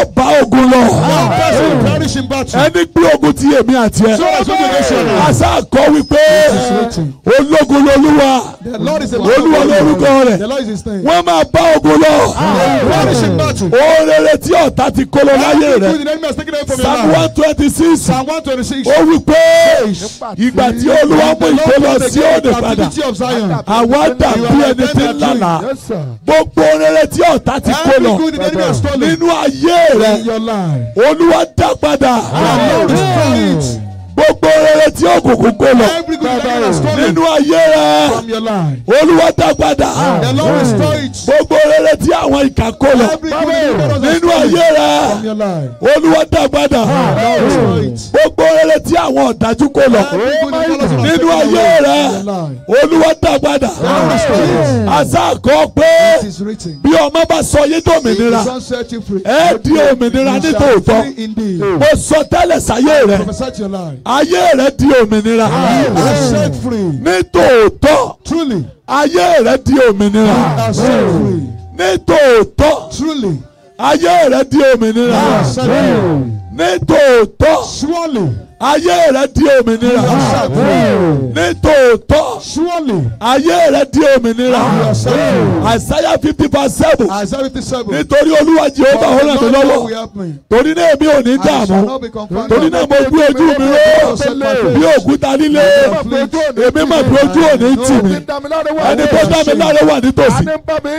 Speaker 1: yóò bá ogun lọ. Hmm. ẹni gbé ogun ti èmi àti ẹ. àṣà kọ́ wípé ológun lolúwa olúwa lórúkọ rẹ̀ wọ́n máa bá ogun lọ. Ah, oorere tí ọ̀tá ti kó lọ láyé rẹ̀ psalm one twenty six ó wípé ìgbà tí olúwa mú ìkólọ sí òde padà àwa dàbí ẹni tí ń lálàá gbogbo oorere tí ọ̀tá ti kó lọ nínú ayé rẹ olúwa dá padà gbogbo rere tí òkùnkùn kó lọ nínú ayé rẹ olúwa dá padà ah, gbogbo rere tí àwọn ìkà kó lọ nínú ayé rẹ olúwa dá padà ah, gbogbo rere tí àwọn ọ̀dájú kó lọ nínú ayé rẹ olúwa dá padà àṣà kọ pé o bí ọmọ bá sọ yín dòmìnira ẹ di òmìnira ní tòótọ́ mo sọ tẹ́lẹ̀ sáyé rẹ ayé rẹ di òmìnira ní tòótọ́ ayé rẹ di òmìnira ní tòótọ́ ayé rẹ di òmìnira ní tòótọ́ ayé rẹ di òmìnira nítòótọ́ ayé rẹ di òmìnira àìsáyà fifty past seven nítorí olúwa jehova ó ràn mí lọ́wọ́ torí náà mi ò ní dààmú torí náà mo gbé ojú mi ró bí òkúta líle èmi mà bí ojú ò tì mí ẹni tó dá mi láre wà nítòsí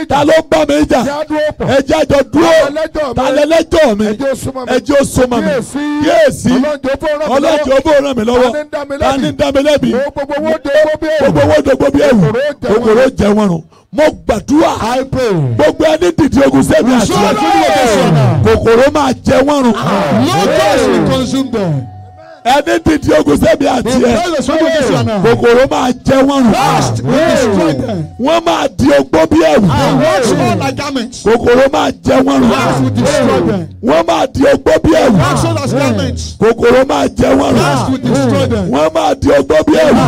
Speaker 1: ta ló bá mi jà ẹjẹ́ àjọ dúró ta lẹ́lẹ́jọ́ mi ẹjẹ́ ó súnmọ́ mi kíyèsí ọlọ́ lọ́wọ́ jọ bó ràn mí lọ́wọ́ ta ni ń dá mi lẹ́bi gbogbo owó dogbo bí ẹ̀wù kòkòrò jẹun rùn mo gbàdúrà gbogbo ẹni dìde ogun sẹ́mi àti ẹ̀ kòkòrò máa jẹ wọ́n rùn. Ah. lọ́jọ́ ìṣèkọ̀nsúndọ̀ ẹni dìdí ogun sẹ́bi àti ẹ̀ kòkòrò máa jẹ wọ́n rùn wọ́n máa di ogbó bí ẹ̀wù kòkòrò máa jẹ wọ́n rùn wọ́n máa di ogbó bí ẹ̀wù kòkòrò máa jẹ wọ́n rùn wọ́n máa di ogbó bí ẹ̀wù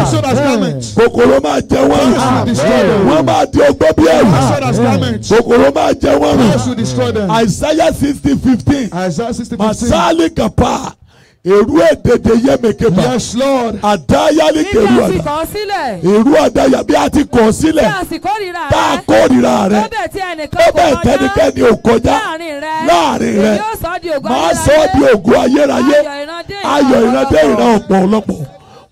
Speaker 1: kòkòrò máa jẹ wọ́n rùn wọ́n máa di ogbó bí ẹ̀wù kòkòrò máa jẹ wọ́n rùn Isaiah sixty fifteen masali kapa. Èrú èdèdè yé mi Yes Lord. Àdáyálé kèrú àdá. Bí a ti
Speaker 3: kọ̀ sílẹ̀.
Speaker 1: Èrú àdáyà bí a ti kọ̀ sílẹ̀. Bí a
Speaker 3: sì kórìíra rẹ̀. Tá a kórìíra rẹ̀. Bẹ́ẹ̀ tí ẹnìkẹ́ni ò kọjá. Láàrin rẹ̀. Láàrin rẹ̀. Màá sọ ọ́ di ògùn ayérayé. Ayọ̀ ìrandé ìran
Speaker 1: ọ̀pọ̀lọpọ̀.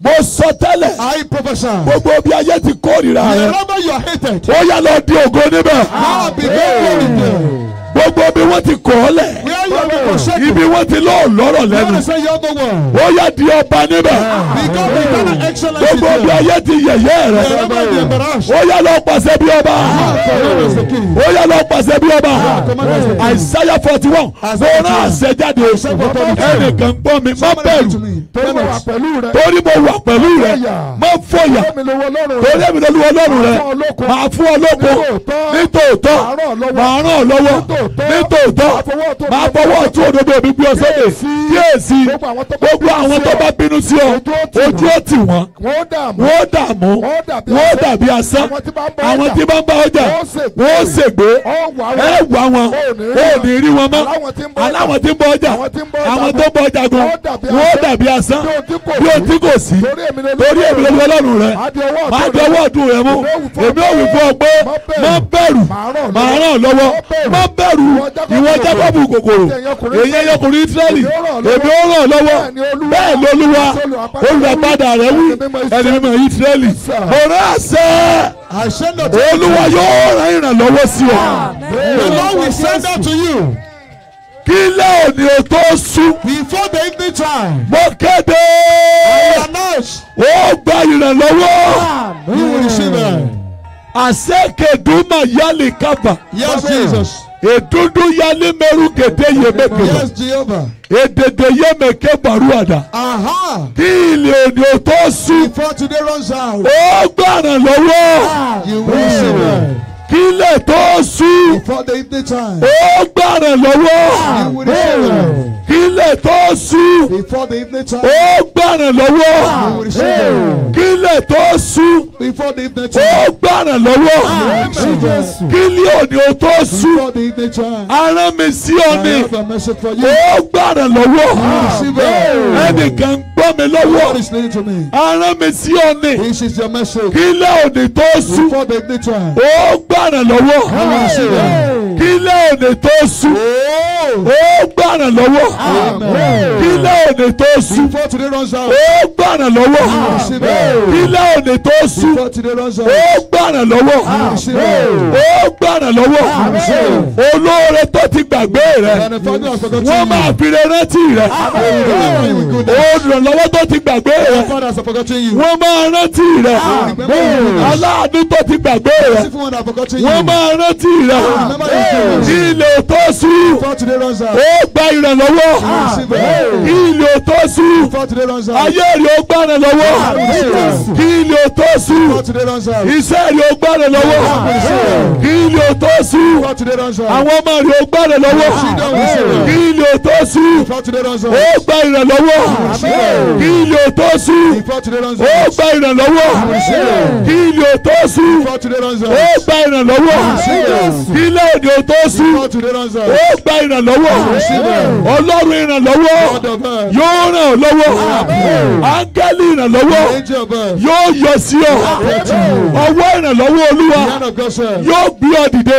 Speaker 1: Mo sọ tẹ́lẹ̀. I prophesy. Gbogbo bí ayé ti kórìíra rẹ̀. Wherever you are hated. Ó yà lọ di ògo níbẹ̀. I'll be gbogbo bí wọ́n
Speaker 2: ti kọ̀ ọ́ lẹ̀ ibi wọ́n ti lọ́ọ̀ lọ́rọ̀ lẹ́nu
Speaker 1: ó yá di ọba níbẹ̀ ah, gbogbo bí ayé ti yẹ̀yẹ́ rẹ̀ ó yá lọ pàṣẹ bí ọba ah, ó yá lọ pàṣẹ bí ọba àìsáyà forty one mo rán àṣẹ jáde ẹnìkan gbọ́ mi má bẹ̀rù torí mo
Speaker 2: wà pẹ̀lú rẹ
Speaker 1: má fòyà torí èmi lọ́lú ọlọ́run rẹ
Speaker 2: máa fún ọ lóko nítòótọ́ máa ràn ọ lọ́wọ́ nítòótọ́
Speaker 1: máa fọwọ́ ọ̀tún òdodo mi gbé ọ sókè kíyèsí
Speaker 2: gbogbo àwọn tó bá bínú sí ọ ojú ó tì wọ́n wọ́n dààmú wọ́n dàbí asán
Speaker 1: àwọn tí bá ń bá ọjà wọ́n ṣègbè ẹ wà wọn ó ní rí wọn mọ́ aláwọ̀ tí ń bọ ọjà àwọn tó bọ ọjà gan wọ́n dàbí asán bí o tí kò sí torí èmi lórí ọlọ́run rẹ máa di ọwọ́ ọdún rẹ mú èmi ò wí fún ọ pé má bẹ̀rù máa ràn lọ́wọ́ má bẹ̀rù ìwọ jábọ́bù kòkòrò èyí ẹyọkùnrin israẹli èmi ò ràn lọ́wọ́ bẹ́ẹ̀ lọ́lúwa olùràpadà rẹ wí ẹni mímọ́ israẹli mo rẹ́ àṣẹ olúwa yóò rán ìrànlọ́wọ́ sí ọ. the lord will send out to you. kílẹ̀ òní o tó sùn. before the evening time. mo kéde. I announce. ó gba ìrànlọ́wọ́.
Speaker 2: you will receive it.
Speaker 1: àṣẹ kẹdùnmá yálì kábà. yes jesus. Edudu yali meru gede yeme keba. Yes, Jehovah. Edede yeme keba ruada.
Speaker 2: Aha.
Speaker 1: Kí ilé òní o tó sùn. Before today runs out. Ó gbàràn lọ́wọ́. You will see me. Kí ilé tó sùn. Before the evening time. Ó gbàràn lọ́wọ́. You will kílẹ̀ tó ṣú. before the evening time. ó gbàràn lọ́wọ́. Ah. kílẹ̀ tó ṣú. before the evening time. ó gbàràn lọ́wọ́. Ah. kílẹ̀ òní ó tó ṣú. before the evening time. arán mi sí ọ ni.
Speaker 2: ó gbàràn lọ́wọ́.
Speaker 1: ẹnìkan gbọ́ mi
Speaker 2: lọ́wọ́.
Speaker 1: arán mi sí ọ ni. kílẹ̀ òní tó ṣú. ó gbàràn lọ́wọ́. kílẹ̀ òní tó ṣú ó gbàrà lọ́wọ́ ilé òde tó sùn ó gbàrà lọ́wọ́ ilé òde tó sùn ó gbàrà lọ́wọ́
Speaker 2: ó
Speaker 1: gbàrà lọ́wọ́ olóore tó ti gbàgbé rẹ wọ́n máa fi rẹ rántí rẹ olùrànlọ́wọ́ tó ti gbàgbé rẹ wọ́n máa rántí rẹ aláàánú tó ti gbàgbé rẹ wọ́n máa rántí rẹ ilé tó sùn ó gba ìrànlọ́wọ́ kí ilé o tó sú ayé rẹ̀ ó gba ìrànlọ́wọ́ kí ilé o tó sú iṣẹ́ rẹ̀ ó gba ìrànlọ́wọ́ kí ilé o tó sú àwọn ọmọ rẹ̀ ó gba ìrànlọ́wọ́ kí ilé tó sú ó gba ìrànlọ́wọ́ kí ilé tó sú ó gba ìrànlọ́wọ́ kí ilé tó sú ó gba ìrànlọ́wọ́ ilé òde o tó sú ó gba ìrànlọ́wọ́ ìrànlọ́wọ́ ọlọ́run ìrànlọ́wọ́
Speaker 2: yóò ràn ọ́ lọ́wọ́
Speaker 1: áńgẹ́lì ìrànlọ́wọ́
Speaker 2: yóò yọ sí ọ ọwọ́
Speaker 1: ìrànlọ́wọ́ olúwa yóò gbé ọ dìde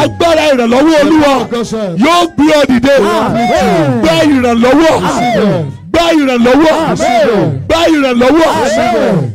Speaker 1: agbára ìrànlọ́wọ́ olúwa yóò gbé ọ dìde gbẹ ìrànlọ́wọ́ gbẹ ìrànlọ́wọ́ gbẹ ìrànlọ́wọ́.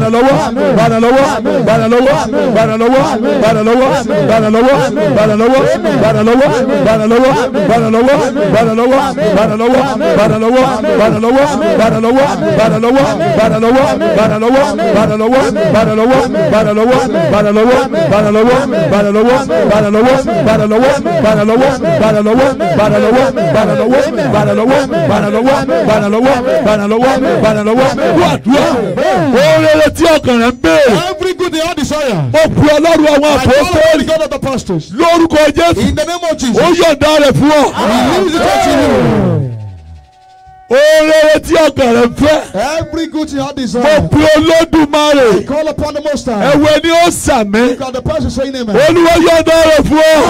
Speaker 1: bala para bala bala para Banaloa, bala para bala bala para Banaloa, bala para bala bala para Banaloa, bala para bala bala para Banaloa, bala para bala bala para Banaloa, bala bala bala bala bala tí ọkàn rẹ̀ ń bè. every good day all desire. mo pe ọlọ́run àwọn apostoli. I call on the God of the pastors. lórúkọ Jésù. in the name of Jesus. ó yọ̀ǹda rẹ̀ fún ọ. and he leaves the church Oore tí ọkàn rẹ fẹ́. Every good thing had desire. Mo pe Olódùmarè. I call upon the most high. Ẹ̀wẹ̀ ni ó sàmì. You got the person saying amen. Olúwa yóò dára fún ọ.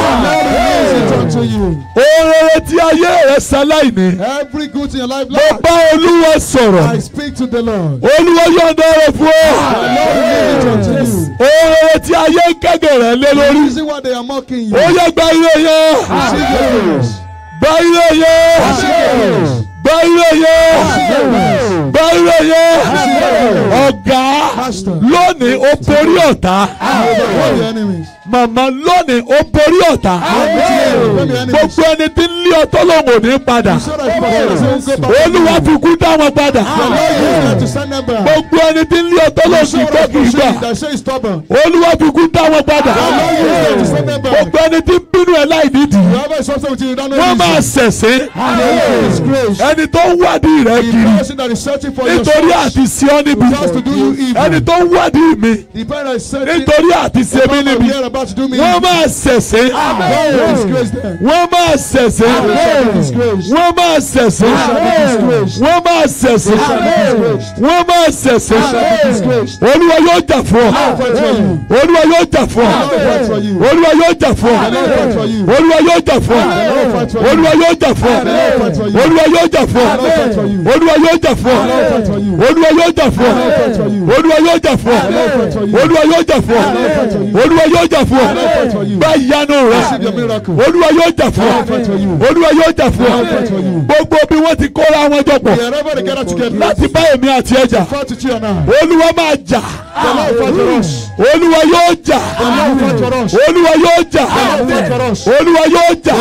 Speaker 2: Oore
Speaker 1: tí ayé rẹ ṣaláìní. Every good thing in your life. Mo bá Olúwa sọ̀rọ̀. I speak to the Lord. Olúwa yóò dára fún ọ. Oore tí ayé kẹ̀kẹ́ rẹ lé lórí. The reason why they are mocking you. Ó yẹ gba ilé yẹn. Receive your praise.
Speaker 2: Gba ilé yẹn. Receive your gbọ́ ìròyè gbọ́ ìròyè ọ̀gá lónìí ó borí ọ̀tá
Speaker 1: màmá lónìí ó borí ọ̀tá gbogbo ẹni tí ń lé ọtọ́ lòun ò ní padà olúwa fi kú dá wọn padà gbogbo ẹni tí ń lé ọtọ́ lòun kì í gbọ́ kì í gbà olúwa fi kú dá wọn padà gbogbo ẹni tí ń bínú ẹ láì nídìí wọ́n máa ṣẹ̀ṣẹ̀ ẹni tó ń wádìí rẹ kiri nítorí àti sí ọ níbi ẹni tó ń wádìí mi nítorí àti sí mi níbi about to do me. wọ́n máa ṣẹ̀ṣẹ̀. wọ́n máa ṣẹ̀ṣẹ̀. wọ́n máa ṣẹ̀ṣẹ̀. wọ́n máa ṣẹ̀ṣẹ̀. wọ́n máa ṣẹ̀ṣẹ̀. olúwa yóò jà fún ọ. olúwa yóò jà fún ọ. olúwa yóò jà fún ọ. olúwa yóò jà fún ọ. olúwa yóò jà fún ọ. olúwa yóò jà fún ọ. olúwa yóò jà fún
Speaker 2: ọ.
Speaker 1: olúwa yóò jà fún ọ. olúwa yóò jà fún ọ. olúwa yóò jà fún ọ. olúwa yóò jà fún ọ fún ọ bá ìyanu rẹ olúwa yóò jà fún ọ olúwa yóò jà fún ọ gbogbo bí wọ́n ti kóra wọn jọ pọ̀ láti bá èmi àti ẹja olúwa máa jà olúwa yóò jà olúwa yóò jà olúwa yóò jà olúwa yóò jà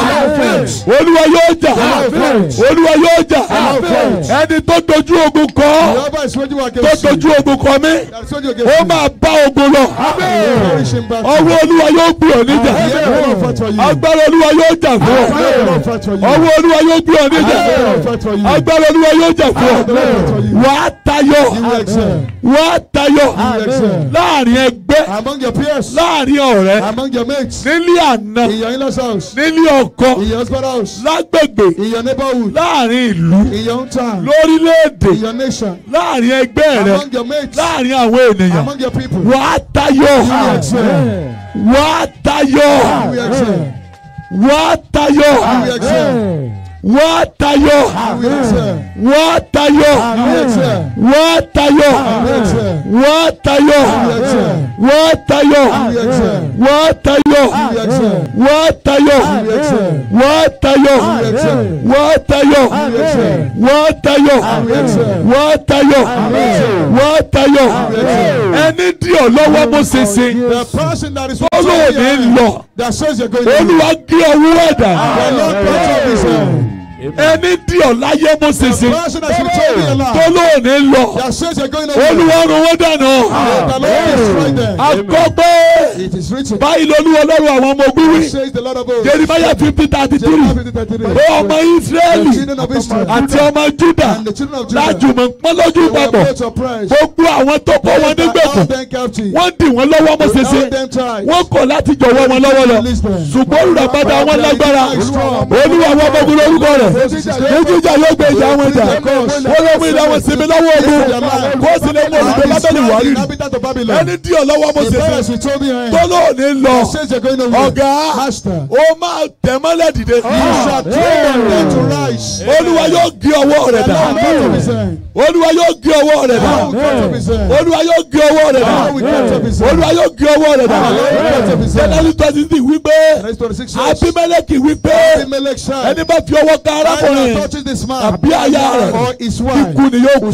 Speaker 1: olúwa yóò jà ẹni tó dojú ogun kọ tó dojú ogun kọ mi ó máa bá ogun lọ ọwọ́ olúwa olúwa yóò gbé ọ níjà agbára olúwa yóò jà fún
Speaker 2: ọ ọwọ́ olúwa yóò gbé ọ níjà
Speaker 1: agbára olúwa yóò jà fún ọ wà á tayọ wà á tayọ láàrin ẹgbẹ́ láàrin ọ̀rẹ́ nílé àná nílé ọkọ lágbègbè láàrin ìlú lórílẹ̀‐èdè láàrin ẹgbẹ́ rẹ láàrin àwọn ènìyàn wà á tayọ wá tayọ wá tayọ
Speaker 2: wọ́n tayọ wọ́n tayọ wọ́n tayọ wọ́n tayọ wọ́n tayọ wọ́n tayọ wọ́n tayọ
Speaker 1: wọ́n tayọ wọ́n tayọ wọ́n tayọ wọ́n tayọ wọ́n tayọ ẹni dí ọ lọ́wọ́ bó ṣe ṣe olóòdì ń lọ olúwa gé ọwọ́ ẹ̀dá ẹni di ọ̀láyé mo ṣèṣe tólóòní lọ olúwarun ó dànù àkọ́gbé báyìí lolú ọlọ́run àwọn ọmọ ogun wí jeremiah fifty thirty three ó ọmọ israẹli àti ọmọ juda lájùmọ̀ pọ́nlọ́jú papọ̀ gbogbo àwọn tó kó wọn nígbèkùn wọ́n dì wọ́n lọ́wọ́ mo ṣèṣe wọ́n kọ̀ láti jọ̀wọ́ wọn lọ́wọ́ lọ ṣùgbọ́n olùràpadà wọn lágbára olúwa àwọn ọmọ ogun lórúkọ rẹ̀ ìjíjà yóò gbé ìjà àwọn ìjà wọ́n ló mú ìdá wọn sinmi lọ́wọ́ ogun kó sì lè mú olùgbé bábẹ́lì wárí ẹni dí lọ́wọ́ mo ṣe tó lóò ní lọ ọ̀gá ó máa tẹ̀ dìde olúwa yóò gé ọwọ́ rẹ̀ dà olúwa yóò gé ọwọ́ rẹ̀ dà olúwa yóò gé ọwọ́ rẹ̀ dà olúwa yóò gé ọwọ́ rẹ̀ dà jẹ́nẹ́rì twenty six wípé abimẹ́lẹ́kì wípé ẹni bá fi ọwọ́ ká arákùnrin àbí aya rẹ̀ ikú ni yóò kú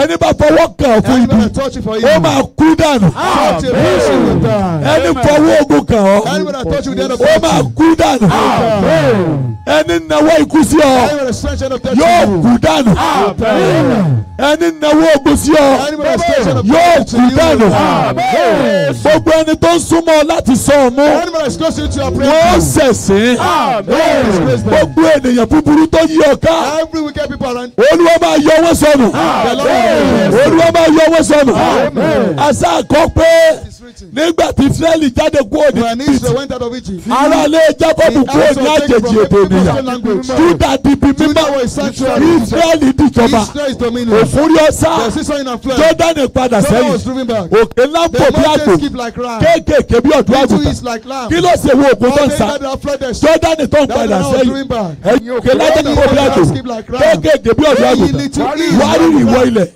Speaker 1: ẹni bá fọwọ́ kàn fún ibi ó máa kú dànù ah, ẹni fọwọ́ ogun kàn ọ́
Speaker 2: ó máa
Speaker 1: kú dànù ẹni nawọ́ ikú sí ọ yóò kú dànù ẹni nawọ́ ogun sí ọ yóò kú dànù gbogbo ẹni tó ń súnmọ́ láti sọ ọ́ mú wọ́n sẹ̀sìn gbogbo ènìyàn búburú tó yí ọ every wicked people around. olúwa máa yọ owó sọnù. olúwa máa yọ owó sọnù. àṣà kọ pé nígbà tí israẹli jáde kúrò ní egypt
Speaker 2: ara lé jacob kúrò ní àjèjì èdè ènìyàn juda
Speaker 1: di bí mímọ́ israẹli dìjọba òfúri ọsá jordan padà sẹ́yìn òkè ńlá pò bí àgbò kéékèèké bí ọ̀dọ́ àgùntàn kí ló ṣe wo òkú tó ń sa jordan tó ń padà sẹ́yìn ẹ̀yìn òkè ńlá pò bí àgbò kéékèèké bí ọ̀dọ́ àgùntàn wàá rírì wọ ilẹ̀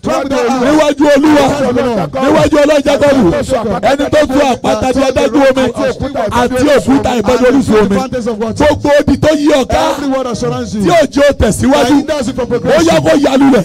Speaker 1: níwájú olúwa níwájú ọlọ́jà kọ́lù ẹni ẹni tó tú àpáta bí adájú omi àti òkúta ìbọnú orísun omi gbogbo ibi tó yí ọ̀ká tí òjò tẹ̀síwájú ó yá kó yálù rẹ̀.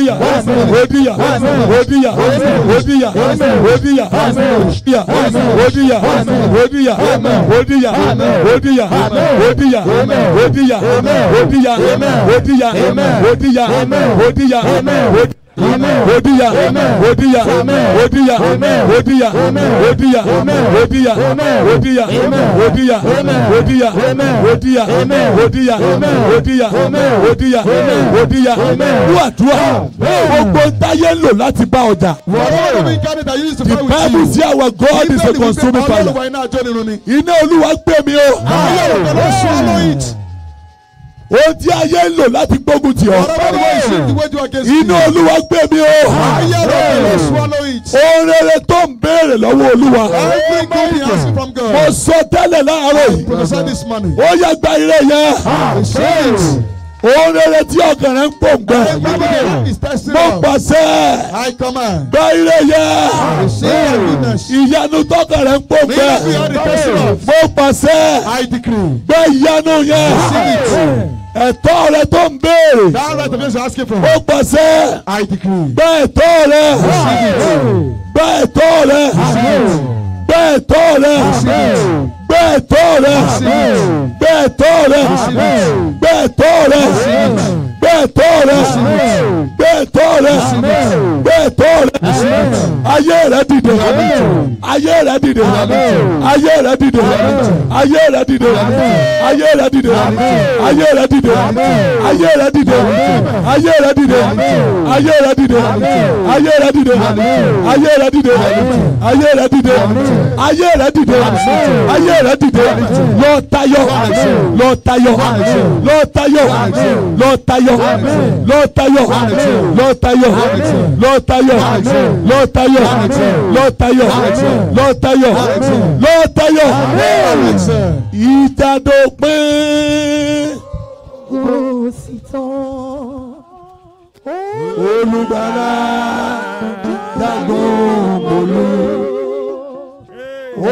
Speaker 1: odiya odiya odiya odiya odiya odiya odiya odiya odiya odiya odiya odiya odiya odiya odiya odiya odiya odiya odiya odiya odiya odiya odiya odiya odiya odiya odiya odiya odiya odiya odiya wúwàdúwà gbogbo táyé lò láti bá ọjà. the bible say our God is a consuming fire. iná olúwa gbé mi o ohun tí ayé ń lò láti gbógun tì ọ́. inú olúwa gbé mi o. ohun rere tó ń béèrè lọ́wọ́ olúwa. mo sọ tẹ́lẹ̀ láàárọ̀ yìí. ó yá gba ire yẹn òun rere tí ọkàn rẹ ń pò ń gbẹ mo pàṣẹ gba ire yẹ ìyanu tọkàn rẹ ń pò ń gbẹ mo pàṣẹ gba ìyanu
Speaker 2: yẹ.
Speaker 1: É dombele. That right of you're asking for. Ogbose. I decree. Bẹ́ẹ̀ tó rẹ̀. Bẹ́ẹ̀ tó rẹ̀. Bẹ́ẹ̀ tó rẹ̀. Bẹ́ẹ̀ tó gbé ẹ̀tọ́ rẹ gbé ẹ̀tọ́ rẹ ayé rẹ dìde ayé rẹ dìde ayé rẹ dìde ayé rẹ dìde ayé rẹ dìde ayé rẹ dìde ayé rẹ dìde ayé rẹ dìde ayé rẹ dìde ayé rẹ dìde ayé rẹ dìde ayé rẹ dìde ayé rẹ dìde ayé rẹ dìde lọ tayọ lọ tayọ lọ tayọ lọ tayọ lọ tayọ lọ tayọ lọ tayọ lọ tayọ lọ tayọ lọ tayọ lọ tayọ ìdádópin.
Speaker 2: kò sí tán olùgbàlà dàgbọ́n mọ́lú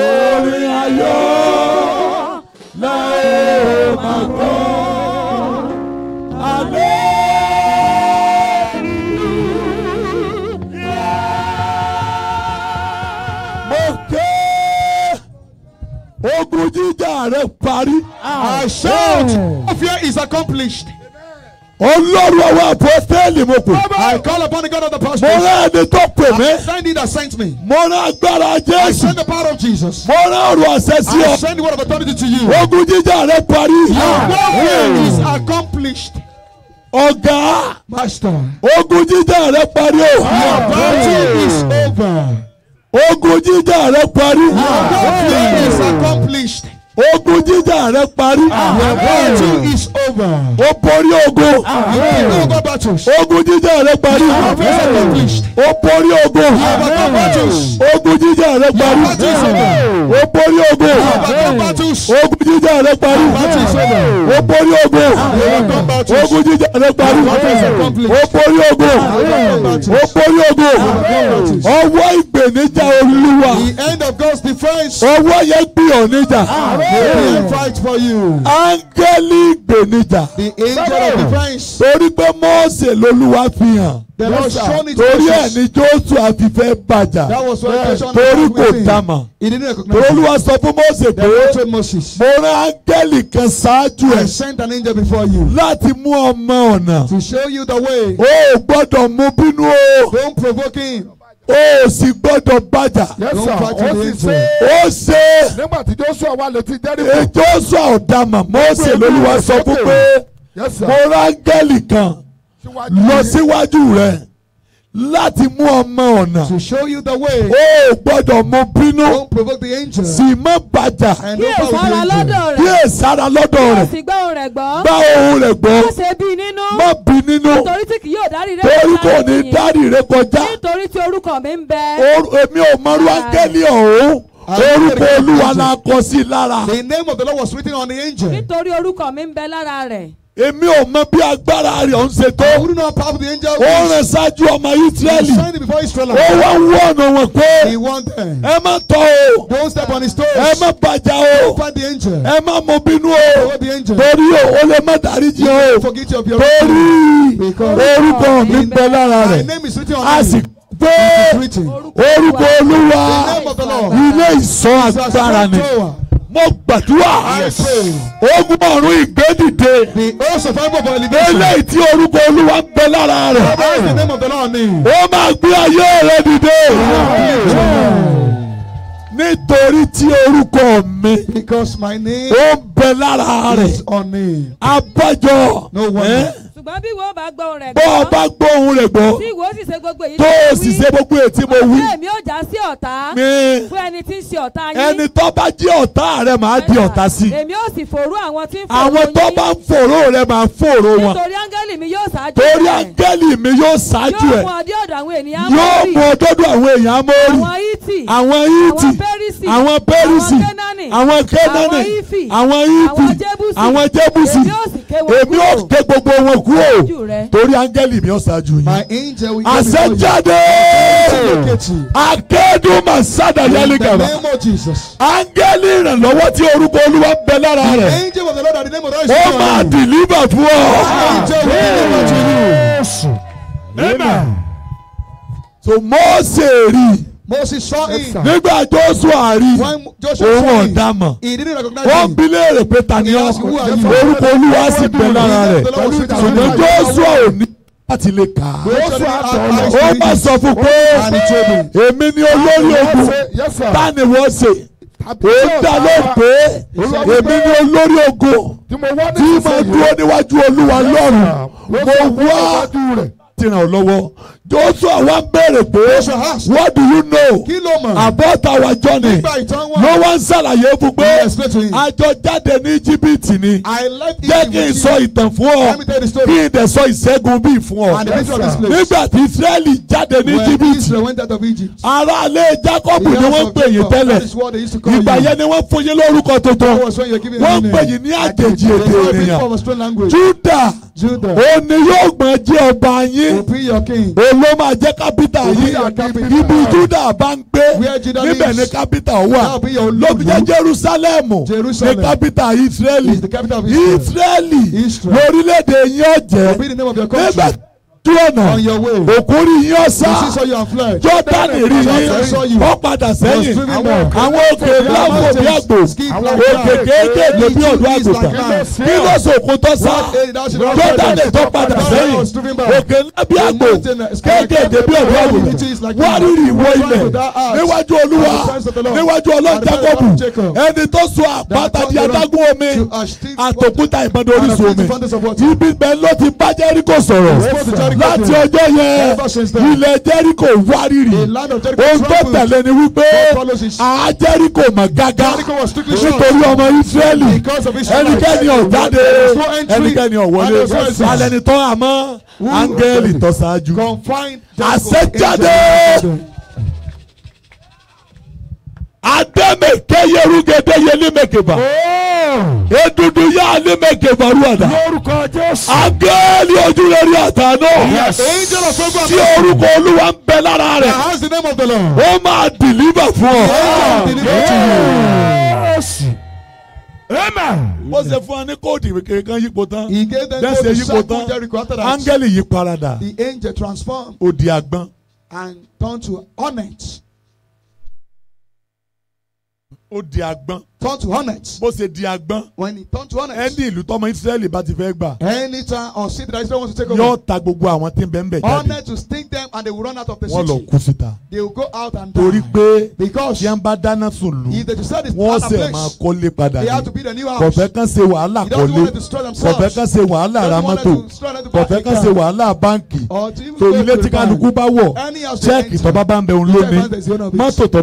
Speaker 2: orin ayọ̀ láì máa gbọ́.
Speaker 1: ogun jíjà rẹ parí. Ah. I shout fear is accomplished. Olórun àwọn apostoli mo pè. I call upon the God of the past. Mo rán ẹni tó pè mí. I send him that sent me. Mo rán agbára Jésù. I send the power of Jesus. Mo rán ọ̀rọ̀ àṣẹ sí ọ. I send the word of authority to you. Ogun jíjà rẹ parí. Your ah. warfare hmm. is accomplished. Ọ̀gá. Master. Ogun jíjà rẹ parí o. Your battle hmm. is over ogun jíjà rẹ parí. your prayer is
Speaker 2: accomplished.
Speaker 1: ogun jíjà rẹ parí. your battle
Speaker 2: is over.
Speaker 1: ó borí ogun. ogun jíjà rẹ parí.
Speaker 2: your is accomplished. borí ogun. ogun jíjà rẹ parí. ó borí ogun. ogun jíjà rẹ parí. ó borí ogun. ogun jíjà rẹ parí. ó borí ogun.
Speaker 1: ó borí ogun. ọwọ́ ìgbà ìpèníjà olúwa. the end of God's defence. ọwọ́ yẹn gbé ọ níjà. amen fight for you. áńgẹ́lì ìpèníjà. the angel of defence. torí pé Mósè lolúwa fi hàn. the Lord shown it to us. torí ẹ̀ ni Jósùà fi fẹ́ bàjá. that was why he torí kò dámà. he didn't recognize him. olúwa sọ fún Mósè pé mo rán áńgẹ́lì kan ṣáájú ẹ̀. I sent an angel before you. láti mú ọ mọ ọ̀nà. to show you the way. o ò gbọ́dọ̀ mú bínú o. don't provoke him o sì gbọ́dọ̀ bàjá. ó ṣe. nígbà tí Joshua wà létí Jẹ́ríkò. Joshua ọ̀dàmà Mósè lolúwa sọ fún pé mo rángẹ́lì kan lọ síwájú rẹ̀ láti mú ọmọ ọ̀nà. to show you the way. o gbọ́dọ̀ mú bínú. don't provoke the angel. sì má bàjà. kí èsàrà lọ́dọ̀ rẹ̀. kí èsàrà lọ́dọ̀ rẹ̀. kí èsì
Speaker 3: gbọ́ ohùn rẹ̀ gbọ́. bá ohùn rẹ̀ gbọ́. má ṣe bí nínú. má bí nínú. torí tí kì yóò dárí rẹ kọjá. torí kò ní dárí rẹ kọjá. nítorí tí orúkọ mi ń bẹ. èmi ò mọrú áńgẹ́lì ọ̀hún orúkọ olúwa la kọ sí lára. the name of the Lord was written on the angel. nítorí orúkọ mi ń bẹ lára rẹ̀
Speaker 1: èmi ò mọ bí agbára rẹ̀ ń ṣe tó. ó
Speaker 3: rìn ṣáájú ọmọ Ísírẹ́lì. ó wá ń wọ ọ̀nà wọn pé ẹ
Speaker 1: má tọ́ o. ẹ má bàjá o. Don't ẹ má mú bínú o. torí o ó lè má dáríjì o. torí orúkọ mi ń bẹ lára rẹ̀. a sì pé orúkọ Olúwa ilé ìṣọ́ agbára ni mo gbàdúrà ogun ọ̀run ìgbédìde eléyìí tí orúkọ olúwa ń bẹ lára rẹ̀ ó máa gbé ayé rẹ̀ dìde nítorí tí orúkọ mi ó ń bẹ lára rẹ̀ abájọ
Speaker 3: ṣùgbọ́n bí ìwọ bá gbọ́ ohùn rẹ̀ gbọ́. bọ́ ọ bá gbọ́ ohùn rẹ̀ gbọ́. tí ìwọ sì ṣe gbogbo èyí tí mo wí. tó o sì ṣe gbogbo èyí tí mo wí. ọ̀tá èmi ò já sí ọ̀tá. mi fún ẹni tí ń ṣe ọ̀tá yín. ẹni
Speaker 1: tó bá jí ọ̀tá rẹ̀ máa di ọ̀tá sí.
Speaker 3: èmi ò sì fòró àwọn tí ń fòró yín. àwọn tó bá ń fòró rẹ̀ máa ń fòró wọn. nítorí áńgẹ́lì mi yóò ṣáájú rẹ̀. torí áńgẹ́lì
Speaker 1: mi yóò ṣáájú rẹ̀.
Speaker 3: yóò mú ọdí jebusi
Speaker 1: èmi ò gbé gbogbo wọn kú o torí áńgẹ́lì mi ò ṣáájú
Speaker 2: yín àṣẹjáde akédùnmá sádà yálì gàmà
Speaker 1: áńgẹ́lì ìrànlọ́wọ́ tí orúkọ olúwa ń bẹ lára rẹ̀ ó máa dìlíbà fún ọ. so Mósè rí i. Moses saw him. nígbà Joshua rí òun ọ̀dà mọ̀ wọ́n bi léèrè pé ta ni ọ́ orúkọ olúwa sì bẹ lára rẹ̀ ṣùgbọ́n Joshua ò ní láti lè kà á. ó máa sọ fún pé èmi ni olórí ogun ta ni wọ́n ṣe ó dá lóhùn pé èmi ni olórí ogun tí mo dúró níwájú olúwa lọ́rùn mo wá láti ràn ọ́ lọ́wọ́ Joshua wá béèrè pé what do you know about our journey ló wá ń ṣàlàyé fún pé àjọ jáde ní Íjíbítì ni jẹ́ kí n sọ ìtàn fún ọ kí n dẹ̀ sọ ìṣẹ́gun bíi fún ọ nígbà tí Ísírẹ́lì jáde ní Íjíbítì aráalé Jákọ́bù ni wọ́n ń pè tẹ́lẹ̀ ìgbà yẹn ni wọ́n fún yín lórúkọ tuntun wọ́n ń pè ní àjèjì èdè ènìyàn Júdà. Judah. Òní yóò máa jẹ́ ọba yín. Will be your king. Olú máa jẹ́ kápítà yín. Ibi Judah bá ń gbé. Where Judah lives. Níbẹ̀ ni kápítà wà. That be your lord. Ló fi jẹ́ Jerusalem. Jerusalem. Ni kápítà Israeli. Is the capital of Israel. Israeli. Israel. Lórílẹ̀‐èdè yín ọ̀jẹ̀. Will be the name of your country. Níbẹ̀ ojú ọ̀nà òkúri yín ọ̀sà jọ́dánì rí yín wọ́n padà sẹ́yìn àwọn òkè láàbò bí àgbò òkè kéékèèké bí ọ̀dọ́ àgùntàn bí wọ́n sòkò tó sá jọ́dánì tó padà sẹ́yìn òkè ńlá àgbò kéékèèké bí ọ̀dọ́ àgùntàn wọ́n rírì ìwọ ilẹ̀ níwájú olúwa níwájú ọlọ́run ẹni tó so àpáta di adágún omi àtòkúta ìbọn orísun omi ibi bẹ́ẹ̀ ló ti bá Jẹ́ríkò sọ̀rọ̀ láti ọjọ́ yẹn ilẹ̀ Jẹ́ríkò wárìrì ohun tó tẹ̀lé ni wípé àá Jẹ́ríkò mọ̀ gágá nítorí ọmọ Ísírẹ́lì ẹnikẹ́ni ò jáde ẹnikẹ́ni ò wọlé alẹ́ni tó àmọ́ áńgẹ́lì tó ṣáájú àṣẹjáde adémèké yerúgédé yelé mèkébà. Oh! Èdùdù yá ni méje faru àdá.
Speaker 2: Lórúkọ Jésù. Àgẹ́lì ojú rẹ̀ rí àtà náà. Tí orúkọ Olúwa ń bẹ lára
Speaker 1: rẹ̀. Ó máa dìlíbà fún ọ. Ah, Ó ṣe fún wa ní kóòdì kankan yípo tán. Bẹ́sẹ̀ yípo tán. Áńgẹ́lì yí paradà. The angel transformed. àgbọn. And àgbọn turn to hornet. bó ṣe di agbọ́n. when he turn to hornet. ẹni ìlú tọmọ Israẹli bá ti fẹ́ gbà. any time on city that Israel wants to take over. yóò ta gbogbo àwọn tí ń bẹ́ẹ̀ bẹ́ẹ̀ jáde. hornet will sting them and they will run out of the city. wọ́n lọ kú síta. they will go out and die. torí pé because yẹn bá dáná sun lù. if they decide to start a place. wọ́n sì máa kọ́lé padà ní. they have to build a new house. kọ̀fẹ́ kan ṣe wàhálà kọ́lé. they don't want to destroy themselves. kọ̀fẹ́ kan ṣe wàhálà ra mọ́tò. kọ̀fẹ́ kan ṣe wàhálà báǹkì. torí ilé tí kálukú bá wọ̀ chẹ́ẹ̀kì tó bá bá ń bẹ òun lónìí mọ́tò tó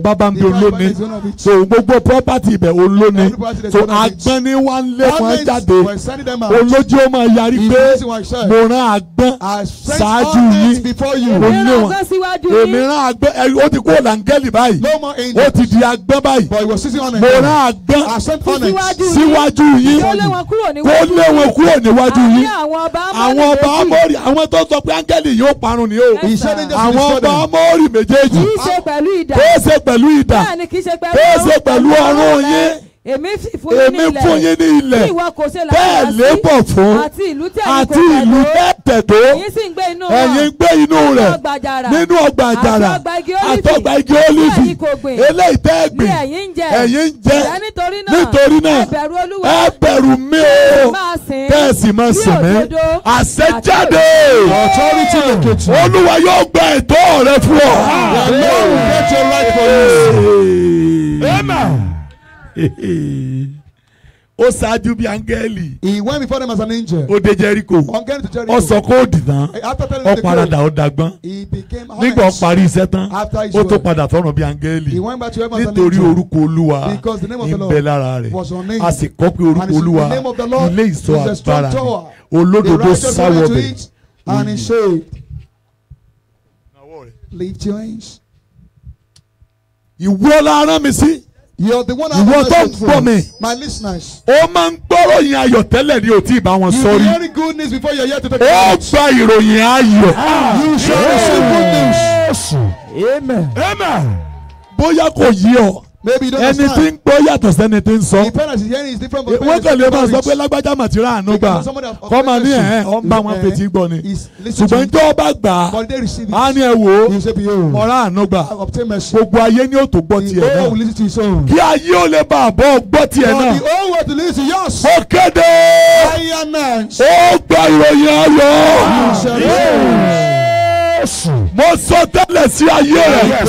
Speaker 1: property ibẹ̀ olóni so agbọ́n ni wá ń lé wọn jáde olójú ó máa yarí pé mo rán agbọ́n ṣáájú yín mo lé wọn èmi rán agbọ́n ó ti kó làǹgẹ́lì báyìí ó ti di agbọ́n báyìí mo rán agbọ́n síwájú yín kó lé wọn kúrò níwájú yín
Speaker 3: àwọn ọba amórì
Speaker 1: àwọn tó sọ pé áńgẹ́lì yóò parun ni o
Speaker 3: àwọn ọba
Speaker 1: amórì méjèèjì kó ṣe
Speaker 3: pẹ̀lú idà kó ṣe pẹ̀lú ọrùn yín èmi sì fún yín ní ilẹ̀ èmi fún yín ní ilẹ̀ bẹ́ẹ̀ lébọ̀ fún àti ìlú tẹ̀ tẹ̀dó ẹ̀yin gbé inú rẹ̀ nínú ọgbà àjàrà àtọ́gbà igi olífì eléyìí tẹ́ gbìn ẹ̀yin ń jẹ nítorí náà ẹ bẹ̀rù mi o
Speaker 1: kẹ́sì máa sìn mí àṣẹjáde olúwa yóò gba ẹ̀tọ́ rẹ fún ọ. Amen. ó ṣáájú bí áńgẹ́lì. he went before them as an angel. ó dé Jericho. ọ̀gẹ́ni to Jericho. ó kóòdì tán. after telling the code. ó he became honest. nígbà ó parí iṣẹ́ tán. after his word. ó tó padà tọ̀nà bí áńgẹ́lì. he went back to heaven as an angel. nítorí orúkọ olúwa. because the name of the Lord. lára rẹ̀. was on name. a sì kọ́ pé orúkọ olúwa. and the name of the Lord. ilé ìṣọ́ agbára ni. olódodo sáwọ bẹ̀. and la rán mi sí. You're the one I was to gbọ́ mi. My listeners. Ó máa ń gbọ́rọ̀ yín ayọ̀ tẹ́lẹ̀ ni ò tí ì bá wọn sọ You hear good news before you're here to talk about it. Ó gba ìròyìn ayọ̀. Ah,
Speaker 2: you shall receive
Speaker 1: good news. Amen. Amen. Bóyá kò yí ọ maybe you don't understand. anything tí ń gbọ́ yàtọ̀ sẹ́ni tí ń sọ. the parents is hearing is different from parents. wọ́n kàn lè máa sọ pé lágbájá màtíra àánú gbà kọ́ máa ní ẹ̀ẹ́ ọ̀ ń bá wọn eh, fetí gbọ́ ni. ṣùgbọ́n tí ó bá gbà á ní ẹ wò ó oh. ọ̀rá àánú gbà gbogbo ayé ni ó tó gbọ́ tiẹ̀ náà kí ayé ó lè bá àbọ̀ gbọ́ tiẹ̀ náà. ó kéde ó gba ìròyìn ayọ̀ mo sọ tẹ́lẹ̀ sí ayé rẹ̀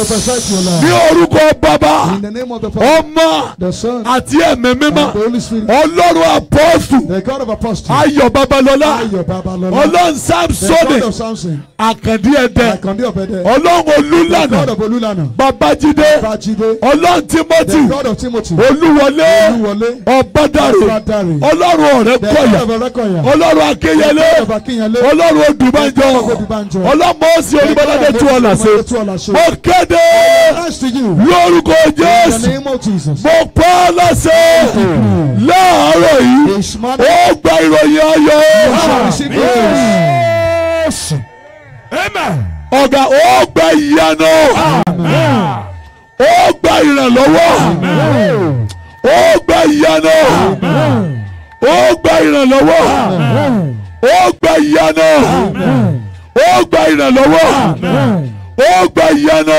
Speaker 1: ní orúkọ bàbá ọmọ àti ẹ̀mí mímọ́ ọlọ́run apọ́sù ayọ̀ babalọ́lá ọlọ́run samsoni àkàndí ẹ̀dẹ́ ọlọ́run olúlànà babájídé ọlọ́run timothy olúwọlé ọ̀bádàrè ọlọ́run ọ̀rẹ́kọ̀yà ọlọ́run akínyẹlé ọlọ́run odùbánjọ ọlọ́mọ ọ̀sẹ̀ Ajíbọ́ládé tú ọ̀nà ṣe. Mo kéde lórúkọ Jésù. Mo pa ọ́ lọ́sẹ̀ láàárọ̀ yìí. Ó gba ìròyìn ayọ̀. Ọ̀gá ó gba ìyanu. Ó gba ìrànlọ́wọ́. Ó gba ìyanu. Ó gba ìrànlọ́wọ́. Ó gba ìyanu ó gba ìrànlọ́wọ́ ó gba ìyanu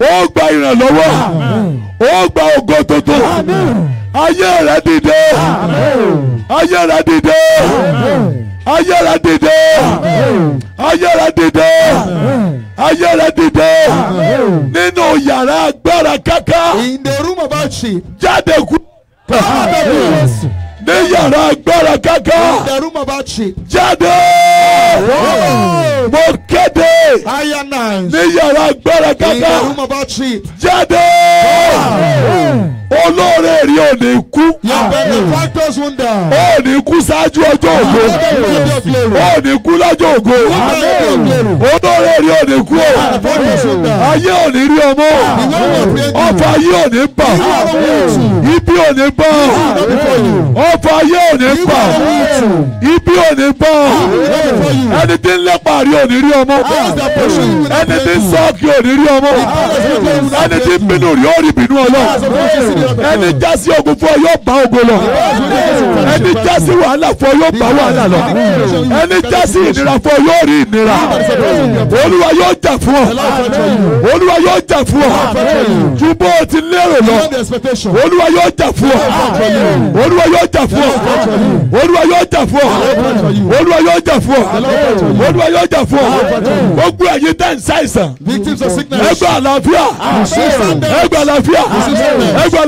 Speaker 1: ó gba ìrànlọ́wọ́ ó gba ògo tuntun ayé rẹ dìde ayé rẹ dìde ayé rẹ dìde ayé rẹ dìde ayé rẹ dìde nínú yàrá agbára kaka jáde kú ní yàrá agbára kaka jáde mo kéde ní yàrá agbára kankan
Speaker 2: jáde olóore rí ò ní kú.
Speaker 1: ò ní kú ṣáájú ọjọ́ ògo. ò ní kú lọ́jọ́ ògo. olóore rí ò ní kú o.
Speaker 2: ayé ò ní rí ọmọ. ọ̀fọ̀ ayé ò ní bà. ibi ò ní bà. ọ̀fọ̀ ayé ò ní bà.
Speaker 1: ibi ò ní bà. ẹni tí ń lépa rí ò ní rí ọmọ. ẹni tí ń sọ́ọ̀kì ò ní rí ọmọ. ẹni tí ń bínú rí ó rí bínú ọlọ́run ẹni jásí ogun fún ọ yóò bá ogun lọ ẹni jásí wàhálà fún ọ yóò bá wàhálà lọ ẹni jásí ìnira fún ọ yóò rí ìnira olúwa yóò jà fún
Speaker 2: ọ
Speaker 1: olúwa yóò jà fún ọ ju bó o ti lérò lọ olúwa yóò jà fún ọ olúwa yóò jà fún ọ olúwa yóò jà fún ọ olúwa yóò jà fún ọ olúwa yóò jà fún ọ gbogbo ẹ̀yin tẹ̀ ń ṣàìsàn ẹgbẹ́ àlàáfíà ẹgbẹ́ àlàáfíà ẹgbẹ́ àlàáfíà.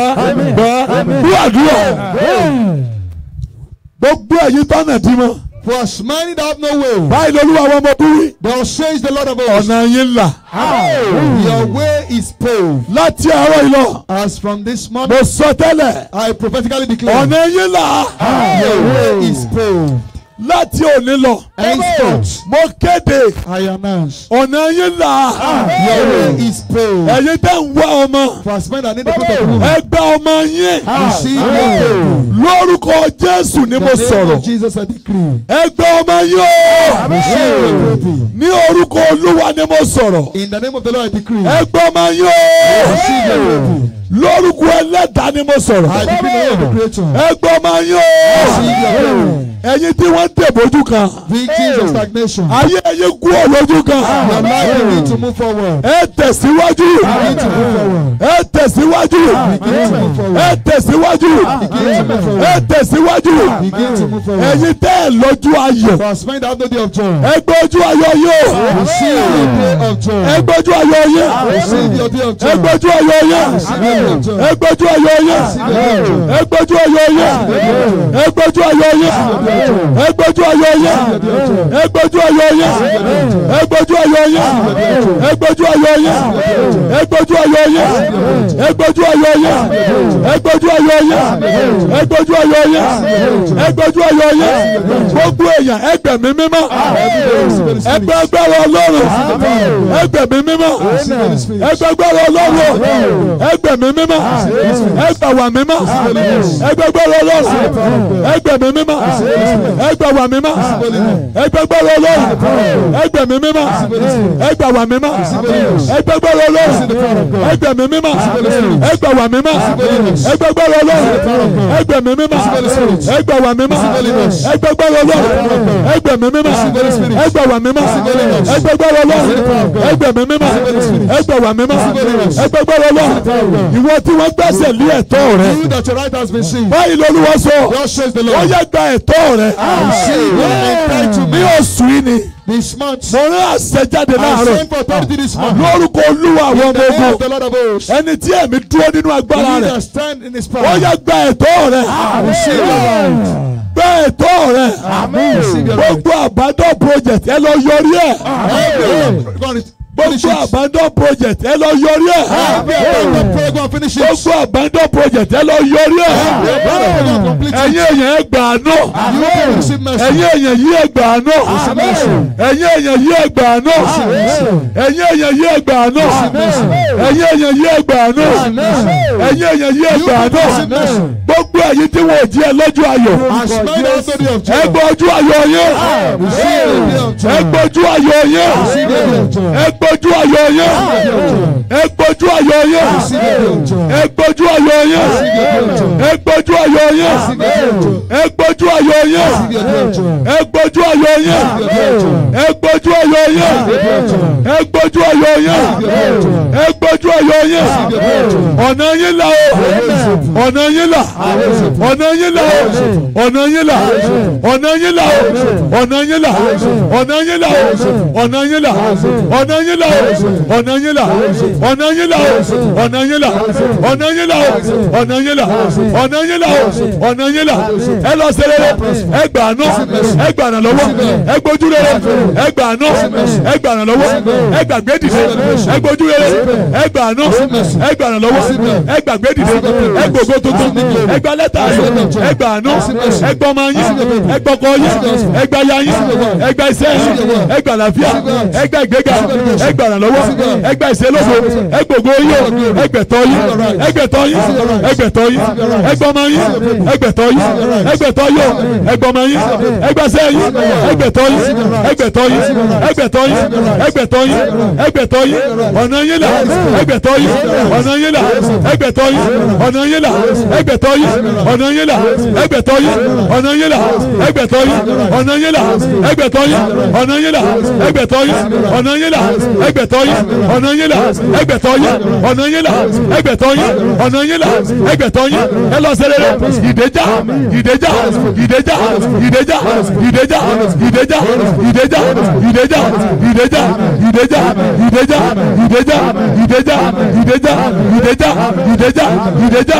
Speaker 2: gbọ́ gbọ́ àdúrà gbogbo ẹ̀yin
Speaker 1: tọ́nà dì mọ́. For as many that have no will, Báyìí lolúwa àwọn ọmọ búrí. Thus says the Lord of hosts. Ọ̀nà yín là. Your way is paved. Láti àárọ̀ yìí lọ. As from this morning. Mo sọ tẹ́lẹ̀. I prophetically declare. Ọ̀nà yín là. Your way is paved láti òní lọ. henceforth mo kéde. I announce. ọ̀nà yín là. your ah, way is paved. ẹ̀yin tẹ́ ń wá ọmọ. for as men that need the fruit of womb. ẹ gba ọmọ yín. receive your
Speaker 2: baby.
Speaker 1: lórúkọ Jésù ni mo sọ̀rọ̀. Jesus I
Speaker 2: decree.
Speaker 1: ẹ gba ọmọ yín o. receive your baby. ní orúkọ Olúwa ni mo sọ̀rọ̀. in the name of the Lord I decree. ẹ gba ọmọ yín o. receive your baby lórúkọ ẹlẹ́dàá ni mo sọ̀rọ̀. ẹ gbọ́ máa yín o ẹ̀yin tí wọ́n tẹ̀ bójú kan. victims of stagnation. ayé ẹ̀yin kú ọ̀lójú kan. Ah, your life you need
Speaker 2: to move forward.
Speaker 1: ẹ tẹ̀síwájú. Ah, need to move forward. ẹ tẹ̀síwájú. Ah, to move forward. ẹ tẹ̀síwájú. to move forward. ẹ tẹ̀síwájú. begin
Speaker 2: to move forward. ẹ̀yin
Speaker 1: tẹ́ ẹ lójú ayọ̀. suspend out the day of joy. ẹ gbọ́ ojú ayọ̀ yóò.
Speaker 2: receive your day of joy. ẹ gbọ́ ojú ayọ̀ yẹn. receive your day of ojú ayọ̀ yẹn. ẹ ojú ayọ̀ yẹn. ẹ ojú ayọ̀ yẹn. ẹ ojú ayọ̀ yẹn
Speaker 1: ẹgbẹ́jú ayọ̀ yẹn ẹgbẹ́jú ayọ̀ yẹn ẹgbẹ́jú ayọ̀ yẹn
Speaker 2: ẹgbẹ́jú ayọ̀ yẹn ẹgbẹ́jú ayọ̀ yẹn ẹgbẹ́jú ayọ̀ yẹn ẹgbẹ́jú ayọ̀ yẹn ẹgbẹ́jú ayọ̀ yẹn ẹgbẹ́jú ayọ̀ yẹn
Speaker 1: gbogbo èèyàn ẹgbẹ̀mí mímọ́ ẹgbẹ́ agbára ọlọ́run ẹgbẹ̀mí mímọ́ ẹgbẹ́ agbára ọlọ́run ẹgbẹ̀mí mímọ́ ẹgbàwà mímọ́ ẹgbẹ́ agbára ọlọ́run ẹgbẹ̀mí mímọ́ ẹgbà wà mí mọ́ ẹgbẹ́ gbọ́dọ̀ lọ́rùn ẹgbẹ́ mi mímọ́ ẹgbà wà mí mọ́ ẹgbẹ́ gbọ́dọ̀ lọ́rùn ẹgbẹ́ mi mímọ́ ẹgbà wà mí mọ́ ẹgbẹ́ gbọ́dọ̀ lọ́rùn ẹgbẹ́ mi mímọ́ ẹgbà wà mí mọ́ ẹgbẹ́ gbọ́dọ̀ lọ́rùn ẹgbẹ́ mi mímọ́ ẹgbà wà mí mọ́ ẹgbẹ́ gbọ́dọ̀ lọ́rùn ẹgbẹ́ mi mímọ́ ẹgbẹ́ wà mí mọ́ ẹgbẹ́ gbọ́dọ̀ lọ́rùn ìwọ tí wọ́n gbẹ́sẹ̀ lé ẹ̀tọ́ rẹ báyìí lọ́lúwọ́ sọ wọ́n yẹ gba ẹ̀tọ́ rẹ mi ò sùn ní this month. mo rán àṣẹjáde láàárọ̀. I send for authority this month. lórúkọ olúwa àwọn ọmọ ogun. in the name of the Lord of hosts. ẹni tí ẹ̀mí dúró nínú agbára rẹ̀. he is stand in his power. ó yẹ gba ẹ̀tọ́ rẹ̀. àmín. gba ẹ̀tọ́ rẹ̀. àmín. gbogbo àbádọ́ project ẹ lọ yọrí ẹ̀. àmín gbogbo abandon project ẹ lọ yọrí ẹ gbogbo abandon project ẹ lọ yọrí ẹ ẹ̀yin èèyàn ẹ gbà àánú ẹ̀yin èèyàn yí ẹ gbà àánú ẹ̀yin èèyàn yí ẹgbà náà ẹ̀yin èèyàn yí ẹgbà náà ẹ̀yin èèyàn yí ẹgbà náà ẹ̀yin èèyàn yí ẹgbà náà gbogbo ẹ̀yin tí wọ́n jí ẹ lọ́jọ́ ayọ̀ ẹgbẹ́ ojú ayọ̀ yẹn ẹgbẹ́ ojú ayọ̀ yẹn ẹgbẹ́ ojú ayọ̀ yẹn ẹgbẹ́ ojú ayọ̀ yẹn ẹgbẹ́ ojú ayọ̀ yẹn ẹgbẹ́ ayọ̀ yẹn ẹ gbójú ayọ̀ yẹn ẹ gbójú ayọ̀ yẹn ẹ gbójú ayọ̀ yẹn ẹ gbójú ayọ̀ yẹn ẹ gbójú ayọ̀ ọ̀nà yín la o ọ̀nà yín la, ọ̀nà yín là ọ̀nà yín la, ọ̀nà yín là ọ̀nà yín la, ọ̀nà yín là ọ̀nà yín la, ọ̀nà yín là ọ̀nà yín la, ọ̀nà yín là ọ̀nà yín la, ọ̀nà yín là ọ̀nà yín la, ọ̀nà yín là ọ̀nà yín la, ẹ lọ sí rere ẹ gbà àná ẹ gbà àná lọ́wọ́ ẹ gbójú rere ẹ gbà àná ẹ gbà àná lọ́wọ́ ẹ gbàgbé dìde ẹ gbójú rere ẹ gbà àná ẹ gbà àná lọ́wọ́ ẹ gbàgbé dìde ẹ gbòg ògo tuntun ẹgbà lẹ́tà yín ẹgbà àánú ẹgbà ọmọ yín ẹgbà ọkọ yín ẹgbà ya yín ẹgbà iṣẹ́ yín ẹgbà àlàáfíà ẹgbà ìgbéga ẹgbà ìrànlọ́wọ́ ẹgbà ìṣelógo ẹgbà ògo yín ẹgbẹ̀tọ́ yín ẹgbẹ̀tọ́ yín ẹgbẹ̀tọ́ yín ẹgbà ọmọ yín ẹgbẹ̀tọ́ yín ẹgbẹ̀tọ́ yín ẹgbà ọmọ yín ẹgbà iṣẹ́ yín ẹgbẹ̀tọ́ yín ẹgbẹ̀tọ́ yín ẹgbẹ̀tọ́ yín ẹgbẹ̀tọ́ yín ẹgbẹ̀tọ́ yín ọ̀nà yín là ẹgbẹ̀tọ́ yín ọ̀nà yín là ẹgbẹ̀tọ́ yín ọ̀nà yín là ẹgbẹ̀tọ́ yín ọ̀nà yín là ẹgbẹ̀tọ́ yín ọ̀nà yín là ẹgbẹ̀tọ́ yín ọ̀nà yín là ẹgbẹ̀tọ́ yín ọ̀nà yín là ẹgbẹ̀tọ́ yín ọ̀nà yín là ẹgbẹ̀tọ́ yín ọ̀nà yín là ẹgbẹ̀tọ́ yín ọ̀nà yín là ẹgbẹ̀tọ́ yín ọ̀nà yín là ẹgbẹ̀tọ́ yín ẹ lọ sẹ́lẹ̀ rẹ ìdẹ́jà ìdẹ́jà ìdẹ́jà ìdẹ́jà ìdẹ́jà ìdẹ́jà ìdẹ́jà ìdẹ́jà ìdẹ́jà ìdẹ́jà ìdẹ́jà ìdẹ́jà ìdẹ́jà ìdẹ́jà ìdẹ́jà ìdẹ́jà ìdẹ́jà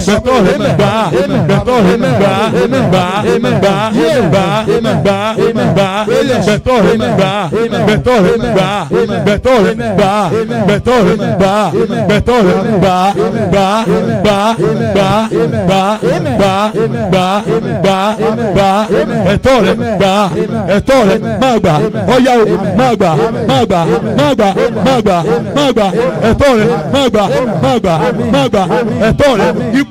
Speaker 1: gbẹtọ rẹ ọyá o má ipò.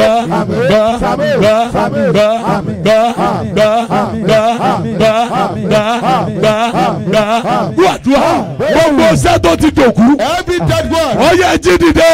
Speaker 3: gbàdúrà
Speaker 1: gbogbo sẹ́tọ̀ ti dòkú ó yẹ jí dìde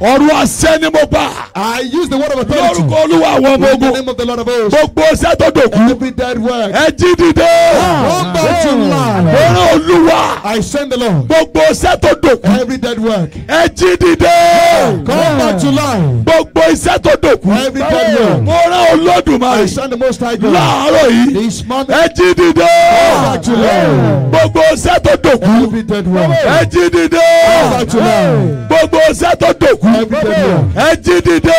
Speaker 1: ọ̀rọ̀ àṣẹ ni mo gbà. I use the word of authority. lórúkọ olúwa àwọn ọmọ ogun. in the name of the Lord of hosts. gbogbo sẹ́tọ̀dọ̀kú. every dead word. ẹ jí dìde. one body in line. ọ̀rọ̀ olúwa. I send the Lord. gbogbo sẹ́tọ̀dọ̀kú. every dead word. ẹ jí dìde. come back to life. gbogbo sẹ́tọ̀dọ̀kú. every dead word. ọ̀rọ̀ olódùmarè. I send the most high God. láàárọ̀ yìí. this morning. ẹ jí dìde. come back to life. gbogbo sẹ́tọ̀dọ̀kú. every dead word. ẹ jí dìde. come back to life. gbogbo sẹ́tọ̀dọ̀kú ẹ jí dìde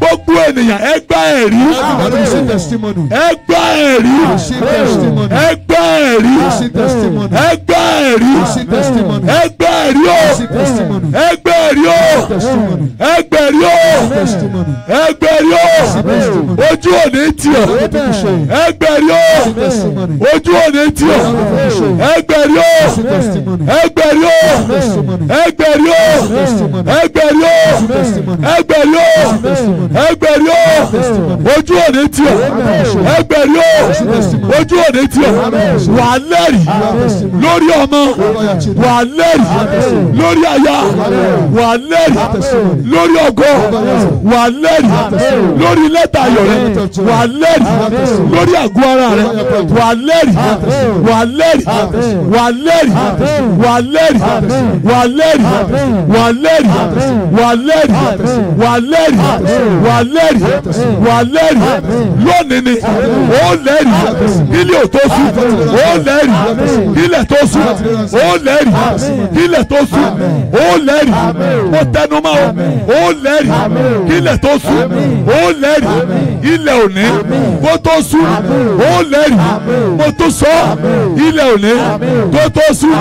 Speaker 1: gbogbo ènìyàn ẹ gba ẹ̀rí
Speaker 2: ẹ gba ẹ̀rí ẹ gba ẹ̀rí ẹ gba ẹ̀rí ẹ gba ẹ̀rí o ẹ gba ẹ̀rí o ẹ gba ẹ̀rí
Speaker 1: o ẹ gba ẹ̀rí o ojú òní tì ọ́ ẹ gba ẹ̀rí o ojú òní tì ọ́ ẹ gba ẹ̀rí o ẹ gba ẹ̀rí o ẹ gba ẹ̀rí o ẹgbẹ̀rí o ẹgbẹ̀rí o ẹgbẹ̀rí o ojú òní tí o ẹgbẹ̀rí o ojú òní tí o wà lẹ́rìí lórí ọmọ wà lẹ́rìí lórí aya wà á lẹ́rìí lórí ọgọ́ wà á lẹ́rìí lórí lẹ́tà ayọ̀ rẹ wà á lẹ́rìí lórí àgọ́ ara rẹ wà lẹ́rìí wà lẹ́rìí wà lẹ́rìí wà lẹ́rìí wà lẹ́rìí wà lẹ́rìí wà lẹ́rìí wà lẹ́rìí wà lẹ́rìí wà lẹ́rìí lónìí ni ó lẹ́rìí kílẹ̀ ò tó sùn ó lẹ́rìí kílẹ̀ tó sùn ó lẹ́rìí kílẹ̀ tó sùn ó lẹ́rìí mo tẹnumọ́ o ó lẹ́rìí kílẹ̀ tó sùn ó lẹ́rìí ilẹ̀ òní kó tó sùn ó lẹ́rìí mo tún sọ ilẹ̀ òní kó tó sùn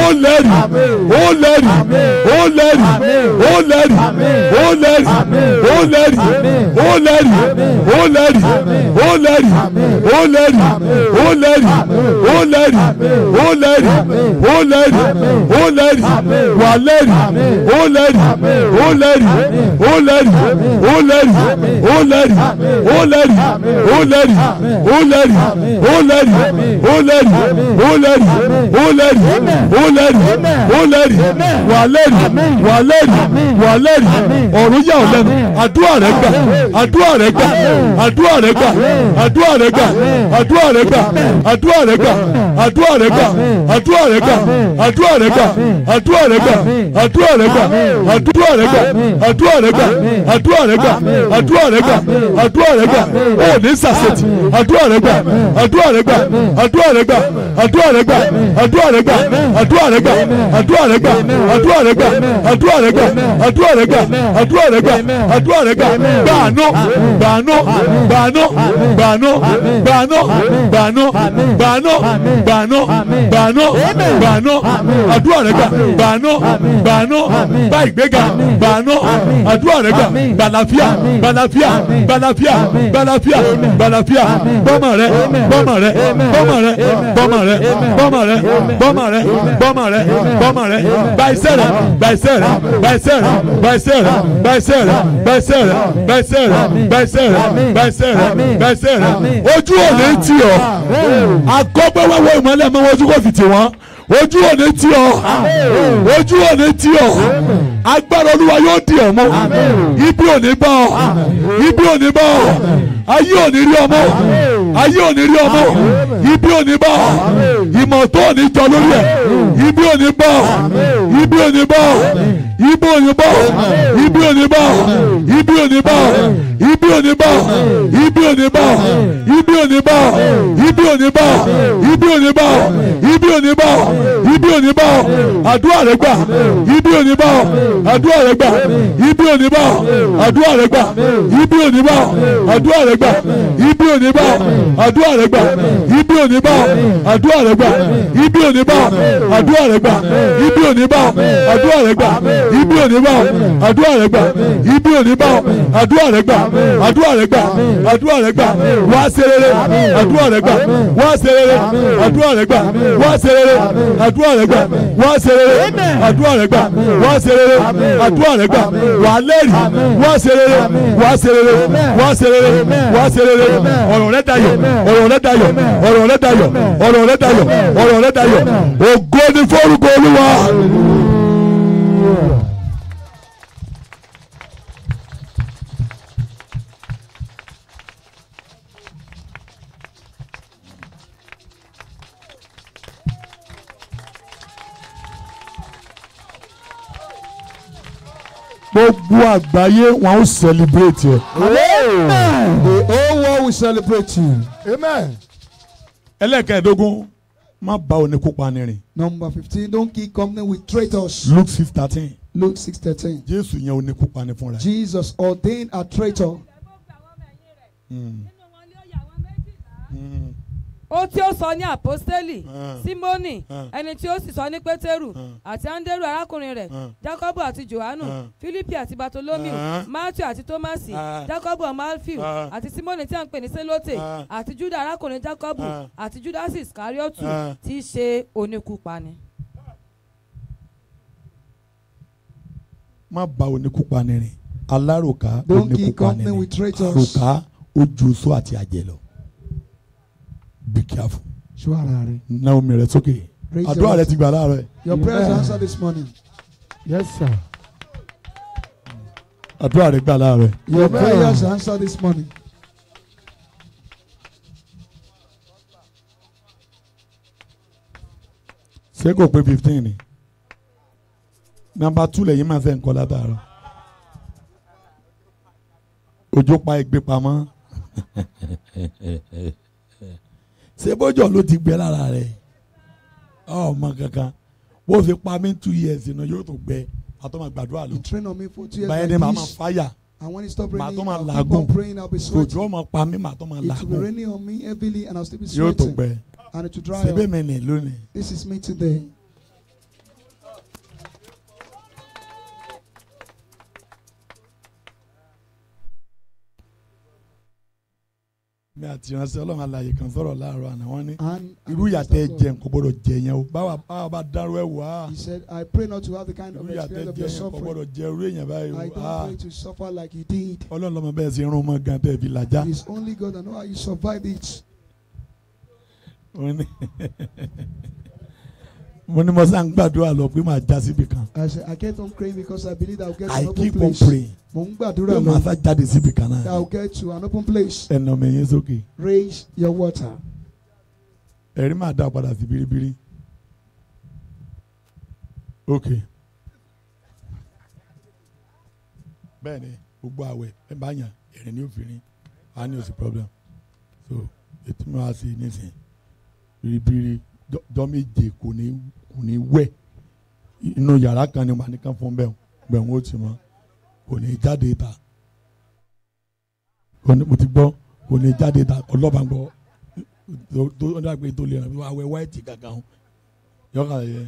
Speaker 1: ó lẹ́rìí ó lẹ́rìí ó lẹ́rìí ó lẹ́rì ó lẹ́rì ó lẹ́rì ó lẹ́rì ó lẹ́rì ó lẹ́rì ó lẹ́rì ó lẹ́rì ó lẹ́rì ó lẹ́rì ó lẹ́rì ó lẹ́rì wà lẹ́rì ó lẹ́rì ó lẹ́rì ó lẹ́rì ó lẹ́rì ó lẹ́rì ó lẹ́rì ó lẹ́rì ó lẹ́rì ó lẹ́rì ó lẹ́rì ó lẹ́rì ó lẹ́rì ó lẹ́rì ó lẹ́rì wà lẹ́rì wà lẹ́rì lẹ́rìí wà lẹ́rìí ọ̀run yà ọ́ lẹ́nu àdúrà rẹ gbà àdúrà rẹ gbà àdúrà rẹ gbà àdúrà rẹ gbà àdúrà rẹ gbà àdúrà rẹ gbà àdúrà rẹ gbà àdúrà rẹ gbà àdúrà rẹ gbà àdúrà rẹ gbà àdúrà rẹ gbà àdúrà rẹ gbà àdúrà rẹ gbà àdúrà rẹ gbà àdúrà rẹ gbà àdúrà rẹ gbà ó ní sàṣetì àdúrà rẹ gbà àdúrà rẹ gbà àdúrà rẹ gbà àdúrà rẹ gbà àdúrà rẹ gbà àdúrà rẹ gbà àdúrà rẹ gbà àdúrà rẹ gbà àdúrà rẹ rẹ gbà àdúrà rẹ gbà àdúrà rẹ gbà àdúrà rẹ gbà gbàánú gbàánú gbàánú gbàánú gbàánú gbàánú gbàánú gbàánú gbàánú gbàánú àdúrà rẹ gbà gbàánú gbàánú bá ìgbéga gbàánú àdúrà rẹ gbà gbàlàfíà gbàlàfíà gbàlàfíà gbàlàfíà gbàlàfíà bọ́mọ̀ rẹ bọ́mọ̀ rẹ bọ́mọ̀ rẹ bọ́mọ̀ rẹ bọ́mọ̀ rẹ bọ́mọ̀ rẹ bọ́mọ̀ rẹ bọ́mọ̀ rẹ gba rẹ gba rẹ bàṣẹ́rà bàṣẹ́rà bàṣẹ́rà bàṣẹ́rà bàṣẹ́rà bàṣẹ́rà bàṣẹ́rà bàṣẹ́rà ojú ò ti tì ọ́ àkọ́gbẹ́ wẹ́wẹ́ ìmọ̀lẹ́ mọ́ ojú kò fìtì wọ́n ojú ò ní tì ọ́ ojú ò ní tì ọ́ agbára olúwa yóò di ọmọ ibi ò ní bá ọ ibi ò ní bá ọ ayé ò ní rí ọmọ ayé ò ní rí ọmọ ibi ò bá ọ ìmọ̀ tó ò jọ lórí ẹ̀ ibi ò bá ọ ibi ò bá ọ ibi òní bọ̀ ibi òní bọ̀ ibi òní bọ̀ ibi òní bọ̀ ibi òní bọ̀ ibi òní bọ̀ ibi òní bọ̀ ibi òní bọ̀ ibi òní bọ̀ ibi òní bọ̀ àdúrà rẹ gbà ibi òní bọ̀ àdúrà rẹ gbà ibi òní bọ̀ àdúrà rẹ gbà ibi òní bọ̀ àdúrà rẹ gbà ibi òní bọ̀ àdúrà rẹ gbà ibi òní bọ̀ àdúrà rẹ gbà ibi òní bọ̀ àdúrà rẹ gbà ibi òní bọ̀ àdúrà rẹ gbà ibi ò ní bá ọ àdúrà rẹ gbà ibi ò ní bá ọ àdúrà rẹ gbà àdúrà rẹ gbà àdúrà rẹ gbà wá ṣe rere àdúrà rẹ gbà wá ṣe rere àdúrà rẹ gbà wá ṣe rere àdúrà rẹ gbà wá ṣe rere àdúrà rẹ gbà wá ṣe rere àdúrà rẹ gbà wà lẹ́rì wá ṣe rere wá ṣe rere wá ṣe rere wá ṣe rere ọ̀rọ̀ rẹ dayọ̀ ọ̀rọ̀ rẹ dayọ̀ ọ̀rọ̀ rẹ dayọ̀ ọ̀rọ̀ rẹ dayọ̀ ọ̀rọ̀ rẹ dayọ̀ ògo ni fórúkọ Olúwa. Hallelujah. gbogbo àgbáyé wọn ó celebrate yẹ. amen the whole world will celebrate you. amen. ẹlẹ́kẹ̀ẹ́dógún má bá oníkópani rìn. number fifteen don't keep company with traitors. Luke six thirteen. Luke six thirteen. Jésù yẹn oníkópani fúnra. Jesus ordained a traitor. Mm.
Speaker 3: Mm ó tí ó sọ ní àpọ́stélì símónì ẹni tí ó sì sọ ní pétérù àti áńdérù arákùnrin rẹ̀ jákọ́bù àti jòhánù fílípì àti bartolomeu matthew àti Thomasi, jákọ́bù ọmọ alfiu àti símónì tí a ń pè ní sélótè àti júdà arákùnrin jákọ́bù àti júdásì iskariotu tí í ṣe oníkúpani.
Speaker 1: má ba oníkúpani rìn aláròká oníkúpani rìn àròká ojú oṣó àti àjẹ́ be careful. ṣọ́ ara rẹ. na omi rẹ sókè.
Speaker 2: àdúrà rẹ ti gbà láàárọ̀. your prayers yeah. answered
Speaker 1: this morning. yes sir. àdúrà rẹ gbà láàárọ̀. your prayers answered this morning. Say go pay fifteen ni nàmbà two lẹ́yìn máa fẹ́ nǹkan látàárọ̀ Ojo pa ìgbé pamọ́. Sebojo, bójú ló ti gbẹ lára rẹ ọmọ kankan bó ṣe pa mí two years iná yóò tó gbẹ àtọ́mọ gbàdúrà lọ báyẹn ni màá máa fáyà màá tó máa làágùn òjò ọmọ pa mí màá tó máa làágùn yóò tó gbẹ ṣebí mi nì lónìí. mi àti ìránṣẹ́ ọlọ́run alàyè kan sọ̀rọ̀ láàárọ̀ àná wọ́n ní irú ìyàtẹ̀ jẹun kò gbọ́dọ̀ jẹ yẹn o báwa báwa bá dárú ẹ̀ wá. he said I pray not to have the kind of experience of your suffering. irú ìyàtẹ̀ jẹun kò gbọ́dọ̀ jẹ irú èèyàn báyìí o. I don't pray to suffer like he did. ọlọ́run lọ́mọ bẹ́ẹ̀ sí irun mọ́ gan tẹ̀ fi làjá. it is only God that know how you survive it. mo ní mo sá ń gbàdúrà lọ pé màá já síbi kan. I say I kept on praying because I believe I will get to an open place. I keep on praying. mo ń gbàdúrà lọ. pé màá sá jáde síbi kan náà. I will get to an open place. ẹnà mi yín sókè. raise your water. ẹ̀rí máa dá padà sí biribiri. ok. bẹ́ẹ̀ ni gbogbo àwẹ̀ ẹ bá yàn ẹ̀rín ní òfin a ní òsì problem so ètò mi wá sí nísìnyí biribiri jọ méje kò ní kò ní wẹ̀ inú yàrá kan ni màá ní kàn fún bẹ́ẹ̀ gbẹ̀wọ̀n ó ti mọ kò ní jáde ta kò ní mo ti gbọ́ kò ní jáde ta ọlọ́ba gbọ́ tó ń dàgbé tó lè ràn mí àwẹ̀ wáìtì gàgà hàn yọ̀ọ́ka yẹ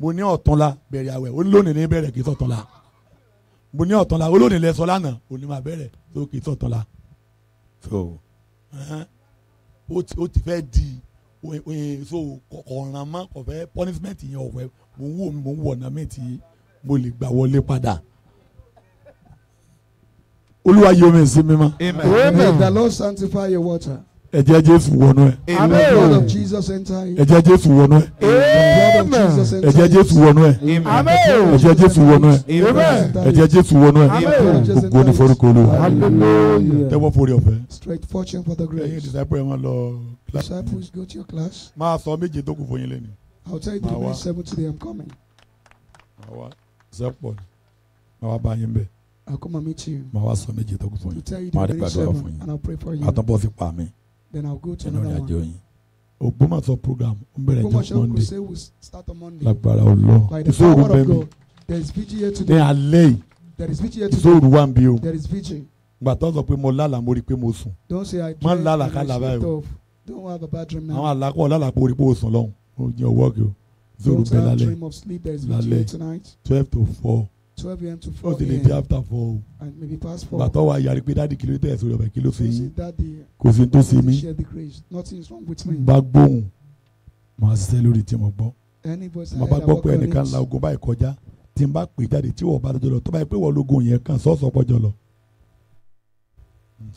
Speaker 1: mo ní ọ̀túnla bẹ̀rẹ̀ àwẹ̀ ó lónìí ní bẹ̀rẹ̀ kì í sọ̀túnla mo ní ọ̀túnla ó lónìí lẹ́sọ̀ lánàá òní máa bẹ̀rẹ̀ tó kì í sọ̀túnla. so ó ti fẹ́ di so kọ̀ọ̀ràn mọ́ kò fẹ́ punishment yẹn ọ̀fẹ́ mò ń wò mò ń wọ̀ ọ̀nà mi tí mo lè gbà wọlé padà olúwa yọ mi sí mímọ́. amen. the lord sanctify your water ẹ̀jẹ̀ jésù wọnú ẹ̀. ẹ̀jẹ̀ jésù wọnú ẹ̀. ẹ̀jẹ̀ jésù wọnú ẹ̀. ẹ̀jẹ̀ jésù wọnú ẹ̀. ẹ̀jẹ̀ jésù wọnú ẹ̀. ògo ni forúkọ olúwa. tẹ́wọ́ fúri ọ̀fẹ́. ẹ̀yin disciples ẹ̀ máa lọ class. máa sọ méje tó kù fún yín lẹ́nu. I'll tell you the next seven today I'm coming. Màwa Zepon, màwa bá yín bẹ̀. I'll come and meet you. Màwa sọ méje tó kù fún yín. To tell you the next seven and I'll pray for you. Then I'll go to another one. Ògbómọ̀ṣọ́ program ń bẹ̀rẹ̀ just Monday. Lágbára Ọlọ́run. Ìṣòro bẹ́ẹ̀ mi. Ní alẹ́ yìí. Ìṣòro wà ń bí o. Gbà tó sọ pé mo lálàá mo rí pé mo sùn. Má lálàá ká làbá yìí o. Àwọn àlàkọ̀ lálàá pé o rí pé o sùn lọ́hùn. O jẹ́ owó ọ̀gẹ̀ o. Ìṣòro bẹ́ẹ̀ lálẹ́. Lálẹ́ twelve to four twelve pm to four am. ọ̀sìn lè di after four o. and maybe past four. bàtọ̀ wa yàrá pé dáàdi kìló tẹ̀ sórí ọbẹ̀ kìló ṣe yín kò sí tó ṣe mí. nothing is wrong with me. bá gbóhùn màá ṣiṣẹ́ lórí tí mo gbọ́. mo bá gbọ́ pé ẹnìkan la ogun báyìí kọjá tí n bá pè jáde tí wọ́n bá dájọ́ lọ tó bá yẹ pé wọ́n lógun yẹn kan sọ́ọ̀sọ̀ pọ́jọ́ lọ.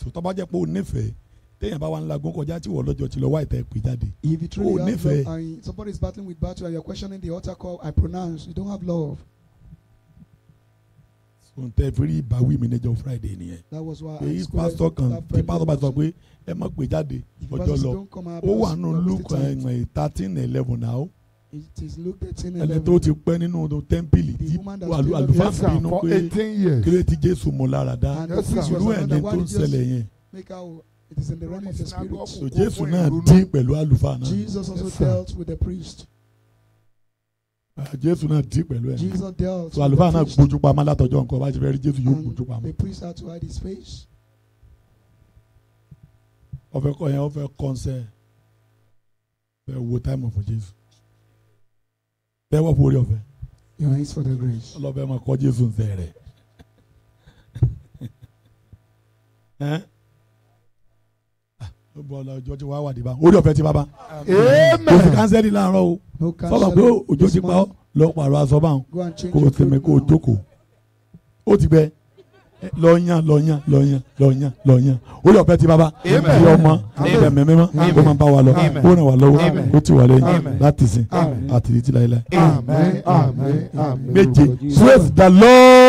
Speaker 1: sọtọ́ bá jẹ́ pé o nífẹ̀ẹ́ téèyàn bá wà ń lagun kọjá tí wọ́n lọ́jọ́ ti lọ wá ìtẹ́ pè jáde. if you truly oh, have love and somebody is battling with battle and you are questioning the altar call I pronounce you don't have love ohun tẹ fi rí ìbáwí mi níjọ́ friday nìyẹn èyí kan tí pásítọ̀ bá sọ pé ẹ má pè jáde ọjọ́ lọ ó wà nù luke ẹ̀yìn eh, thirteen eleven náà ẹni tó ti pẹ́ nínú tẹ́ḿpìlì tí àlùfáà bínú pé kílé ti jésù mọ́ lára dá irú ẹ̀ ní tó ń ṣẹlẹ̀ yẹn so Jesus náà dín pẹ̀lú àlùfáà náà. Jesus also dealt with the priest. Ah, Jésù náà dí pẹ̀lú ẹ̀. Jesus dealt so àlùfáà náà gbójú pamọ́ látọjọ́ nǹkan ọba ti fẹ́ rí Jésù yóò gbójú pamọ́. and the priest had to hide his face. ọfẹ kọ yẹn ọfẹ kọnsẹ fẹ wo time of Jesus bẹẹ wọ fún orí ọ̀fẹ́. your for the grace. ọlọfẹ máa kọ Jésù ń sẹ rẹ bọ́ọ̀lù ọjọ́ ti wá wà dìbà orí ọ̀fẹ́ ti bá bá o sì kánsẹ́lì láàárọ̀ o sọ́kà pé òjò ti pa ọ́ lọ pààrọ̀ aṣọ báwọn kò tèmi kò jókòó ó ti gbẹ lọ yan lọ yan lọ yan lọ yan lọ yan orí ọ̀fẹ́ ti bá bá ti ọmọ ẹ̀mẹ̀ mímọ́ kó máa bá wa lọ kó ràn wá lọ́wọ́ kó tì wá lẹ́yìn láti sìn àti títí láéláé.
Speaker 2: méje praise the Lord